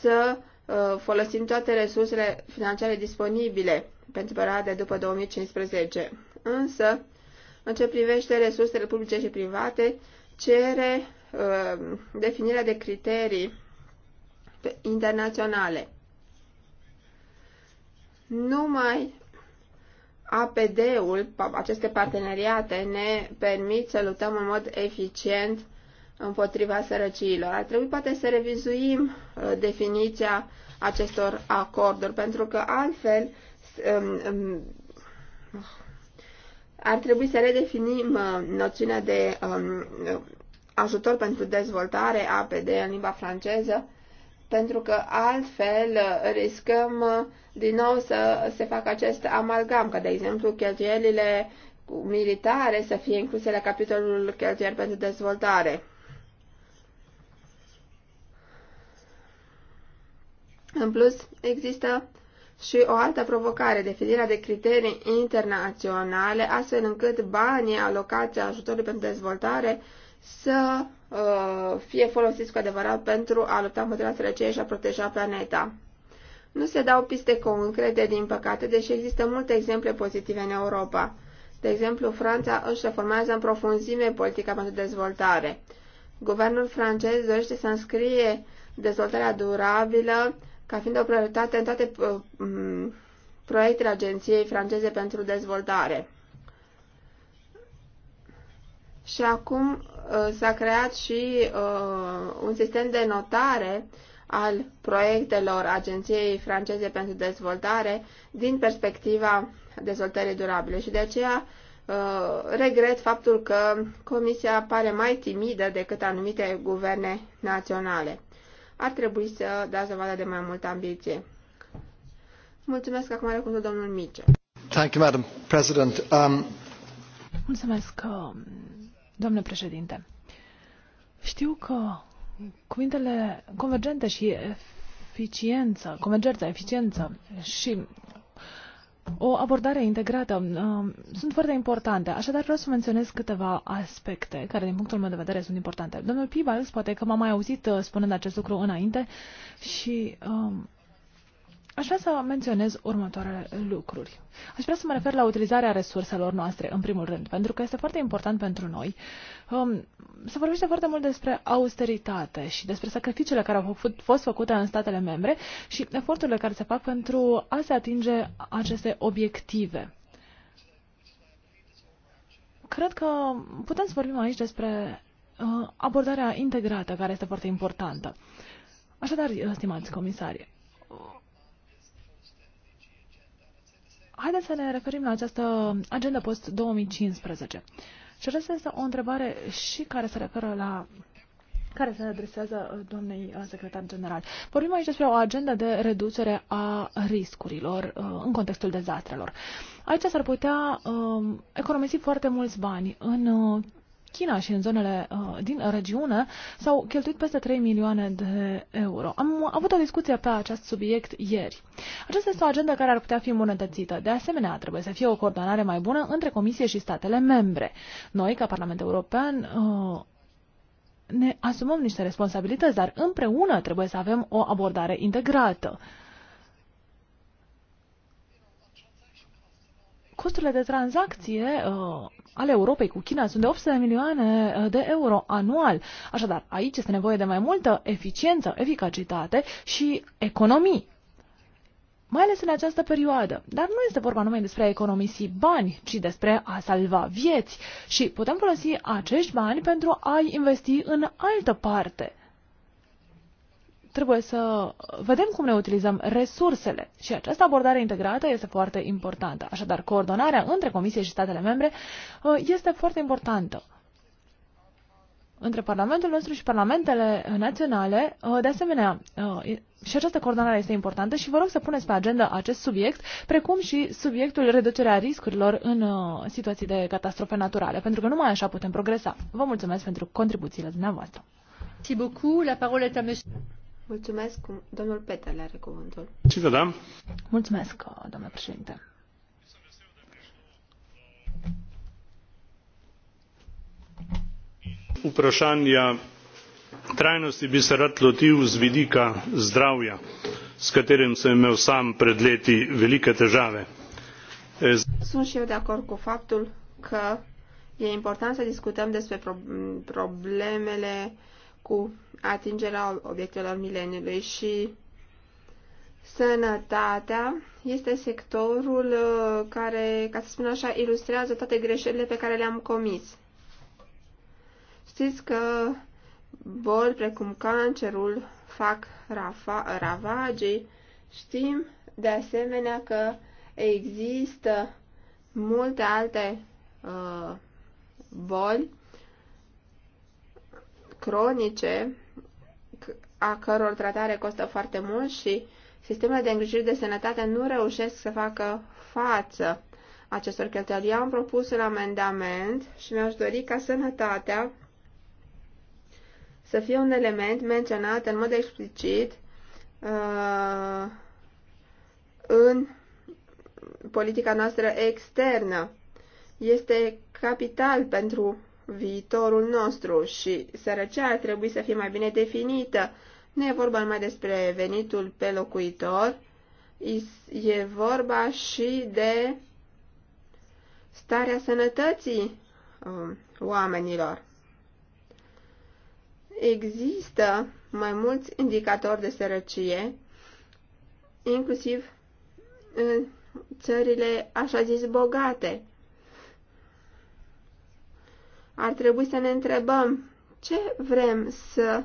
să uh, folosim toate resursele financiare disponibile pentru perioada după 2015. Însă, în ce privește resursele publice și private, cere uh, definirea de criterii internaționale. Numai APD-ul, aceste parteneriate, ne permit să luptăm în mod eficient împotriva sărăciilor. Ar trebui poate să revizuim uh, definiția acestor acorduri, pentru că altfel um, um, ar trebui să redefinim uh, noțiunea de um, ajutor pentru dezvoltare, APD, în limba franceză, pentru că altfel uh, riscăm din nou să se facă acest amalgam, că, de exemplu, cheltuielile militare să fie incluse la capitolul cheltuieli pentru dezvoltare. În plus, există și o altă provocare, definirea de criterii internaționale, astfel încât banii alocați ajutorului pentru dezvoltare să uh, fie folosiți cu adevărat pentru a lupta împotriva sărăciei și a proteja planeta. Nu se dau piste concrete, din păcate, deși există multe exemple pozitive în Europa. De exemplu, Franța își reformează în profunzime politica pentru dezvoltare. Guvernul francez dorește să înscrie dezvoltarea durabilă ca fiind o prioritate în toate uh, proiectele Agenției franceze pentru dezvoltare. Și acum uh, s-a creat și uh, un sistem de notare al proiectelor Agenției franceze pentru dezvoltare din perspectiva dezvoltării durabile. Și de aceea uh, regret faptul că Comisia pare mai timidă decât anumite guverne naționale ar trebui să dați dovadă de mai multă ambiție. Mulțumesc acum are cuvântul domnul Mice. Thank you, Madam President. Um... Mulțumesc, uh, domnule președinte. Știu că cuvintele convergente și eficiență, convergență, eficiență și o abordare integrată um, sunt foarte importante. Așadar vreau să menționez câteva aspecte care, din punctul meu de vedere, sunt importante. Domnul Pibals, poate că m-a mai auzit uh, spunând acest lucru înainte și um, Aș vrea să menționez următoarele lucruri. Aș vrea să mă refer la utilizarea resurselor noastre, în primul rând, pentru că este foarte important pentru noi. Um, se vorbește foarte mult despre austeritate și despre sacrificiile care au fost făcute în statele membre și eforturile care se fac pentru a se atinge aceste obiective. Cred că putem să vorbim aici despre uh, abordarea integrată, care este foarte importantă. Așadar, stimați comisari, Haideți să ne referim la această agenda post-2015. Și aceasta este o întrebare și care se referă la care se adresează uh, doamnei uh, secretar general. Vorbim aici despre o agendă de reducere a riscurilor uh, în contextul dezastrelor. Aici s-ar putea um, economisi foarte mulți bani în China și în zonele uh, din regiune s-au cheltuit peste 3 milioane de euro. Am avut o discuție pe acest subiect ieri. Aceasta este o agendă care ar putea fi îmbunătățită. De asemenea, trebuie să fie o coordonare mai bună între Comisie și statele membre. Noi, ca Parlament European, uh, ne asumăm niște responsabilități, dar împreună trebuie să avem o abordare integrată. Costurile de tranzacție uh, ale Europei cu China sunt de 800 de milioane uh, de euro anual. Așadar, aici este nevoie de mai multă eficiență, eficacitate și economii mai ales în această perioadă. Dar nu este vorba numai despre a economisi bani, ci despre a salva vieți și putem folosi acești bani pentru a-i investi în altă parte trebuie să vedem cum ne utilizăm resursele și această abordare integrată este foarte importantă. Așadar, coordonarea între Comisie și statele membre uh, este foarte importantă. Între Parlamentul nostru și Parlamentele naționale, uh, de asemenea, uh, și această coordonare este importantă și vă rog să puneți pe agenda acest subiect, precum și subiectul reducerea riscurilor în situații de catastrofe naturale, pentru că numai așa putem progresa. Vă mulțumesc pentru contribuțiile dumneavoastră. Merci beaucoup. La parole est à monsieur. Mulțumesc. Domnul Petel are cuvântul. Ce vă dam? Mulțumesc, domnule președinte. Vprašanja trajnosti bi se rad lotil z vidika zdravja, s katerim sem imel sam pred leti velike težave. de acord cu faptul că e important să discutăm despre problemele cu atingerea obiectelor mileniului și sănătatea este sectorul uh, care, ca să spun așa, ilustrează toate greșelile pe care le-am comis. Știți că boli precum cancerul fac ravagii, știm de asemenea că există multe alte uh, boli cronice, a căror tratare costă foarte mult și sistemele de îngrijiri de sănătate nu reușesc să facă față acestor cheltuieli. Eu am propus un amendament și mi-aș dori ca sănătatea să fie un element menționat în mod explicit uh, în politica noastră externă. Este capital pentru viitorul nostru și sărăcia ar trebui să fie mai bine definită. Nu e vorba numai despre venitul pe locuitor, e vorba și de starea sănătății um, oamenilor. Există mai mulți indicatori de sărăcie, inclusiv în țările așa zis bogate, ar trebui să ne întrebăm ce vrem să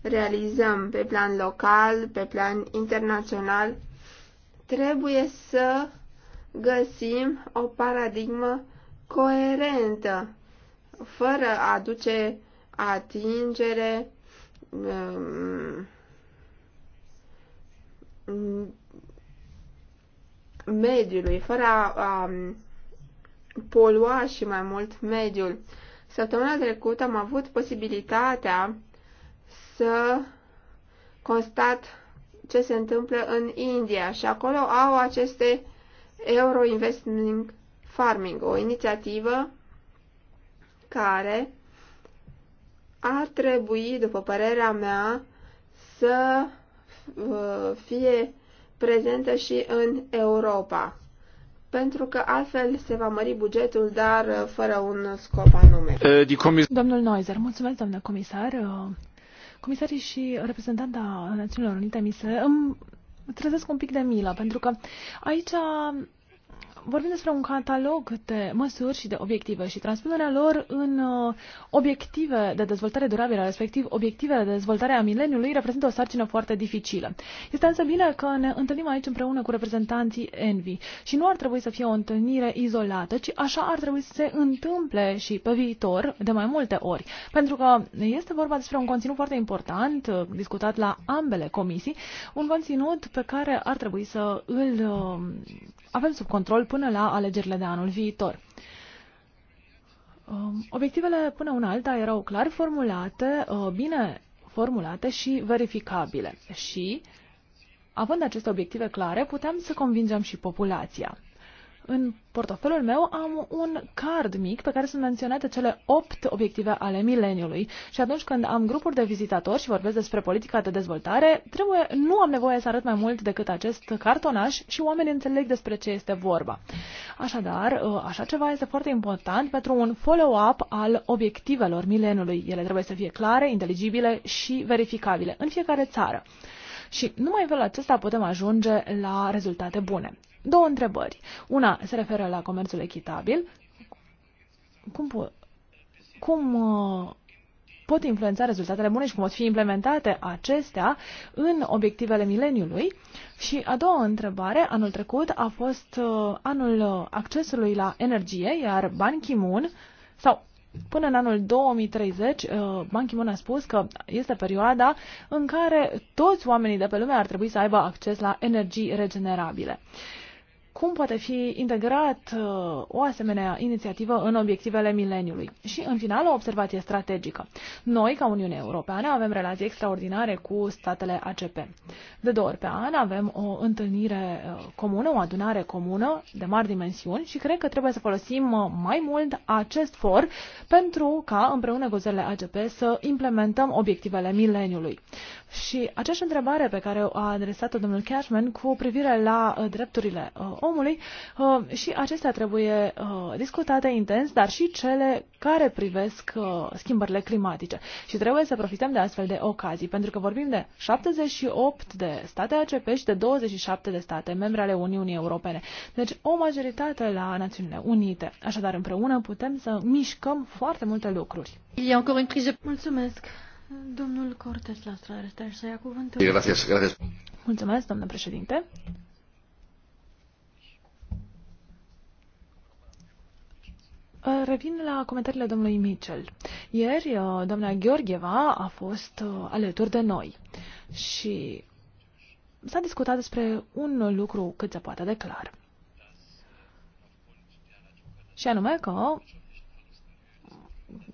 realizăm pe plan local, pe plan internațional. Trebuie să găsim o paradigmă coerentă, fără a aduce atingere um, mediului, fără a, a polua și mai mult mediul. Săptămâna trecută am avut posibilitatea să constat ce se întâmplă în India și acolo au aceste Euro Investing Farming, o inițiativă care ar trebui, după părerea mea, să uh, fie prezentă și în Europa pentru că altfel se va mări bugetul, dar uh, fără un scop anume. Uh, Domnul Noizer, mulțumesc, doamnă comisar. Uh, comisarii și reprezentanta Națiunilor Unite mi se îmi trezesc un pic de milă, pentru că aici vorbim despre un catalog de măsuri și de obiective și transpunerea lor în uh, obiective de dezvoltare durabilă, respectiv obiectivele de dezvoltare a mileniului, reprezintă o sarcină foarte dificilă. Este însă bine că ne întâlnim aici împreună cu reprezentanții Envi și nu ar trebui să fie o întâlnire izolată, ci așa ar trebui să se întâmple și pe viitor de mai multe ori, pentru că este vorba despre un conținut foarte important uh, discutat la ambele comisii, un conținut pe care ar trebui să îl uh, avem sub control până la alegerile de anul viitor. Um, obiectivele până una alta erau clar formulate, uh, bine formulate și verificabile. Și, având aceste obiective clare, putem să convingem și populația. În portofelul meu am un card mic pe care sunt menționate cele 8 obiective ale mileniului și atunci când am grupuri de vizitatori și vorbesc despre politica de dezvoltare, trebuie, nu am nevoie să arăt mai mult decât acest cartonaș și oamenii înțeleg despre ce este vorba. Așadar, ă, așa ceva este foarte important pentru un follow-up al obiectivelor mileniului. Ele trebuie să fie clare, inteligibile și verificabile în fiecare țară și numai în felul acesta putem ajunge la rezultate bune. Două întrebări. Una se referă la comerțul echitabil. Cum, cum uh, pot influența rezultatele bune și cum pot fi implementate acestea în obiectivele mileniului. Și a doua întrebare, anul trecut a fost uh, anul accesului la energie, iar Ban Ki-moon, sau până în anul 2030, uh, Ban Ki-moon a spus că este perioada în care toți oamenii de pe lume ar trebui să aibă acces la energii regenerabile cum poate fi integrat uh, o asemenea inițiativă în obiectivele mileniului. Și, în final, o observație strategică. Noi, ca Uniune Europeană, avem relații extraordinare cu statele ACP. De două ori pe an avem o întâlnire uh, comună, o adunare comună de mari dimensiuni și cred că trebuie să folosim uh, mai mult acest for pentru ca, împreună cu țările ACP, să implementăm obiectivele mileniului. Și aceeași întrebare pe care o a adresat-o domnul Cashman cu privire la uh, drepturile uh, omului uh, și acestea trebuie uh, discutate intens, dar și cele care privesc uh, schimbările climatice. Și trebuie să profităm de astfel de ocazii, pentru că vorbim de 78 de state ACP și de 27 de state membre ale Uniunii Europene. Deci o majoritate la Națiunile Unite. Așadar, împreună putem să mișcăm foarte multe lucruri. Mulțumesc! Domnul Cortes Lastra este să ia cuvântul. Gracias, gracias. Mulțumesc, domnule președinte. Uh, revin la comentariile domnului Mitchell. Ieri, uh, doamna Gheorgheva a fost uh, alături de noi și s-a discutat despre un lucru cât se poate de clar. Și anume că,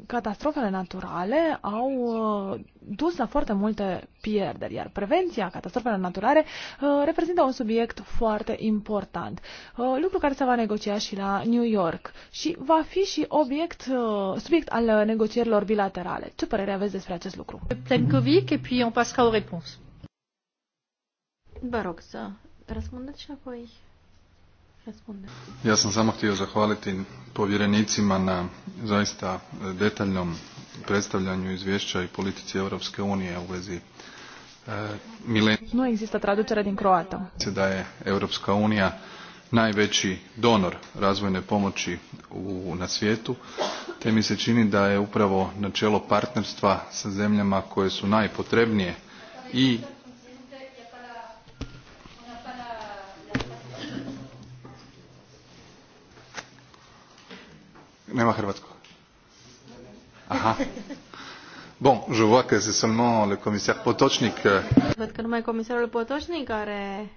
catastrofele naturale au uh, dus la foarte multe pierderi, iar prevenția catastrofelor naturale uh, reprezintă un subiect foarte important, uh, lucru care se va negocia și la New York și va fi și obiect, subiect al negocierilor bilaterale. Ce părere aveți despre acest lucru? Plenkovic, și puis on passera aux réponses. Vă rog să răspundeți și apoi răspunde. Ja sam samo htio zahvaliti povjerenicima na zaista detaljnom predstavljanju izvješća i politici Europske unije u vezi nu există traducere din croată. Da je Europska unija najveći donor razvojne pomoći u, na svijetu, te mi se čini da je upravo načelo partnerstva sa zemljama koje su najpotrebnije i Nema hrvatsko. Aha. Bun, je vois que c'est seulement le commissaire Potocnik. Euh. Văd că numai comisarul Potocnik are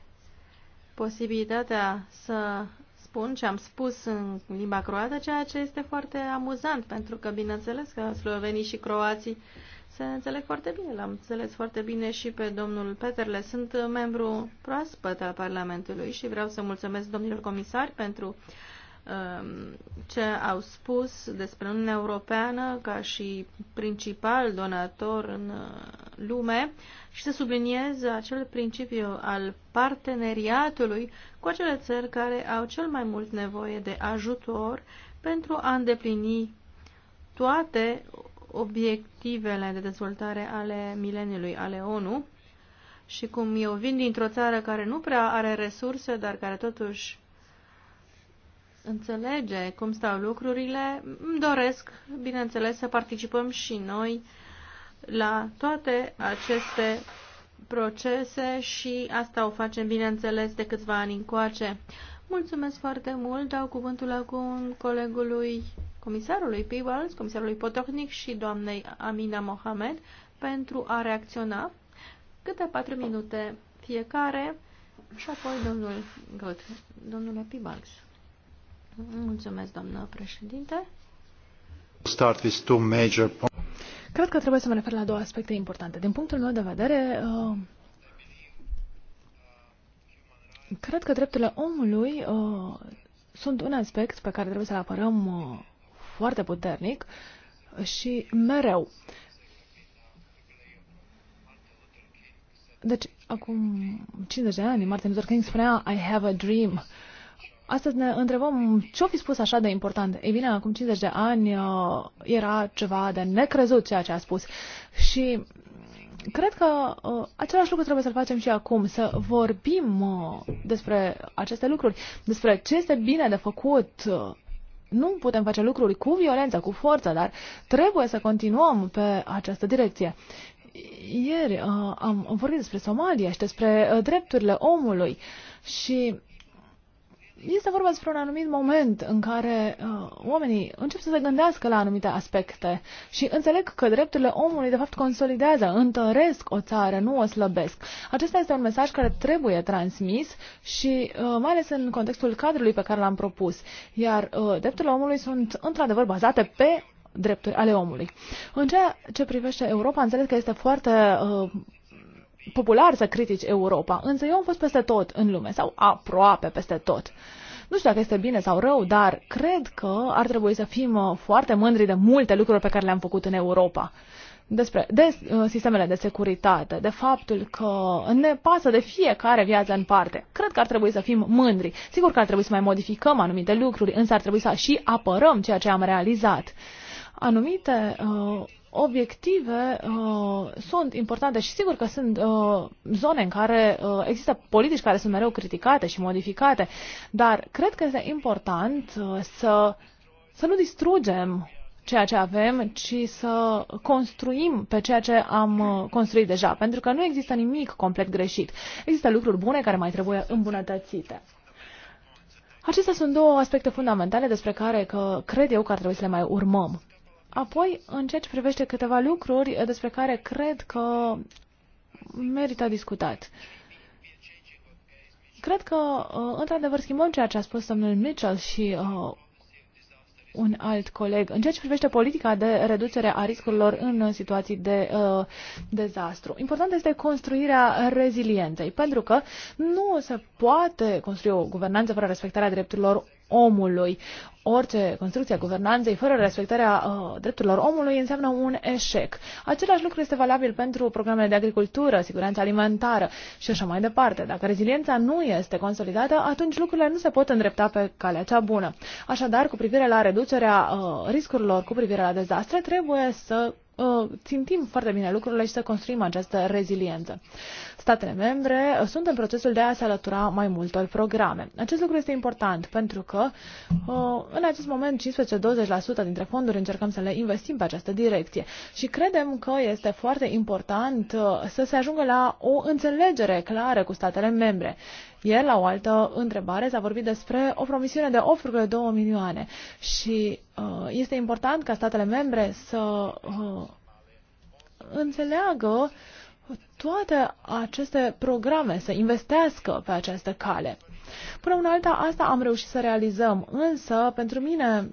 posibilitatea să spun ce am spus în limba croată, ceea ce este foarte amuzant, pentru că, bineînțeles, că slovenii și croații se înțeleg foarte bine. L-am înțeles foarte bine și pe domnul Peterle. Sunt membru proaspăt al Parlamentului și vreau să mulțumesc domnilor comisari pentru uh, Um, ce au spus despre Uniunea Europeană ca și principal donator în uh, lume și să subliniez acel principiu al parteneriatului cu acele țări care au cel mai mult nevoie de ajutor pentru a îndeplini toate obiectivele de dezvoltare ale mileniului, ale ONU. Și cum eu vin dintr-o țară care nu prea are resurse, dar care totuși înțelege cum stau lucrurile, îmi doresc, bineînțeles, să participăm și noi la toate aceste procese și asta o facem, bineînțeles, de câțiva ani încoace. Mulțumesc foarte mult. Dau cuvântul acum colegului comisarului Peebles, comisarului Potohnic și doamnei Amina Mohamed pentru a reacționa câte patru minute fiecare și apoi domnul Got, domnule Peebles. Mulțumesc, doamnă președinte. Start with two major Cred că trebuie să mă refer la două aspecte importante. Din punctul meu de vedere, uh, cred că drepturile omului uh, sunt un aspect pe care trebuie să-l apărăm uh, foarte puternic și mereu. Deci, acum 50 de ani, Martin Luther King spunea I have a dream. Uh, Astăzi ne întrebăm ce-o fi spus așa de important. Ei bine, acum 50 de ani uh, era ceva de necrezut ceea ce a spus. Și cred că uh, același lucru trebuie să-l facem și acum, să vorbim uh, despre aceste lucruri, despre ce este bine de făcut. nu putem face lucruri cu violență, cu forță, dar trebuie să continuăm pe această direcție. Ieri uh, am vorbit despre Somalia și despre uh, drepturile omului și este vorba despre un anumit moment în care uh, oamenii încep să se gândească la anumite aspecte și înțeleg că drepturile omului de fapt consolidează, întăresc o țară, nu o slăbesc. Acesta este un mesaj care trebuie transmis și uh, mai ales în contextul cadrului pe care l-am propus. Iar uh, drepturile omului sunt într-adevăr bazate pe drepturi ale omului. În ceea ce privește Europa, înțeleg că este foarte uh, popular să critici Europa, însă eu am fost peste tot în lume, sau aproape peste tot. Nu știu dacă este bine sau rău, dar cred că ar trebui să fim uh, foarte mândri de multe lucruri pe care le-am făcut în Europa. Despre de, uh, sistemele de securitate, de faptul că ne pasă de fiecare viață în parte. Cred că ar trebui să fim mândri. Sigur că ar trebui să mai modificăm anumite lucruri, însă ar trebui să și apărăm ceea ce am realizat. Anumite uh, obiective uh, sunt importante și sigur că sunt uh, zone în care uh, există politici care sunt mereu criticate și modificate, dar cred că este important uh, să, să nu distrugem ceea ce avem, ci să construim pe ceea ce am uh, construit deja, pentru că nu există nimic complet greșit. Există lucruri bune care mai trebuie îmbunătățite. Acestea sunt două aspecte fundamentale despre care că cred eu că ar trebui să le mai urmăm. Apoi, în ceea ce privește câteva lucruri despre care cred că merită discutat. Cred că, uh, într-adevăr, schimbăm ceea ce a spus domnul Mitchell și uh, un alt coleg. În ceea ce privește politica de reducere a riscurilor în situații de uh, dezastru, important este construirea rezilienței, pentru că nu se poate construi o guvernanță fără respectarea drepturilor omului. Orice construcție a guvernanței fără respectarea uh, drepturilor omului înseamnă un eșec. Același lucru este valabil pentru programele de agricultură, siguranță alimentară și așa mai departe. Dacă reziliența nu este consolidată, atunci lucrurile nu se pot îndrepta pe calea cea bună. Așadar, cu privire la reducerea uh, riscurilor cu privire la dezastre, trebuie să Uh, țintim foarte bine lucrurile și să construim această reziliență. Statele membre uh, sunt în procesul de a se alătura mai multor programe. Acest lucru este important pentru că uh, în acest moment 15-20% dintre fonduri încercăm să le investim pe această direcție și credem că este foarte important să se ajungă la o înțelegere clară cu statele membre. Ieri, la o altă întrebare, s-a vorbit despre o promisiune de 8,2 milioane și Uh, este important ca statele membre să uh, înțeleagă toate aceste programe, să investească pe această cale. Până una alta, asta am reușit să realizăm, însă pentru mine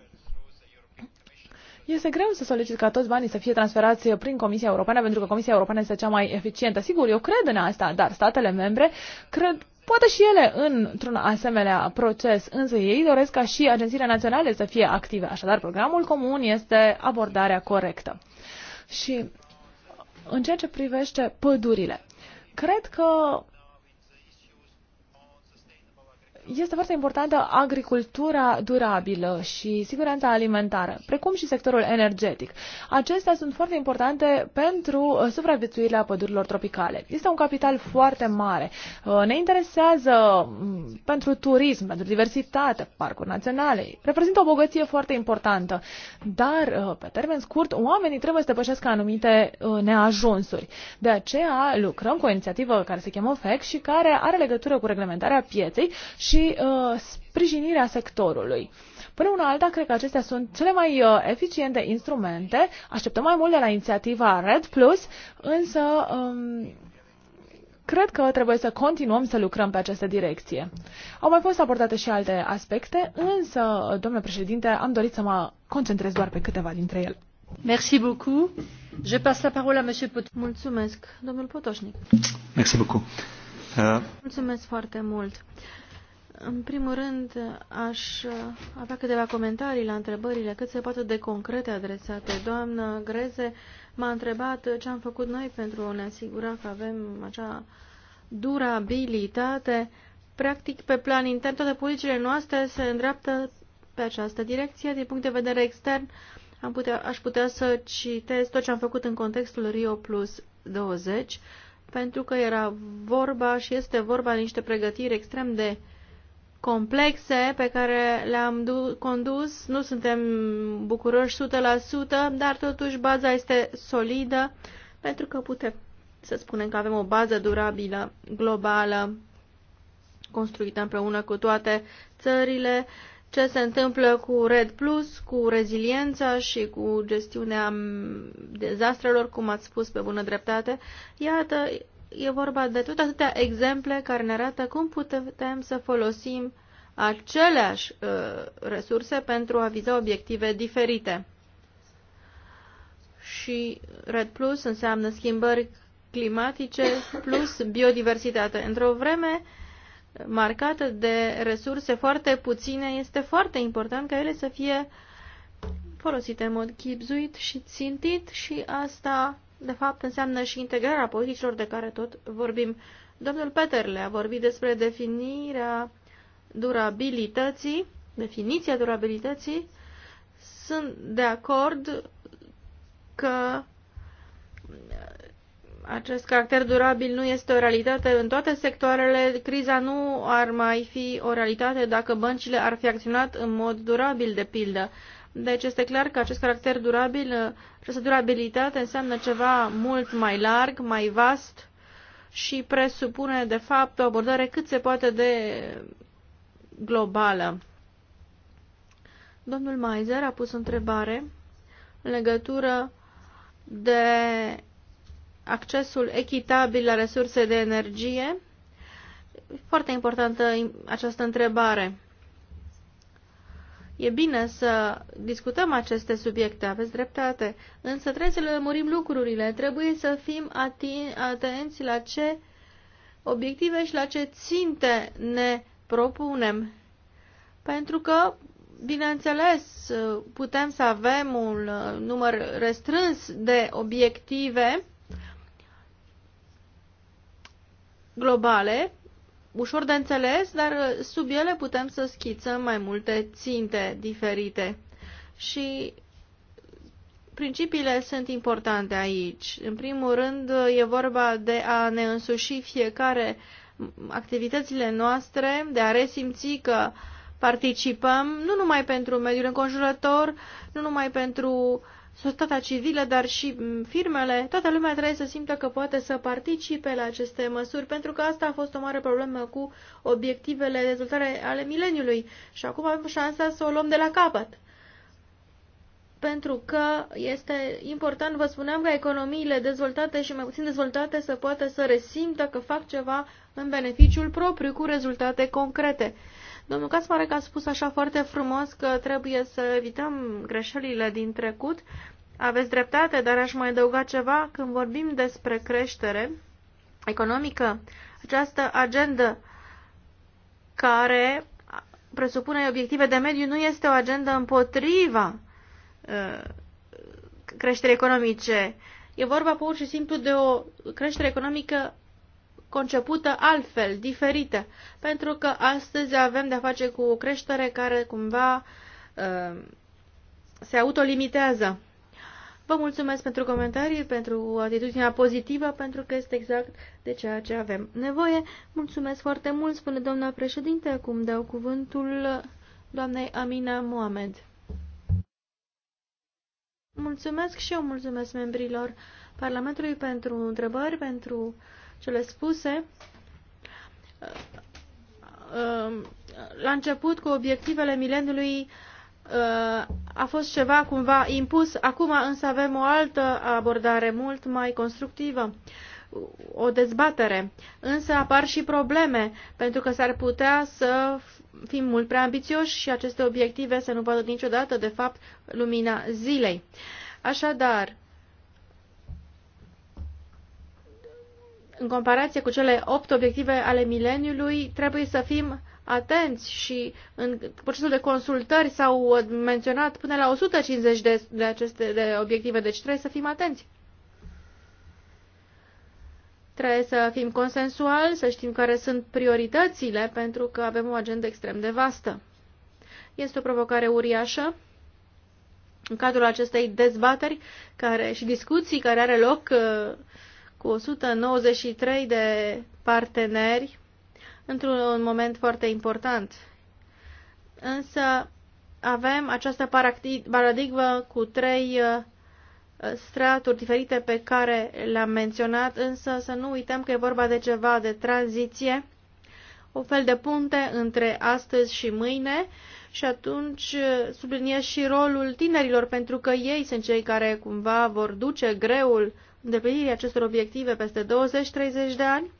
este greu să solicit ca toți banii să fie transferați prin Comisia Europeană, pentru că Comisia Europeană este cea mai eficientă. Sigur, eu cred în asta, dar statele membre cred poate și ele într-un asemenea proces, însă ei doresc ca și agențiile naționale să fie active. Așadar, programul comun este abordarea corectă. Și în ceea ce privește pădurile, cred că este foarte importantă agricultura durabilă și siguranța alimentară, precum și sectorul energetic. Acestea sunt foarte importante pentru uh, supraviețuirea pădurilor tropicale. Este un capital foarte mare. Uh, ne interesează mm, pentru turism, pentru diversitate, parcuri naționale. Reprezintă o bogăție foarte importantă, dar uh, pe termen scurt oamenii trebuie să depășesc anumite neajunsuri. De aceea lucrăm cu o inițiativă care se cheamă FEC și care are legătură cu reglementarea pieței și și uh, sprijinirea sectorului. Până una alta, cred că acestea sunt cele mai uh, eficiente instrumente. Așteptăm mai mult de la inițiativa Red Plus, însă um, cred că trebuie să continuăm să lucrăm pe această direcție. Au mai fost abordate și alte aspecte, însă, uh, domnule președinte, am dorit să mă concentrez doar pe câteva dintre ele. Merci beaucoup. Je passe la parole à monsieur Pot Mulțumesc, domnul Potoșnic. Merci beaucoup. Uh... Mulțumesc foarte mult. Uh, în primul rând, aș avea câteva comentarii la întrebările cât se poate de concrete adresate. Doamna Greze m-a întrebat ce am făcut noi pentru a ne asigura că avem acea durabilitate. Practic, pe plan intern, toate politicile noastre se îndreaptă pe această direcție. Din punct de vedere extern, am putea, aș putea să citesc tot ce am făcut în contextul Rio Plus 20, pentru că era vorba și este vorba de niște pregătiri extrem de uh, complexe pe care le-am condus. Nu suntem bucuroși 100%, dar totuși baza este solidă pentru că putem să spunem că avem o bază durabilă, globală, construită împreună cu toate țările. Ce se întâmplă cu Red Plus, cu reziliența și cu gestiunea dezastrelor, cum ați spus pe bună dreptate, iată e vorba de tot atâtea exemple care ne arată cum putem să folosim aceleași uh, resurse pentru a viza obiective diferite. Și Red Plus înseamnă schimbări climatice plus biodiversitate. Într-o vreme marcată de resurse foarte puține, este foarte important ca ele să fie folosite în mod chipzuit și țintit și asta de fapt, înseamnă și integrarea politicilor de care tot vorbim. Domnul Peterle a vorbit despre definirea durabilității, definiția durabilității. Sunt de acord că acest caracter durabil nu este o realitate în toate sectoarele. Criza nu ar mai fi o realitate dacă băncile ar fi acționat în mod durabil, de pildă. Deci este clar că acest caracter durabil, această durabilitate înseamnă ceva mult mai larg, mai vast și presupune, de fapt, o abordare cât se poate de globală. Domnul Meiser a pus o întrebare în legătură de accesul echitabil la resurse de energie. Foarte importantă această întrebare. E bine să discutăm aceste subiecte, aveți dreptate, însă trebuie să le lămurim lucrurile, trebuie să fim atenți la ce obiective și la ce ținte ne propunem. Pentru că, bineînțeles, putem să avem un uh, număr restrâns de obiective globale, ușor de înțeles, dar uh, sub ele putem să schițăm mai multe ținte diferite. Și principiile sunt importante aici. În primul rând, e vorba de a ne însuși fiecare activitățile noastre, de a resimți că participăm nu numai pentru mediul înconjurător, nu numai pentru uh, societatea civilă, dar și mm, firmele, toată lumea trebuie să simtă că poate să participe la aceste măsuri, pentru că asta a fost o mare problemă cu obiectivele rezultare ale mileniului și acum avem șansa să o luăm de la capăt. Pentru că este important, vă spuneam, ca economiile dezvoltate și mai puțin dezvoltate să poată să resimtă că fac ceva în beneficiul propriu cu rezultate concrete. Domnul Caspare a spus așa foarte frumos că trebuie să evităm greșelile din trecut. Aveți dreptate, dar aș mai adăuga ceva. Când vorbim despre creștere economică, această agendă care presupune obiective de mediu nu este o agendă împotriva uh, creșterii economice. E vorba pur și simplu de o creștere economică concepută altfel, diferită, pentru că astăzi avem de-a face cu o creștere care cumva uh, se autolimitează. Vă mulțumesc pentru comentarii, pentru atitudinea pozitivă, pentru că este exact de ceea ce avem nevoie. Mulțumesc foarte mult, spune doamna președinte. Acum dau cuvântul doamnei Amina Mohamed. Mulțumesc și eu mulțumesc membrilor Parlamentului pentru întrebări, pentru uh, cele spuse. Uh, uh, la început, cu obiectivele mileniului, uh, a fost ceva cumva impus, acum însă avem o altă abordare mult mai constructivă o dezbatere. Însă apar și probleme, pentru că s-ar putea să fim mult prea ambițioși și aceste obiective să nu vadă niciodată, de fapt, lumina zilei. Așadar, în comparație cu cele opt obiective ale mileniului, trebuie să fim atenți și în procesul de consultări s-au menționat până la 150 de, de aceste de obiective, deci trebuie să fim atenți. Trebuie să fim consensuali, să știm care sunt prioritățile, pentru că avem o agendă extrem de vastă. Este o provocare uriașă în cadrul acestei dezbateri care, și discuții care are loc uh, cu 193 de parteneri într-un moment foarte important. Însă avem această paradigmă cu trei uh, straturi diferite pe care le-am menționat, însă să nu uităm că e vorba de ceva de tranziție, un fel de punte între astăzi și mâine și atunci uh, subliniez și rolul tinerilor, pentru că ei sunt cei care cumva vor duce greul îndeplinirii acestor obiective peste 20-30 de ani.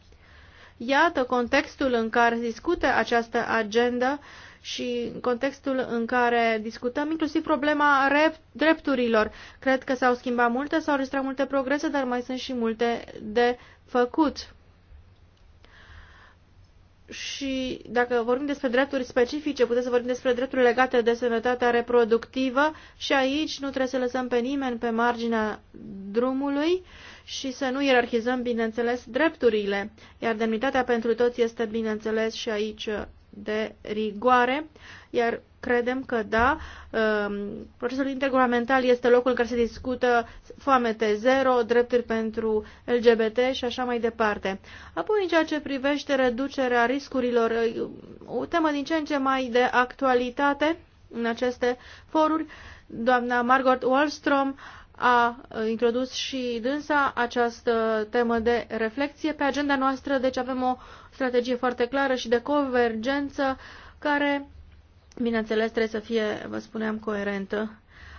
Iată contextul în care discută această agendă și contextul în care discutăm inclusiv problema drepturilor. Cred că s-au schimbat multe, s-au registrat multe progrese, dar mai sunt și multe de făcut și dacă vorbim despre drepturi specifice, putem să vorbim despre drepturi legate de sănătatea reproductivă și aici nu trebuie să lăsăm pe nimeni pe marginea drumului și să nu ierarhizăm, bineînțeles, drepturile, iar demnitatea pentru toți este, bineînțeles, și aici de rigoare, iar credem că da, um, procesul intergovernamental este locul în care se discută foamete zero, drepturi pentru LGBT și așa mai departe. Apoi, în ceea ce privește reducerea riscurilor, um, o temă din ce în ce mai de actualitate în aceste foruri, doamna Margot Wallstrom a introdus și dânsa această temă de reflexie pe agenda noastră, deci avem o strategie foarte clară și de convergență care, bineînțeles, trebuie să fie, vă spuneam, coerentă.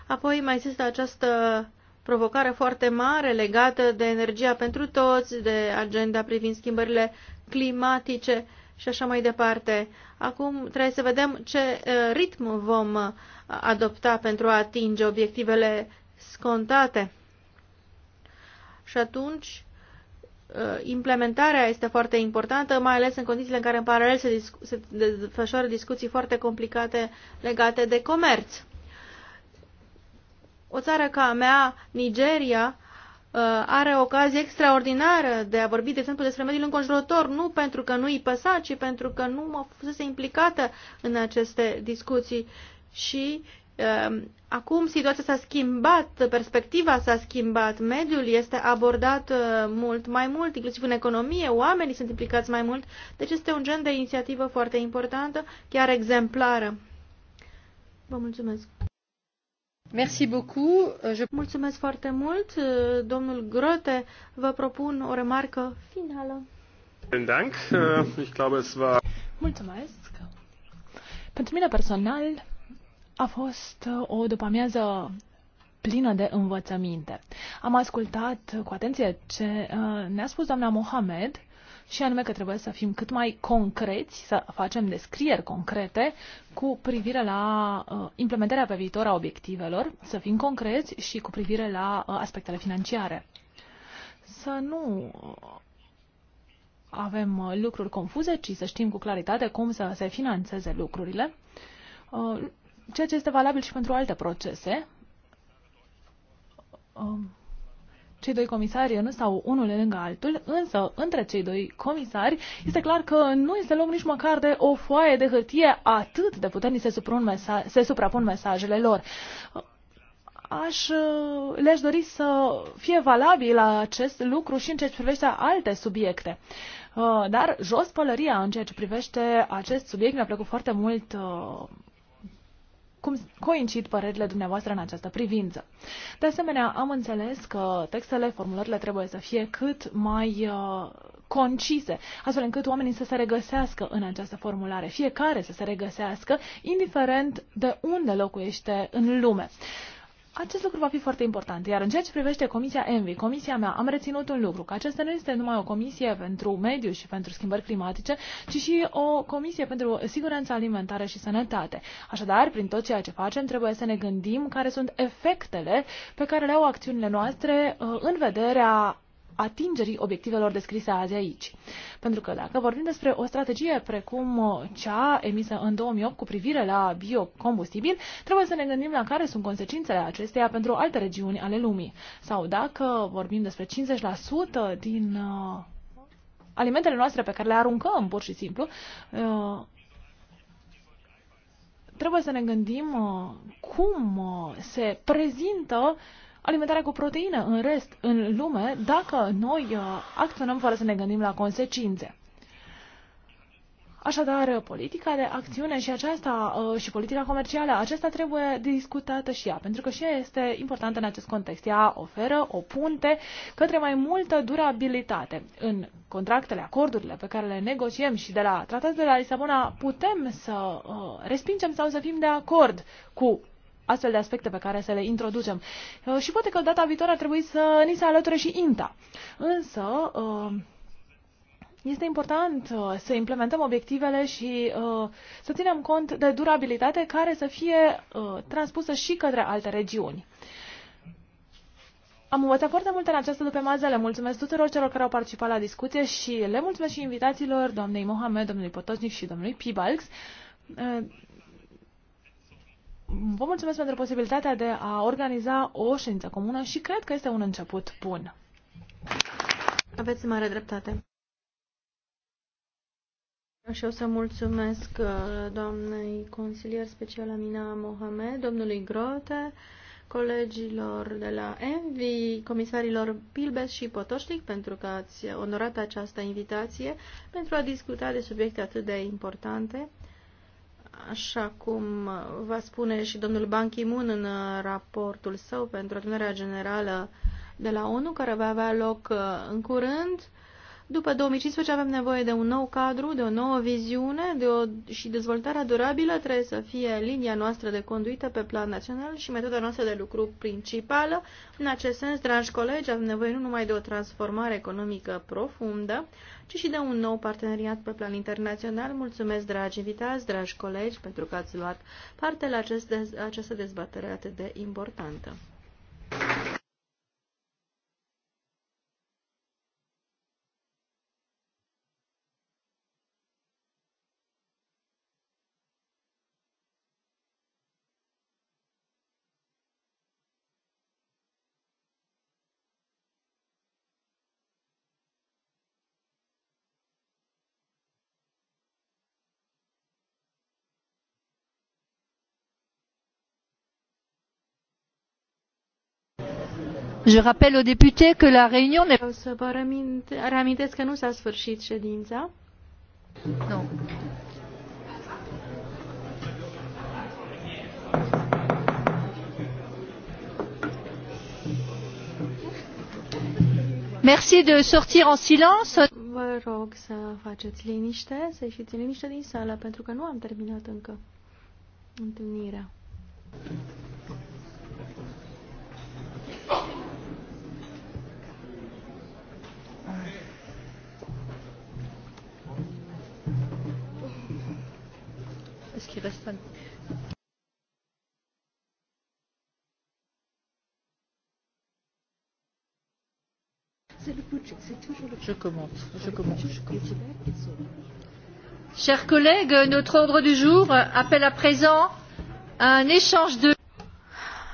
Apoi mai există această provocare foarte mare legată de energia pentru toți, de agenda privind schimbările climatice și așa mai departe. Acum trebuie să vedem ce uh, ritm vom uh, adopta pentru a atinge obiectivele scontate. Și atunci ă, implementarea este foarte importantă, mai ales în condițiile în care în paralel se, discu- se desfășoară discuții foarte complicate legate de comerț. O țară ca a mea, Nigeria, ă, are ocazie extraordinară de a vorbi, de exemplu, despre mediul înconjurător, nu pentru că nu îi păsa, ci pentru că nu mă fusese implicată în aceste discuții. Și Ehm, acum situația s-a schimbat, perspectiva s-a schimbat, mediul este abordat eh, mult mai mult, inclusiv în economie, oamenii sunt implicați mai mult, deci este un gen de inițiativă foarte importantă, chiar exemplară. Vă mulțumesc! Merci beaucoup. Euh, je... Mulțumesc foarte mult, eh, domnul Grote. Vă propun o remarcă finală. Eh, mulțumesc. Pentru mine personal, a fost uh, o după-amiază plină de învățăminte. Am ascultat cu atenție ce uh, ne-a spus doamna Mohamed și anume că trebuie să fim cât mai concreți, să facem descrieri concrete cu privire la uh, implementarea pe viitor a obiectivelor, să fim concreți și cu privire la aspectele financiare. Să nu avem lucruri confuze, ci să știm cu claritate cum să se financeze lucrurile ceea ce este valabil și pentru alte procese. Um, cei doi comisari nu stau unul lângă altul, însă între cei doi comisari este clar că nu este loc nici măcar de o foaie de hârtie atât de puternic se, mesa- se suprapun mesajele lor aș, uh, le-aș dori să fie valabil acest lucru și în ceea ce privește alte subiecte. Uh, dar jos pălăria în ceea ce privește acest subiect mi-a plăcut foarte mult uh, cum coincid părerile dumneavoastră în această privință. De asemenea, am înțeles că textele, formulările trebuie să fie cât mai uh, concise, astfel încât oamenii să se regăsească în această formulare, fiecare să se regăsească, indiferent de unde locuiește în lume. Acest lucru va fi foarte important. Iar în ceea ce privește Comisia ENVI, Comisia mea, am reținut un lucru, că aceasta nu este numai o comisie pentru mediu și pentru schimbări climatice, ci și o comisie pentru siguranță alimentară și sănătate. Așadar, prin tot ceea ce facem, trebuie să ne gândim care sunt efectele pe care le au acțiunile noastre uh, în vederea atingerii obiectivelor descrise azi aici. Pentru că dacă vorbim despre o strategie precum uh, cea emisă în 2008 cu privire la biocombustibil, trebuie să ne gândim la care sunt consecințele acesteia pentru alte regiuni ale lumii. Sau dacă vorbim despre 50% din uh, alimentele noastre pe care le aruncăm pur și simplu, uh, trebuie să ne gândim cum se prezintă alimentarea cu proteină în rest, în lume, dacă noi uh, acționăm fără să ne gândim la consecințe. Așadar, politica de acțiune și aceasta uh, și politica comercială, aceasta trebuie discutată și ea, pentru că și ea este importantă în acest context. Ea oferă o punte către mai multă durabilitate. În contractele, acordurile pe care le negociem și de la tratatul de la Lisabona putem să uh, respingem sau să fim de acord cu astfel de aspecte pe care să le introducem. Uh, și poate că data viitoare ar trebui să ni se alăture și INTA. Însă, uh, este important uh, să implementăm obiectivele și să ținem cont de durabilitate care să fie transpusă și către alte regiuni. Am învățat foarte multe în această după mază. Le mulțumesc tuturor celor care au participat la discuție și le mulțumesc și invitațiilor doamnei Mohamed, domnului Potosnic și domnului Pibalx. Vă mulțumesc pentru posibilitatea de a organiza o ședință comună și cred că este un început bun. Aveți mare dreptate. Și o să mulțumesc uh, doamnei consilier special Amina Mohamed, domnului Grote, colegilor de la Envi, comisarilor Pilbes și Potoșnic pentru că ați onorat această invitație pentru a discuta de subiecte atât de importante așa cum va spune și domnul Ban Ki-moon în raportul său pentru adunarea generală de la ONU, care va avea loc uh, în curând, după 2015 avem nevoie de un nou cadru, de o nouă viziune de o, și dezvoltarea durabilă trebuie să fie linia noastră de conduită pe plan național și metoda noastră de lucru principală. În acest sens, dragi colegi, avem nevoie nu numai de o transformare economică profundă, ci și de un nou parteneriat pe plan internațional. Mulțumesc, dragi invitați, dragi colegi, pentru că ați luat parte la acest dez, această dezbatere atât de importantă. Je rappelle aux députés que la réunion n'est pas... să vă reamintesc că nu s-a sfârșit ședința. Nu. Merci de sortir en silence. Vă rog să faceți liniște, să liniște din sală, pentru că nu am terminat încă întâlnirea. qui restreint. Je commente, je commente, je commente. Chers collègues, notre ordre du jour appelle à présent un échange de.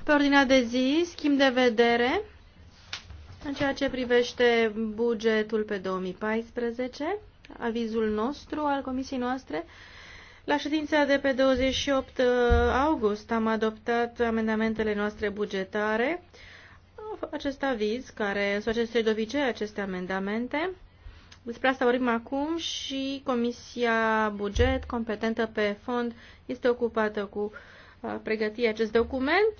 Pe de zi, schimb de vedere în ceea ce privește bugetul pe 2014, avizul nostru al comisiei noastre la ședința de pe 28 uh, august am adoptat amendamentele noastre bugetare, acest aviz care însocește de obicei aceste amendamente. Despre asta vorbim acum și Comisia Buget, competentă pe fond, este ocupată cu uh, pregătirea acest document,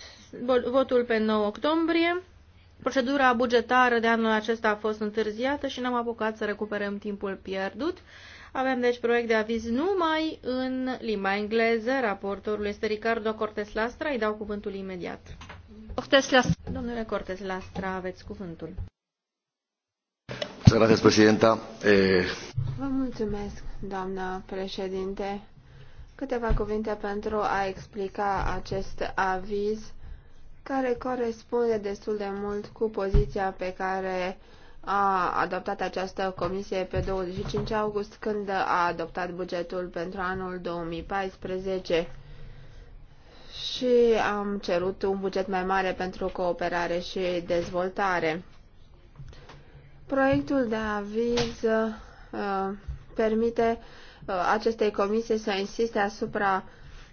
votul pe 9 octombrie. Procedura bugetară de anul acesta a fost întârziată și n-am apucat să recuperăm timpul pierdut. Avem deci proiect de aviz numai în limba engleză. Raportorul este Ricardo Cortes Lastra. Îi dau cuvântul imediat. Cortes Lastra. Domnule Cortes Lastra, aveți cuvântul. Gracias, Presidenta. Eh, Vă mulțumesc, doamnă președinte. Câteva cuvinte pentru a explica acest aviz care corespunde destul de mult cu poziția pe care a adoptat această comisie pe 25 august, când a adoptat bugetul pentru anul 2014 și am cerut un buget mai mare pentru cooperare și dezvoltare. Proiectul de aviz uh, permite uh, acestei comisii să insiste asupra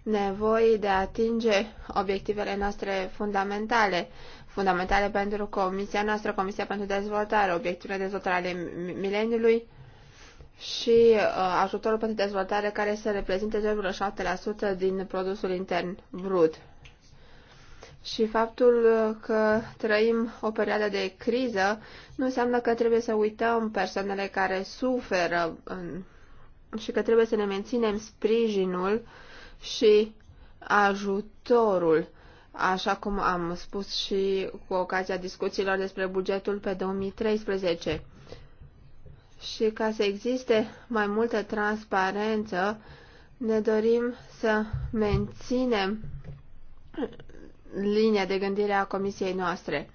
nevoii de a atinge obiectivele noastre fundamentale, fundamentale pentru comisia noastră, Comisia pentru Dezvoltare, obiectivele de dezvoltare ale mileniului și uh, ajutorul pentru dezvoltare care să reprezinte 0,7% din produsul intern brut. Și faptul uh, că trăim o perioadă de criză nu înseamnă că trebuie să uităm persoanele care suferă și că trebuie să ne menținem sprijinul și ajutorul așa cum am spus și cu ocazia discuțiilor despre bugetul pe 2013. Și ca să existe mai multă transparență, ne dorim să menținem linia de gândire a comisiei noastre.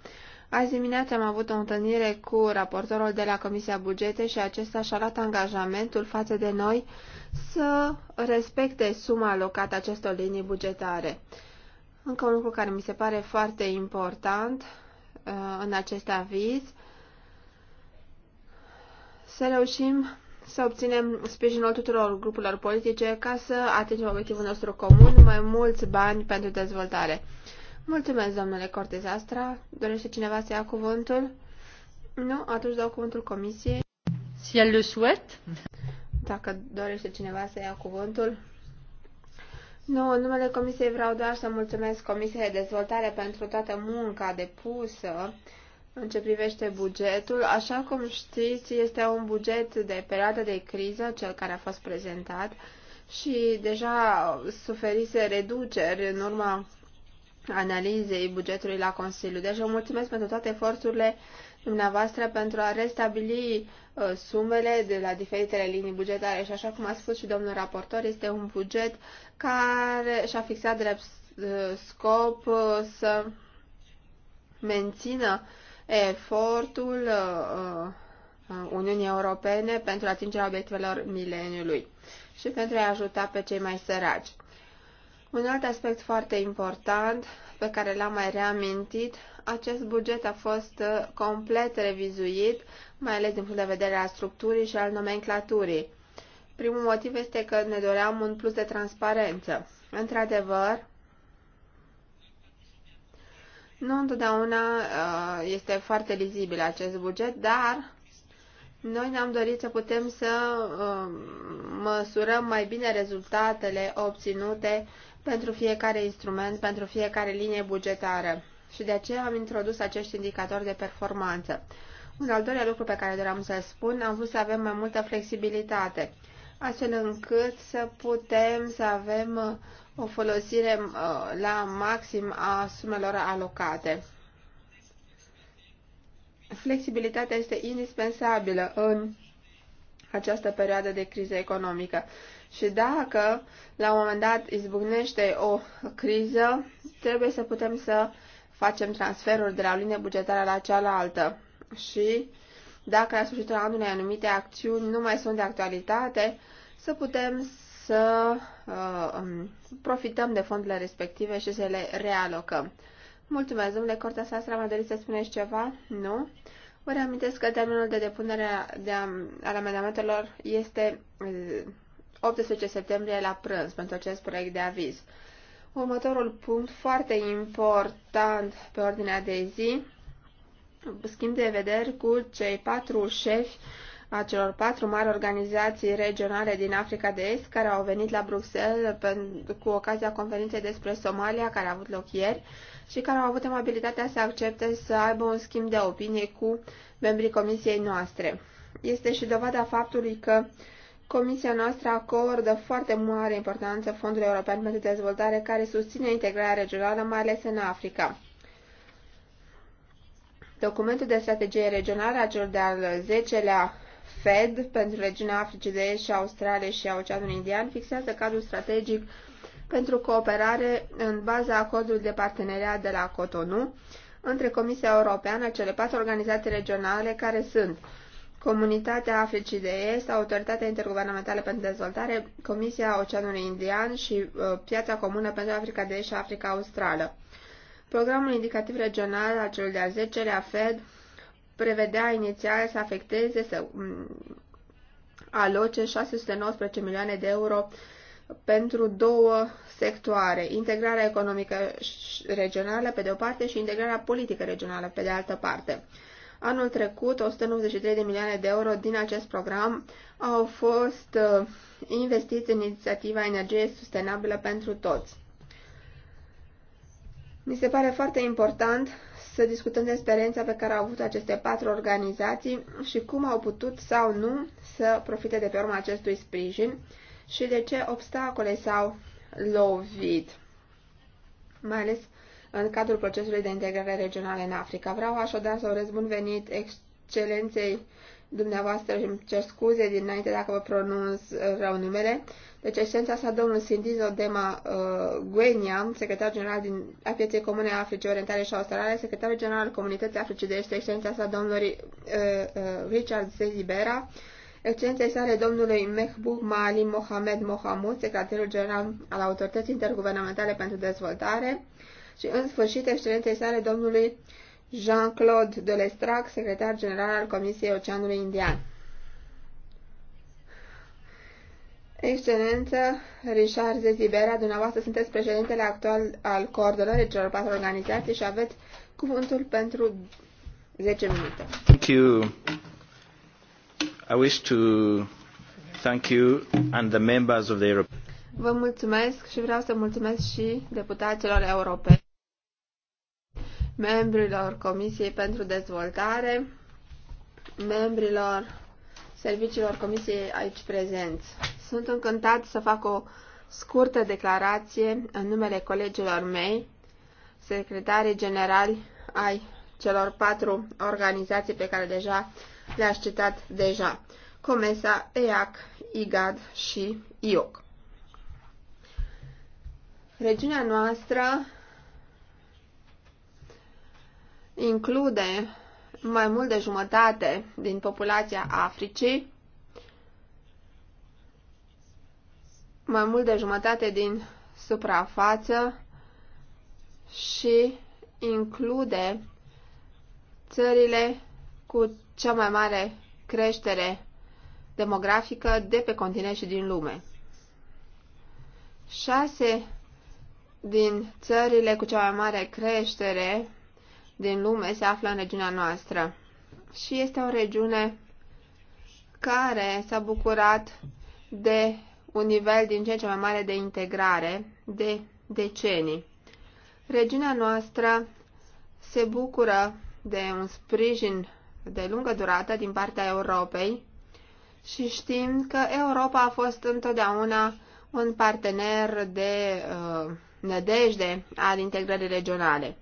Azi dimineață am avut o întâlnire cu raportorul de la Comisia Bugete și acesta și-a luat angajamentul față de noi să respecte suma alocată acestor linii bugetare. Încă un lucru care mi se pare foarte important uh, în acest aviz, să reușim să obținem sprijinul tuturor grupurilor politice ca să atingem obiectivul nostru comun, mai mulți bani pentru dezvoltare. Mulțumesc, domnule Cortez Dorește cineva să ia cuvântul? Nu? Atunci dau cuvântul comisiei. Si el le souhaite. Dacă dorește cineva să ia cuvântul. Nu, în numele Comisiei vreau doar să mulțumesc Comisiei de Dezvoltare pentru toată munca depusă în ce privește bugetul. Așa cum știți, este un buget de perioadă de criză, cel care a fost prezentat, și deja suferise reduceri în urma analizei bugetului la Consiliu. Deci vă mulțumesc pentru toate eforturile dumneavoastră pentru a restabili uh, sumele de la diferitele linii bugetare și așa cum a spus și domnul raportor, este un buget care și-a fixat drept uh, scop uh, să mențină efortul Uniunii Europene pentru atingerea obiectivelor mileniului și pentru a ajuta pe cei mai săraci. Un alt aspect foarte important pe care l-am mai reamintit acest buget a fost uh, complet revizuit, mai ales din punct de vedere al structurii și al nomenclaturii. Primul motiv este că ne doream un plus de transparență. Într-adevăr, nu întotdeauna uh, este foarte lizibil acest buget, dar noi ne-am dorit să putem să uh, măsurăm mai bine rezultatele obținute pentru fiecare instrument, pentru fiecare linie bugetară și de aceea am introdus acești indicatori de performanță. Un al doilea lucru pe care doream să-l spun, am vrut să avem mai multă flexibilitate, astfel încât să putem să avem uh, o folosire uh, la maxim a sumelor alocate. Flexibilitatea este indispensabilă în această perioadă de criză economică. Și dacă la un moment dat izbucnește o criză, trebuie să putem să facem transferuri de la o linie bugetară la cealaltă și dacă la sfârșitul anului anumite acțiuni nu mai sunt de actualitate, să putem să uh, um, profităm de fondurile respective și să le realocăm. Mulțumesc, domnule Cortea Sastra, mă doriți să spuneți ceva? Nu? Vă reamintesc că termenul de depunere de al amendamentelor este 18 uh, septembrie la prânz pentru acest proiect de aviz. Următorul punct foarte important pe ordinea de zi, schimb de vederi cu cei patru șefi a celor patru mari organizații regionale din Africa de Est care au venit la Bruxelles cu ocazia conferinței despre Somalia care a avut loc ieri și care au avut amabilitatea să accepte să aibă un schimb de opinie cu membrii comisiei noastre. Este și dovada faptului că Comisia noastră acordă foarte mare importanță Fondului European pentru Dezvoltare, care susține integrarea regională, mai ales în Africa. Documentul de strategie regională a celor de-al 10-lea FED pentru regiunea Africii de Est și Australia și Oceanul Indian fixează cadrul strategic pentru cooperare în baza acordului de parteneriat de la Cotonou între Comisia Europeană, cele patru organizații regionale care sunt Comunitatea Africii de Est, Autoritatea Interguvernamentală pentru Dezvoltare, Comisia Oceanului Indian și uh, Piața Comună pentru Africa de Est și Africa Australă. Programul indicativ regional al celui de-al 10-lea FED prevedea inițial să afecteze, să mm, aloce 619 milioane de euro pentru două sectoare, integrarea economică regională pe de o parte și integrarea politică regională pe de altă parte. Anul trecut, 193 de milioane de euro din acest program au fost uh, investiți în inițiativa Energie Sustenabilă pentru Toți. Mi se pare foarte important să discutăm de experiența pe care au avut aceste patru organizații și cum au putut sau nu să profite de pe urma acestui sprijin și de ce obstacole s-au lovit, mai ales în cadrul procesului de integrare regională în Africa. Vreau așadar să urez bun venit excelenței dumneavoastră și îmi cer scuze dinainte dacă vă pronunț rău numele. Deci, excelența sa, domnul Sindizo Dema uh, Guenia, secretar general din, a pieței comune a Africii Orientale și Australiei, secretar general al Comunității Africii de Est, excelența sa, domnului uh, uh, Richard Zezibera, excelenței sale, domnului Mehbub Mali Mohamed Mohamud, secretarul general al Autorității Interguvernamentale pentru Dezvoltare, uh, și, în sfârșit, excelentei sale domnului Jean-Claude Lestrac, secretar general al Comisiei Oceanului Indian. Excelență Richard Zezibera, dumneavoastră sunteți președintele actual al coordonării celor patru organizații și aveți cuvântul pentru 10 minute. Thank you. I wish to thank you and the members of the Europe. Vă mulțumesc și vreau să mulțumesc și deputaților europeni membrilor Comisiei pentru Dezvoltare, membrilor serviciilor Comisiei aici prezenți. Sunt încântat să fac o scurtă declarație în numele colegilor mei, secretarii generali ai celor patru organizații pe care deja le-aș citat deja, Comesa, EAC, IGAD și IOC. Regiunea noastră include mai mult de jumătate din populația Africii, mai mult de jumătate din suprafață și include țările cu cea mai mare creștere demografică de pe continent și din lume. Șase din țările cu cea mai mare creștere din lume se află în regiunea noastră. Și este o regiune care s-a bucurat de un nivel din ce în ce mai mare de integrare de decenii. Regiunea noastră se bucură de un sprijin de lungă durată din partea Europei și știm că Europa a fost întotdeauna un partener de uh, nădejde al integrării regionale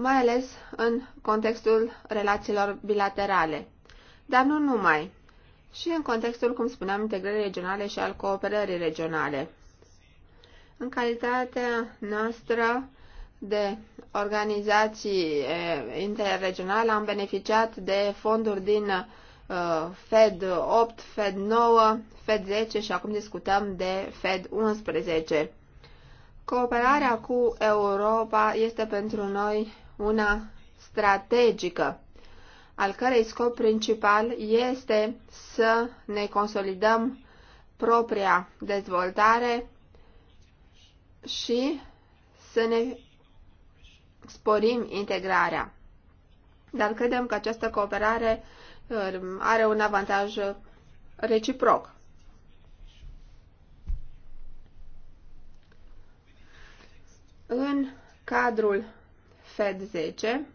mai ales în contextul relațiilor bilaterale, dar nu numai, și în contextul, cum spuneam, integrării regionale și al cooperării regionale. În calitatea noastră de organizații interregionale am beneficiat de fonduri din uh, Fed 8, Fed 9, Fed 10 și acum discutăm de Fed 11. Cooperarea cu Europa este pentru noi una strategică, al cărei scop principal este să ne consolidăm propria dezvoltare și să ne sporim integrarea. Dar credem că această cooperare uh, are un avantaj reciproc. În cadrul FED 10,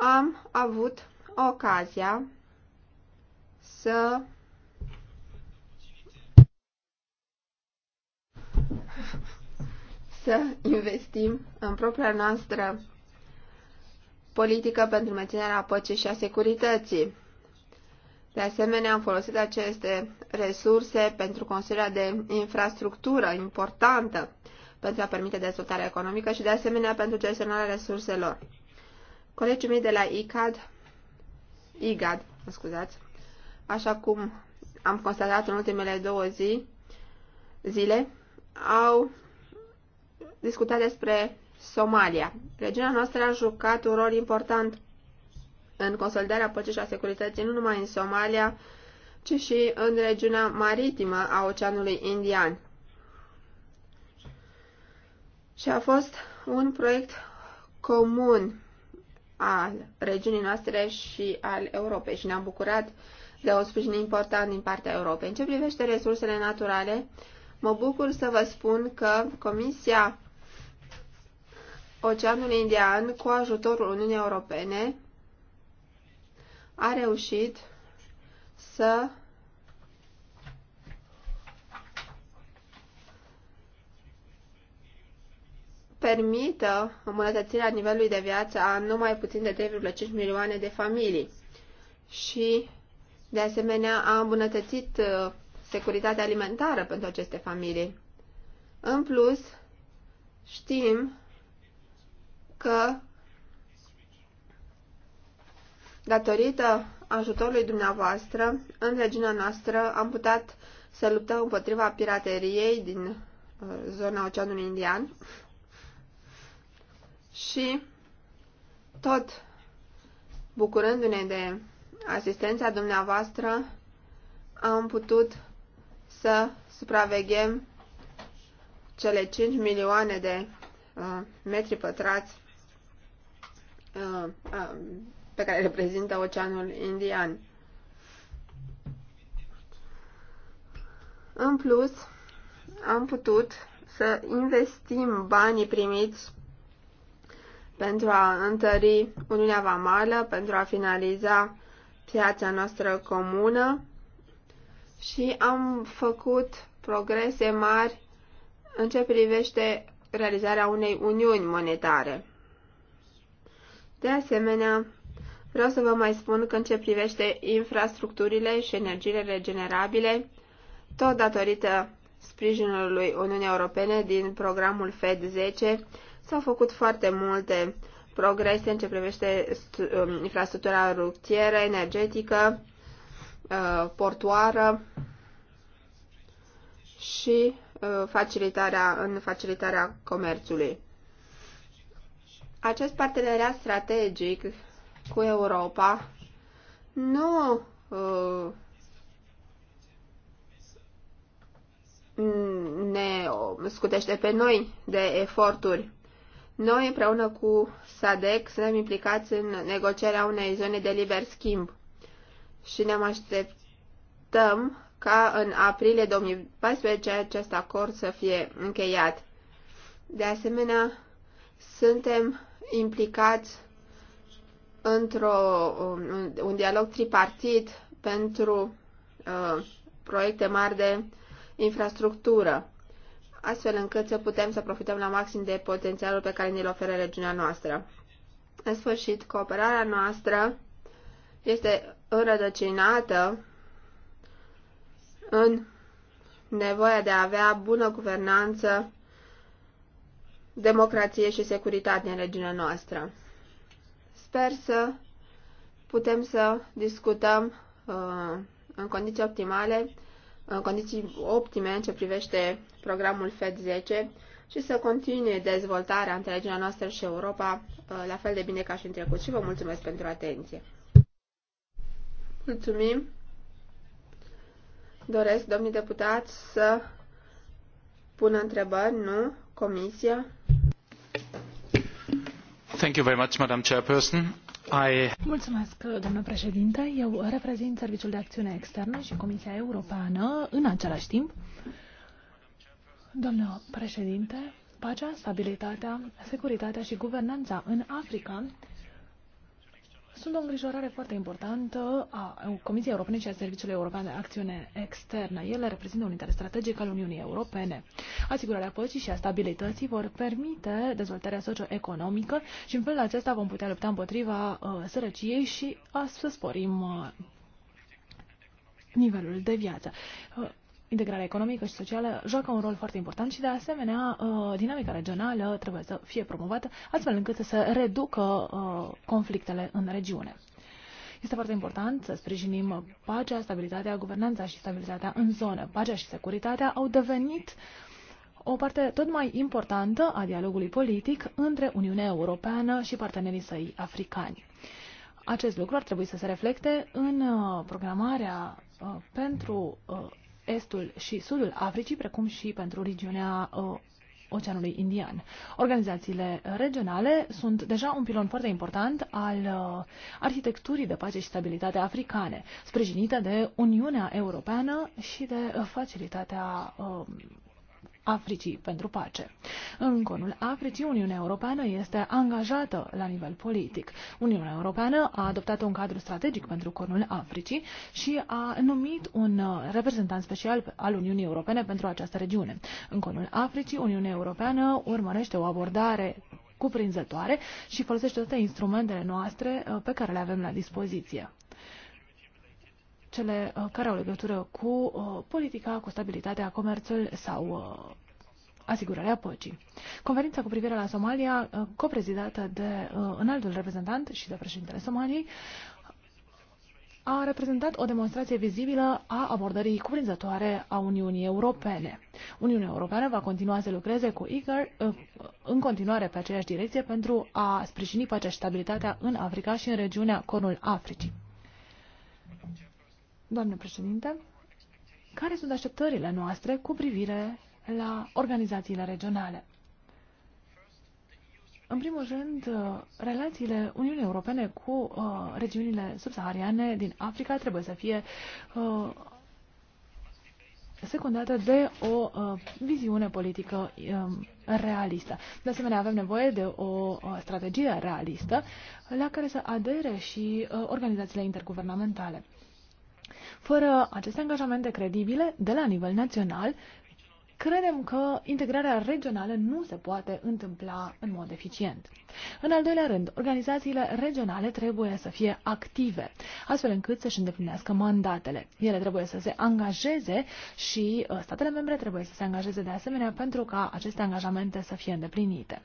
am avut ocazia să să investim în propria noastră politică pentru menținerea păcii și a securității. De asemenea, am folosit aceste resurse pentru construirea de infrastructură importantă pentru a permite dezvoltarea economică și de asemenea pentru gestionarea resurselor. Colegii mei de la ICAD, IGAD, mă scuzați, așa cum am constatat în ultimele două zi, zile, au discutat despre Somalia. Regiunea noastră a jucat un rol important în consolidarea păcii și a securității nu numai în Somalia, ci și în regiunea maritimă a Oceanului Indian și a fost un proiect comun al regiunii noastre și al Europei și ne-am bucurat de o sprijin important din partea Europei. În ce privește resursele naturale, mă bucur să vă spun că Comisia Oceanului Indian, cu ajutorul Uniunii Europene, a reușit să permită îmbunătățirea nivelului de viață a numai puțin de 3,5 milioane de familii și, de asemenea, a îmbunătățit uh, securitatea alimentară pentru aceste familii. În plus, știm că, datorită ajutorului dumneavoastră, în regiunea noastră am putut să luptăm împotriva pirateriei din uh, zona Oceanului Indian și tot bucurându-ne de asistența dumneavoastră am putut să supraveghem cele 5 milioane de uh, metri pătrați uh, uh, pe care reprezintă Oceanul Indian. În plus, am putut să investim banii primiți pentru a întări Uniunea Vamală, pentru a finaliza piața noastră comună și am făcut progrese mari în ce privește realizarea unei uniuni monetare. De asemenea, vreau să vă mai spun că în ce privește infrastructurile și energiile regenerabile, tot datorită sprijinului Uniunii Europene din programul FED 10, S-au făcut foarte multe progrese în ce privește um, infrastructura rutieră, energetică, uh, portoară și uh, facilitarea, în facilitarea comerțului. Acest parteneriat strategic cu Europa nu uh, ne scutește pe noi de eforturi noi, împreună cu SADEC, suntem implicați în negocierea unei zone de liber schimb și ne așteptăm ca în aprilie 2014 acest acord să fie încheiat. De asemenea, suntem implicați într-un un dialog tripartit pentru uh, proiecte mari de infrastructură astfel încât să putem să profităm la maxim de potențialul pe care ne-l oferă regiunea noastră. În sfârșit, cooperarea noastră este înrădăcinată în nevoia de a avea bună guvernanță, democrație și securitate în regiunea noastră. Sper să putem să discutăm uh, în condiții optimale în condiții optime în ce privește programul FED 10 și să continue dezvoltarea între regiunea noastră și Europa ă, la fel de bine ca și în trecut. Și vă mulțumesc pentru atenție. Mulțumim. Doresc, domnii deputați, să pună întrebări, nu? Comisia? Thank you very much, Madam Chairperson. Mulțumesc, domnule președinte. Eu reprezint Serviciul de Acțiune Externă și Comisia Europeană în același timp. domnule președinte, pacea, stabilitatea, securitatea și guvernanța în Africa sunt o îngrijorare foarte importantă a Comisiei Europene și a Serviciului European de Acțiune Externă. Ele reprezintă un interes strategic al Uniunii Europene. Asigurarea păcii și a stabilității vor permite dezvoltarea socioeconomică și în felul acesta vom putea lupta împotriva uh, sărăciei și uh, să sporim uh, nivelul de viață. Uh, integrarea economică și socială joacă un rol foarte important și, de asemenea, uh, dinamica regională trebuie să fie promovată, astfel încât să se reducă uh, conflictele în regiune. Este foarte important să sprijinim pacea, stabilitatea, guvernanța și stabilitatea în zonă. Pacea și securitatea au devenit o parte tot mai importantă a dialogului politic între Uniunea Europeană și partenerii săi africani. Acest lucru ar trebui să se reflecte în uh, programarea pentru estul și sudul Africii, precum și pentru regiunea uh, Oceanului Indian. Organizațiile regionale sunt deja un pilon foarte important al uh, arhitecturii de pace și stabilitate africane, sprijinită de Uniunea Europeană și de uh, facilitatea Africii pentru pace. În conul Africii, Uniunea Europeană este angajată la nivel politic. Uniunea Europeană a adoptat un cadru strategic pentru conul Africii și a numit un uh, reprezentant special al Uniunii Europene pentru această regiune. În conul Africii, Uniunea Europeană urmărește o abordare cuprinzătoare și folosește toate instrumentele noastre uh, pe care le avem la dispoziție cele uh, care au legătură cu uh, politica, cu stabilitatea, comerțul sau uh, asigurarea păcii. Conferința cu privire la Somalia, coprezidată de înaltul reprezentant și de președintele Somaliei, a reprezentat o demonstrație vizibilă a abordării cuprinzătoare a Uniunii Europene. Uniunea Europeană va continua să lucreze cu IGAR în continuare pe aceeași direcție pentru a sprijini pacea și stabilitatea în Africa și în regiunea Cornul Africii. Doamne președinte, care sunt așteptările noastre cu privire la organizațiile regionale? În primul rând, uh, relațiile Uniunii Europene cu uh, regiunile subsahariane din Africa trebuie să fie uh, secundată de o uh, viziune politică uh, realistă. De asemenea, avem nevoie de o uh, strategie realistă la care să adere și uh, organizațiile interguvernamentale. Fără aceste angajamente credibile de la nivel național, credem că integrarea regională nu se poate întâmpla în mod eficient. În al doilea rând, organizațiile regionale trebuie să fie active, astfel încât să-și îndeplinească mandatele. Ele trebuie să se angajeze și uh, statele membre trebuie să se angajeze de asemenea pentru ca aceste angajamente să fie îndeplinite.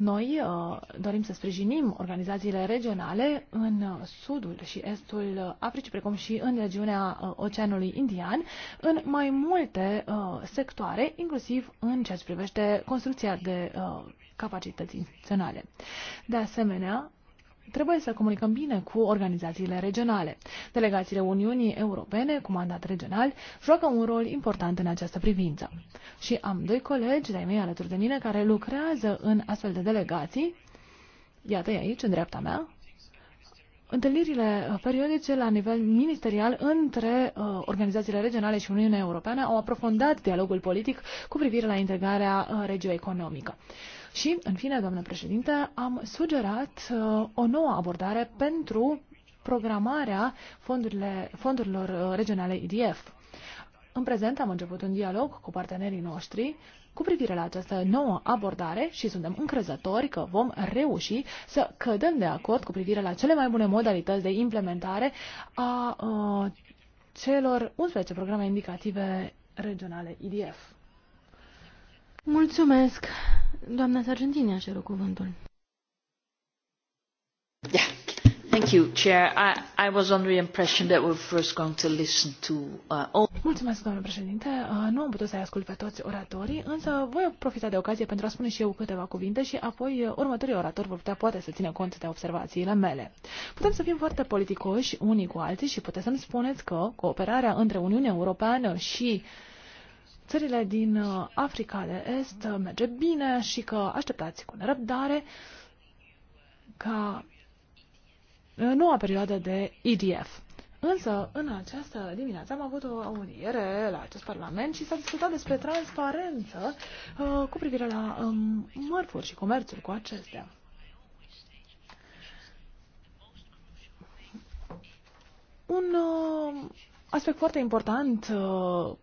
Noi uh, dorim să sprijinim organizațiile regionale în uh, sudul și estul uh, Africii, precum și în regiunea Oceanului Indian, în mai multe sectoare, inclusiv în ceea ce privește construcția de capacități instituționale. De asemenea, trebuie să comunicăm bine cu organizațiile regionale. Delegațiile Uniunii Europene cu mandat regional joacă un rol important în această privință. Și am doi colegi de-ai mei alături de mine care lucrează în astfel de delegații. Iată-i aici, în dreapta mea, Întâlnirile periodice la nivel ministerial între uh, organizațiile regionale și Uniunea Europeană au aprofundat dialogul politic cu privire la integrarea uh, regio economică și, în fine, doamnă președinte, am sugerat uh, o nouă abordare pentru programarea fondurilor uh, regionale IDF. În prezent am început un dialog cu partenerii noștri cu privire la această nouă abordare și suntem încrezători că vom reuși să cădem de acord cu privire la cele mai bune modalități de implementare a uh, celor 11 programe indicative regionale IDF. Mulțumesc. Doamna Sargentini a cerut cuvântul. Yeah. Thank you, Chair. I, I was under the impression that we're first going to listen to uh, all... Mulțumesc, doamnă președinte. Uh, nu am putut să-i ascult pe toți oratorii, însă voi profita de ocazie pentru a spune și eu câteva cuvinte și apoi uh, următorii oratori vor putea poate să țină cont de observațiile mele. Putem să fim foarte politicoși unii cu alții și puteți să-mi spuneți că cooperarea între Uniunea Europeană și uh, țările din uh, Africa de Est uh, merge bine și că așteptați cu nerăbdare ca noua perioadă de EDF. Însă, în această dimineață am avut o audiere la acest Parlament și s-a discutat despre transparență uh, cu privire la um, mărfuri și comerțul cu acestea. Un uh, aspect foarte important uh,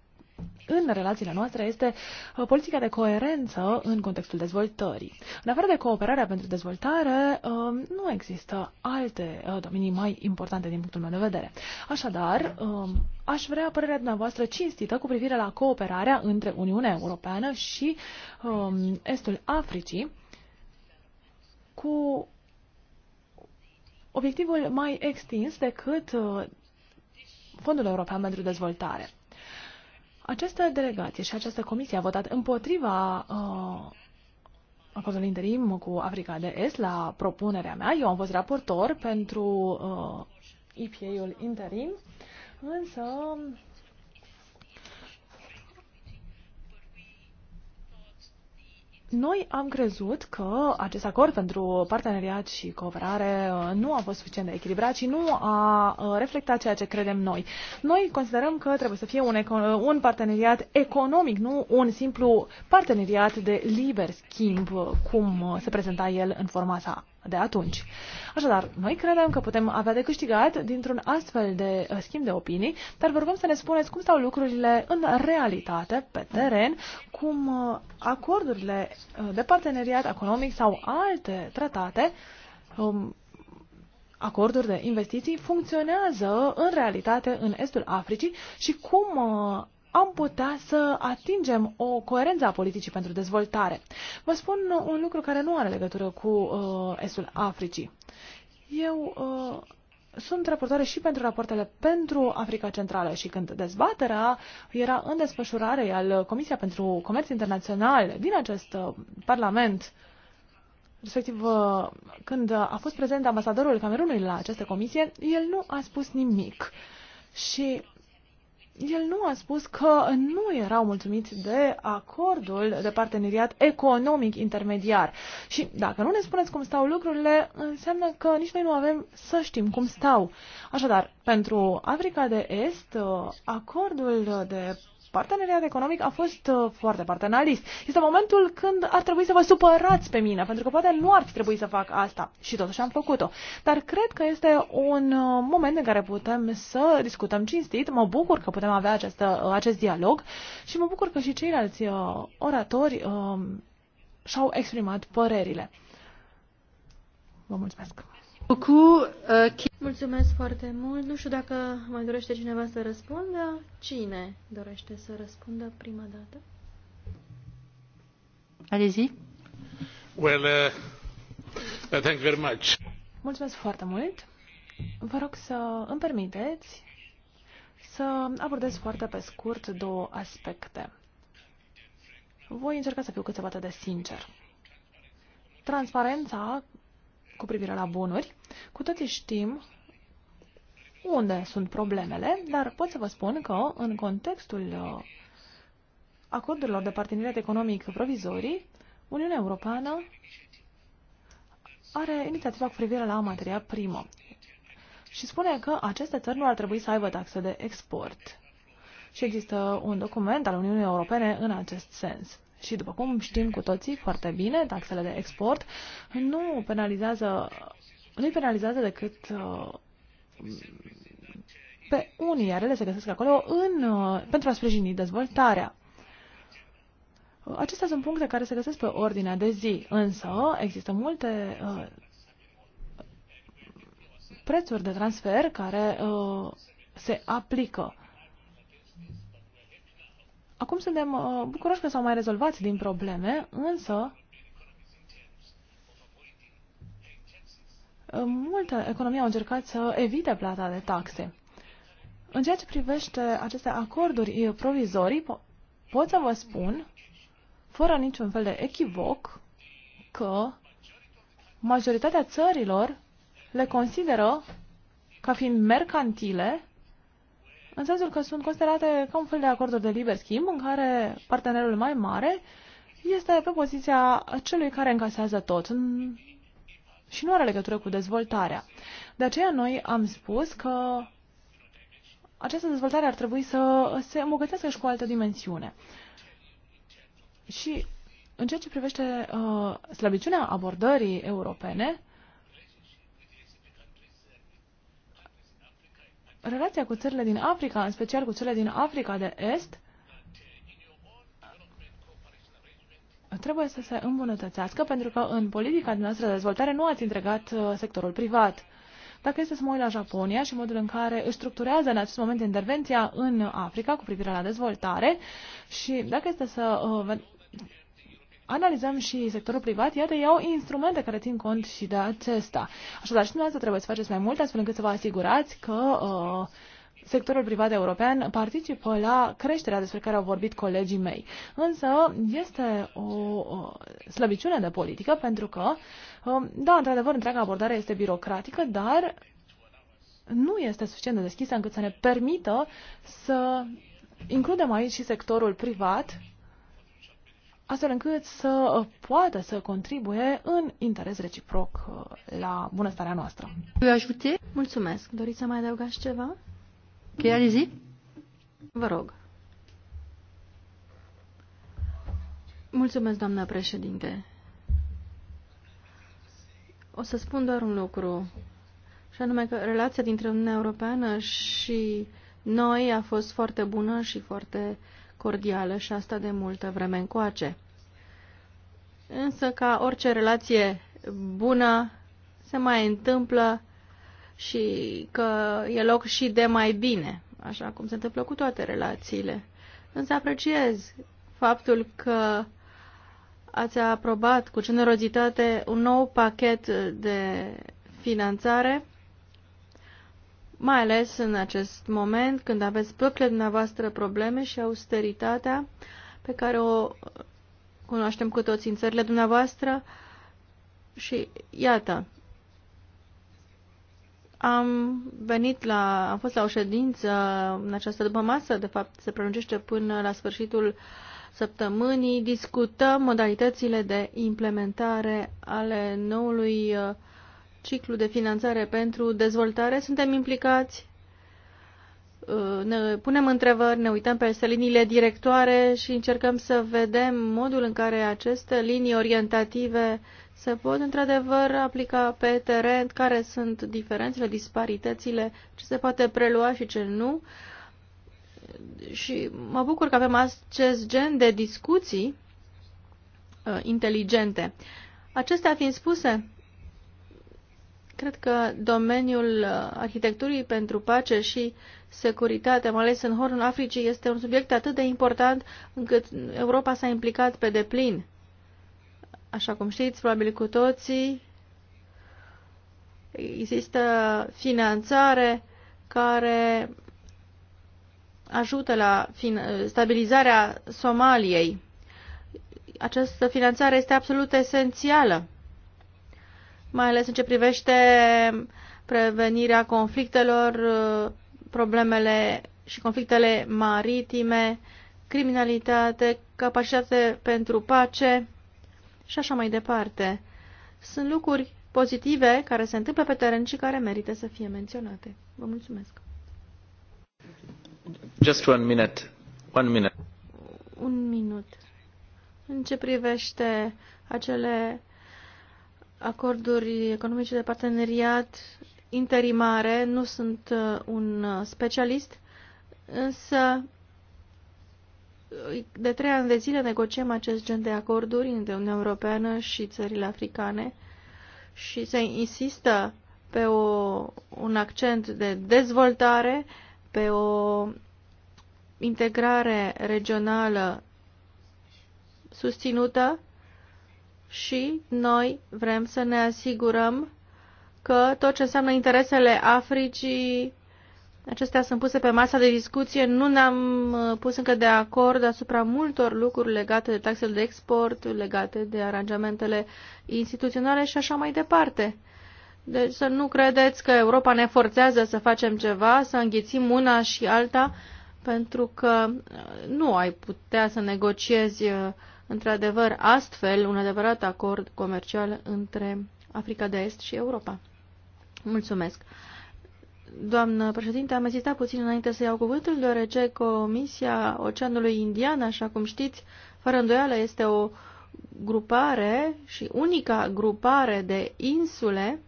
în relațiile noastre este uh, politica de coerență în contextul dezvoltării. În afară de cooperarea pentru dezvoltare, um, nu există alte uh, domenii mai importante din punctul meu de vedere. Așadar, um, aș vrea părerea dumneavoastră cinstită cu privire la cooperarea între Uniunea Europeană și um, Estul Africii cu obiectivul mai extins decât uh, Fondul European pentru Dezvoltare. Această delegație și această comisie a votat împotriva uh, acordului interim cu Africa de Est la propunerea mea. Eu am fost raportor pentru uh, EPA-ul interim, însă Noi am crezut că acest acord pentru parteneriat și cooperare uh, nu a fost suficient de echilibrat și nu a uh, reflectat ceea ce credem noi. Noi considerăm că trebuie să fie un, uh, un parteneriat economic, nu un simplu parteneriat de liber schimb, cum se prezenta el în forma sa de atunci. Așadar, noi credem că putem avea de câștigat dintr-un astfel de uh, schimb de opinii, dar vă rugăm să ne spuneți cum stau lucrurile în realitate, pe teren, cum uh, acordurile uh, de parteneriat economic sau alte tratate um, acorduri de investiții funcționează în realitate în estul Africii și cum am putea să atingem o coerență a politicii pentru dezvoltare. Vă spun un lucru care nu are legătură cu uh, Estul Africii. Eu uh, sunt raportoare și pentru rapoartele pentru Africa Centrală și când dezbaterea era în desfășurare, al Comisia pentru Comerț Internațional din acest uh, Parlament respectiv uh, când a fost prezent ambasadorul Camerunului la această comisie, el nu a spus nimic. Și el nu a spus că nu erau mulțumiți de acordul de parteneriat economic intermediar. Și dacă nu ne spuneți cum stau lucrurile, înseamnă că nici noi nu avem să știm cum stau. Așadar, pentru Africa de Est, acordul de parteneriat economic a fost uh, foarte partenalist. Este momentul când ar trebui să vă supărați pe mine, pentru că poate nu ar fi trebuit să fac asta și totuși am făcut-o. Dar cred că este un uh, moment în care putem să discutăm cinstit. Mă bucur că putem avea această, uh, acest dialog și mă bucur că și ceilalți oratori și-au exprimat părerile. Vă mulțumesc! Euh, Mulțumesc foarte mult. Nu știu dacă mai dorește cineva să răspundă. Cine dorește să răspundă prima dată? Alezi. Well, uh, uh, thank you very much. Mulțumesc foarte mult. Vă rog să îmi permiteți să abordez foarte pe scurt două aspecte. Voi încerca să fiu cât se poate de sincer. Transparența cu privire la bunuri. Cu toții știm unde sunt problemele, dar pot să vă spun că în contextul uh, acordurilor de parteneriat economic provizorii, Uniunea Europeană are inițiativa cu privire la materia primă și spune că aceste țări nu ar trebui să aibă taxe de export. Și există un document al Uniunii Europene în acest sens. Și după cum știm cu toții foarte bine, taxele de export nu penalizează, nu penalizează decât uh, pe unii, iar ele se găsesc acolo în, uh, pentru a sprijini dezvoltarea. Uh, acestea sunt puncte care se găsesc pe ordinea de zi, însă există multe uh, prețuri de transfer care uh, se aplică. Acum suntem uh, bucuroși că s-au mai rezolvat din probleme, însă uh, multă economie au încercat să evite plata de taxe. În ceea ce privește aceste acorduri uh, provizorii, po pot să vă spun, fără niciun fel de echivoc, că majoritatea țărilor le consideră ca fiind mercantile în sensul că sunt considerate ca un fel de acorduri de liber schimb în care partenerul mai mare este pe poziția celui care încasează tot și nu are legătură cu dezvoltarea. De aceea noi am spus că această dezvoltare ar trebui să se îmbogățească și cu o altă dimensiune. Și în ceea ce privește uh, slăbiciunea abordării europene, relația cu țările din Africa, în special cu țările din Africa de Est, trebuie să se îmbunătățească, pentru că în politica noastră de dezvoltare nu ați întregat uh, sectorul privat. Dacă este să mă uit la Japonia și modul în care își structurează în acest moment intervenția în Africa cu privire la dezvoltare și dacă este să uh, analizăm și sectorul privat, iată, iau instrumente care țin cont și de acesta. Așadar, și dumneavoastră trebuie să faceți mai mult, astfel încât să vă asigurați că uh, sectorul privat european participă la creșterea despre care au vorbit colegii mei. Însă este o slăbiciune de politică pentru că, uh, da, într-adevăr, întreaga abordare este birocratică, dar nu este suficient de deschisă încât să ne permită să includem aici și sectorul privat astfel încât să uh, poată să contribuie în interes reciproc uh, la bunăstarea noastră. Vă ajute? Mulțumesc. Doriți să mai adăugați ceva? Chiar zi? Vă rog. Mulțumesc, doamna președinte. O să spun doar un lucru, și anume că relația dintre Uniunea Europeană și noi a fost foarte bună și foarte uh, cordială și asta de multă vreme încoace. Însă, ca orice relație bună, se mai întâmplă și că e loc și de mai bine, așa cum se întâmplă cu toate relațiile. Însă apreciez faptul că ați aprobat cu generozitate un nou pachet de finanțare mai ales în acest moment când aveți propriile dumneavoastră probleme și austeritatea pe care o cunoaștem cu toți în țările dumneavoastră și iată, am venit la, am fost la o ședință în această după masă, de fapt se prelungește până la sfârșitul săptămânii, discutăm modalitățile de implementare ale noului uh, ciclu de finanțare pentru dezvoltare, suntem implicați, uh, ne punem întrebări, ne uităm pe liniile directoare și încercăm să vedem modul în care aceste linii orientative se pot într-adevăr aplica pe teren, care sunt diferențele, disparitățile, ce se poate prelua și ce nu. Și mă bucur că avem acest gen de discuții uh, inteligente. Acestea fiind spuse, Cred că domeniul uh, arhitecturii pentru pace și securitate, mai ales în Hornul Africii, este un subiect atât de important încât Europa s-a implicat pe deplin. Așa cum știți, probabil cu toții, există finanțare care ajută la stabilizarea Somaliei. Această finanțare este absolut esențială mai ales în ce privește prevenirea conflictelor, problemele și conflictele maritime, criminalitate, capacitate pentru pace și așa mai departe. Sunt lucruri pozitive care se întâmplă pe teren și care merită să fie menționate. Vă mulțumesc. Just one minute. One minute. Un minut. În ce privește acele acorduri economice de parteneriat interimare, nu sunt uh, un uh, specialist, însă uh, de trei ani de zile negociem acest gen de acorduri între Uniunea Europeană și țările africane și se insistă pe o, un accent de dezvoltare, pe o integrare regională susținută și noi vrem să ne asigurăm că tot ce înseamnă interesele Africii, acestea sunt puse pe masa de discuție. Nu ne-am uh, pus încă de acord asupra multor lucruri legate de taxele de export, legate de aranjamentele instituționale și așa mai departe. Deci să nu credeți că Europa ne forțează să facem ceva, să înghițim una și alta, pentru că uh, nu ai putea să negociezi uh, într-adevăr astfel un adevărat acord comercial între Africa de Est și Europa. Mulțumesc! Doamnă președinte, am ezitat puțin înainte să iau cuvântul, deoarece Comisia Oceanului Indian, așa cum știți, fără îndoială este o grupare și unica grupare de insule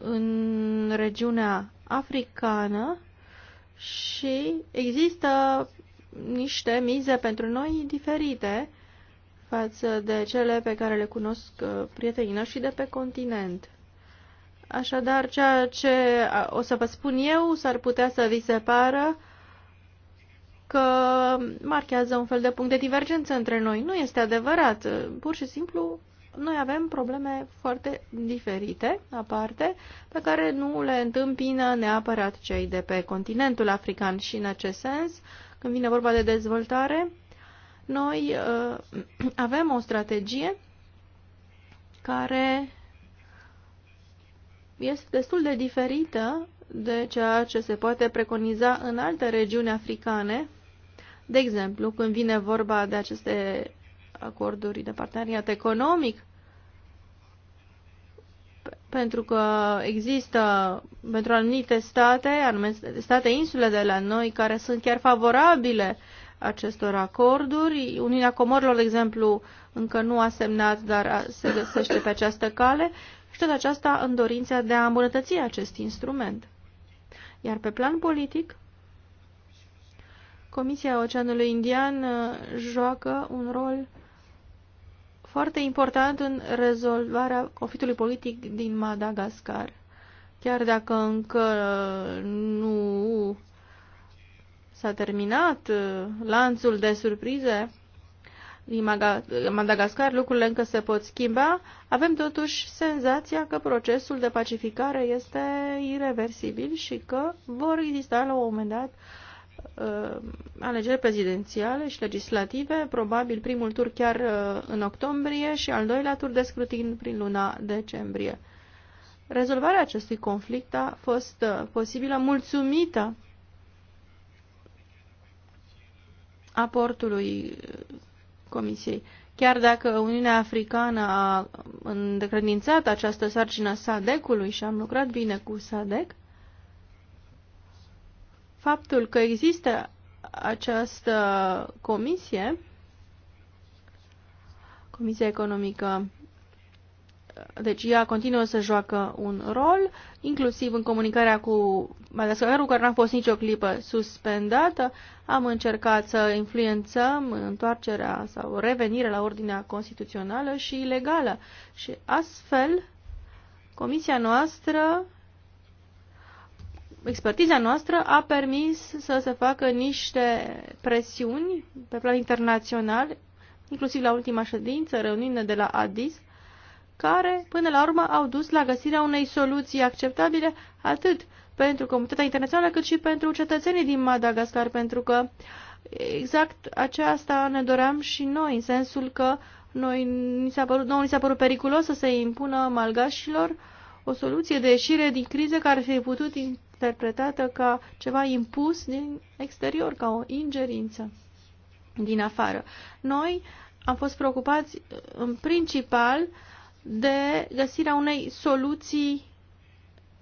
în regiunea africană și există niște mize pentru noi diferite față de cele pe care le cunosc uh, prietenii noștri de pe continent. Așadar, ceea ce o să vă spun eu s-ar putea să vi se pară că marchează un fel de punct de divergență între noi. Nu este adevărat. Pur și simplu, noi avem probleme foarte diferite, aparte, pe care nu le întâmpină neapărat cei de pe continentul african și, în acest sens, când vine vorba de dezvoltare, noi uh, avem o strategie care este destul de diferită de ceea ce se poate preconiza în alte regiuni africane. De exemplu, când vine vorba de aceste acorduri de parteneriat economic, pentru că există pentru anumite state, anume state insule de la noi, care sunt chiar favorabile acestor acorduri. Uniunea Comorilor, de exemplu, încă nu a semnat, dar se găsește pe această cale și tot aceasta în dorința de a îmbunătăți acest instrument. Iar pe plan politic, Comisia Oceanului Indian uh, joacă un rol foarte important în rezolvarea conflictului politic din Madagascar. Chiar dacă încă nu s-a terminat uh, lanțul de surprize din Madagascar, lucrurile încă se pot schimba, avem totuși senzația că procesul de pacificare este irreversibil și că vor exista la un moment dat uh, Uh, alegeri prezidențiale și legislative, probabil primul tur chiar uh, în octombrie și al doilea tur de scrutin prin luna decembrie. Rezolvarea acestui conflict a fost uh, posibilă mulțumită aportului Comisiei. Chiar dacă Uniunea Africană a încredințat această sarcină SADEC-ului și am lucrat bine cu SADEC, faptul că există această comisie, Comisia Economică, deci ea continuă să joacă un rol, inclusiv în comunicarea cu Madagascarul, care n-a fost nicio clipă suspendată. Am încercat să influențăm întoarcerea sau revenirea la ordinea constituțională și legală. Și astfel, comisia noastră expertiza noastră a permis să se facă niște presiuni pe plan internațional, inclusiv la ultima ședință, reuniune de la Addis, care până la urmă au dus la găsirea unei soluții acceptabile atât pentru comunitatea internațională cât și pentru cetățenii din Madagascar, pentru că exact aceasta ne doream și noi, în sensul că noi, ni s-a părut, nouă ni s-a părut periculos să se impună malgașilor o soluție de ieșire din criză care ar fi putut interpretată ca ceva impus din exterior, ca o ingerință din afară. Noi am fost preocupați în principal de găsirea unei soluții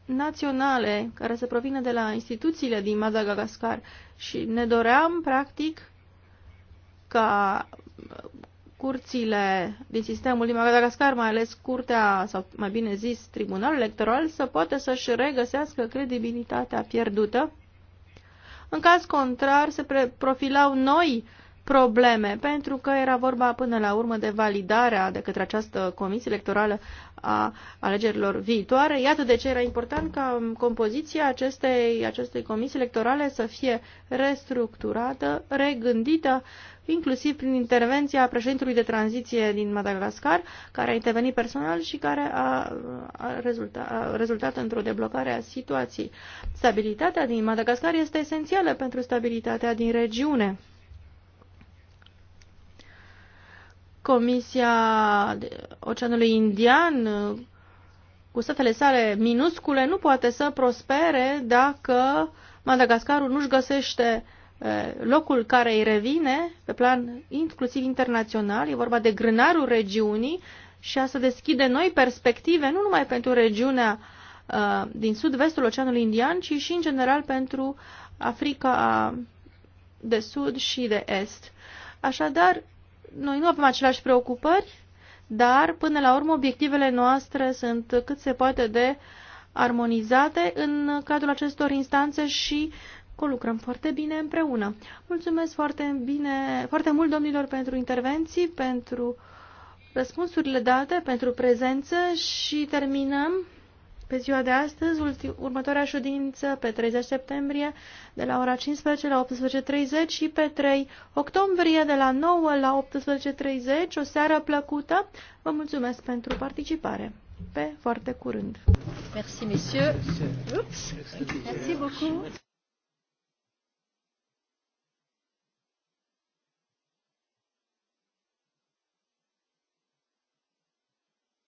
naționale care să provină de la instituțiile din Madagascar și ne doream, practic, ca curțile din sistemul din Madagascar, mai ales curtea, sau mai bine zis, tribunalul electoral, să poată să-și regăsească credibilitatea pierdută. În caz contrar, se profilau noi probleme, pentru că era vorba până la urmă de validarea de către această comisie electorală a alegerilor viitoare. Iată de ce era important ca compoziția acestei, acestei comisii electorale să fie restructurată, regândită, uh, inclusiv prin intervenția președintelui de tranziție din Madagascar, care a intervenit personal și care a, a, rezulta, a rezultat într-o deblocare a situației. Stabilitatea din Madagascar este esențială pentru stabilitatea din regiune. Comisia Oceanului Indian cu statele sale minuscule nu poate să prospere dacă Madagascarul nu-și găsește uh, Eh, locul care îi revine pe plan inclusiv internațional, e vorba de grânarul regiunii și a să deschide noi perspective nu numai pentru regiunea eh, din sud-vestul Oceanului Indian, ci și în general pentru Africa de sud și de est. Așadar, noi nu avem aceleași preocupări, dar până la urmă obiectivele noastre sunt cât se poate de armonizate în cadrul acestor instanțe și lucrăm foarte bine împreună. Mulțumesc foarte, bine, foarte mult domnilor pentru intervenții, pentru răspunsurile date, pentru prezență și terminăm pe ziua de astăzi, următoarea ședință pe 30 septembrie de la ora 15 la 18.30 și pe 3 octombrie de la 9 la 18.30. O seară plăcută. Vă mulțumesc pentru participare. Pe foarte curând. Merci, messieurs. Merci beaucoup.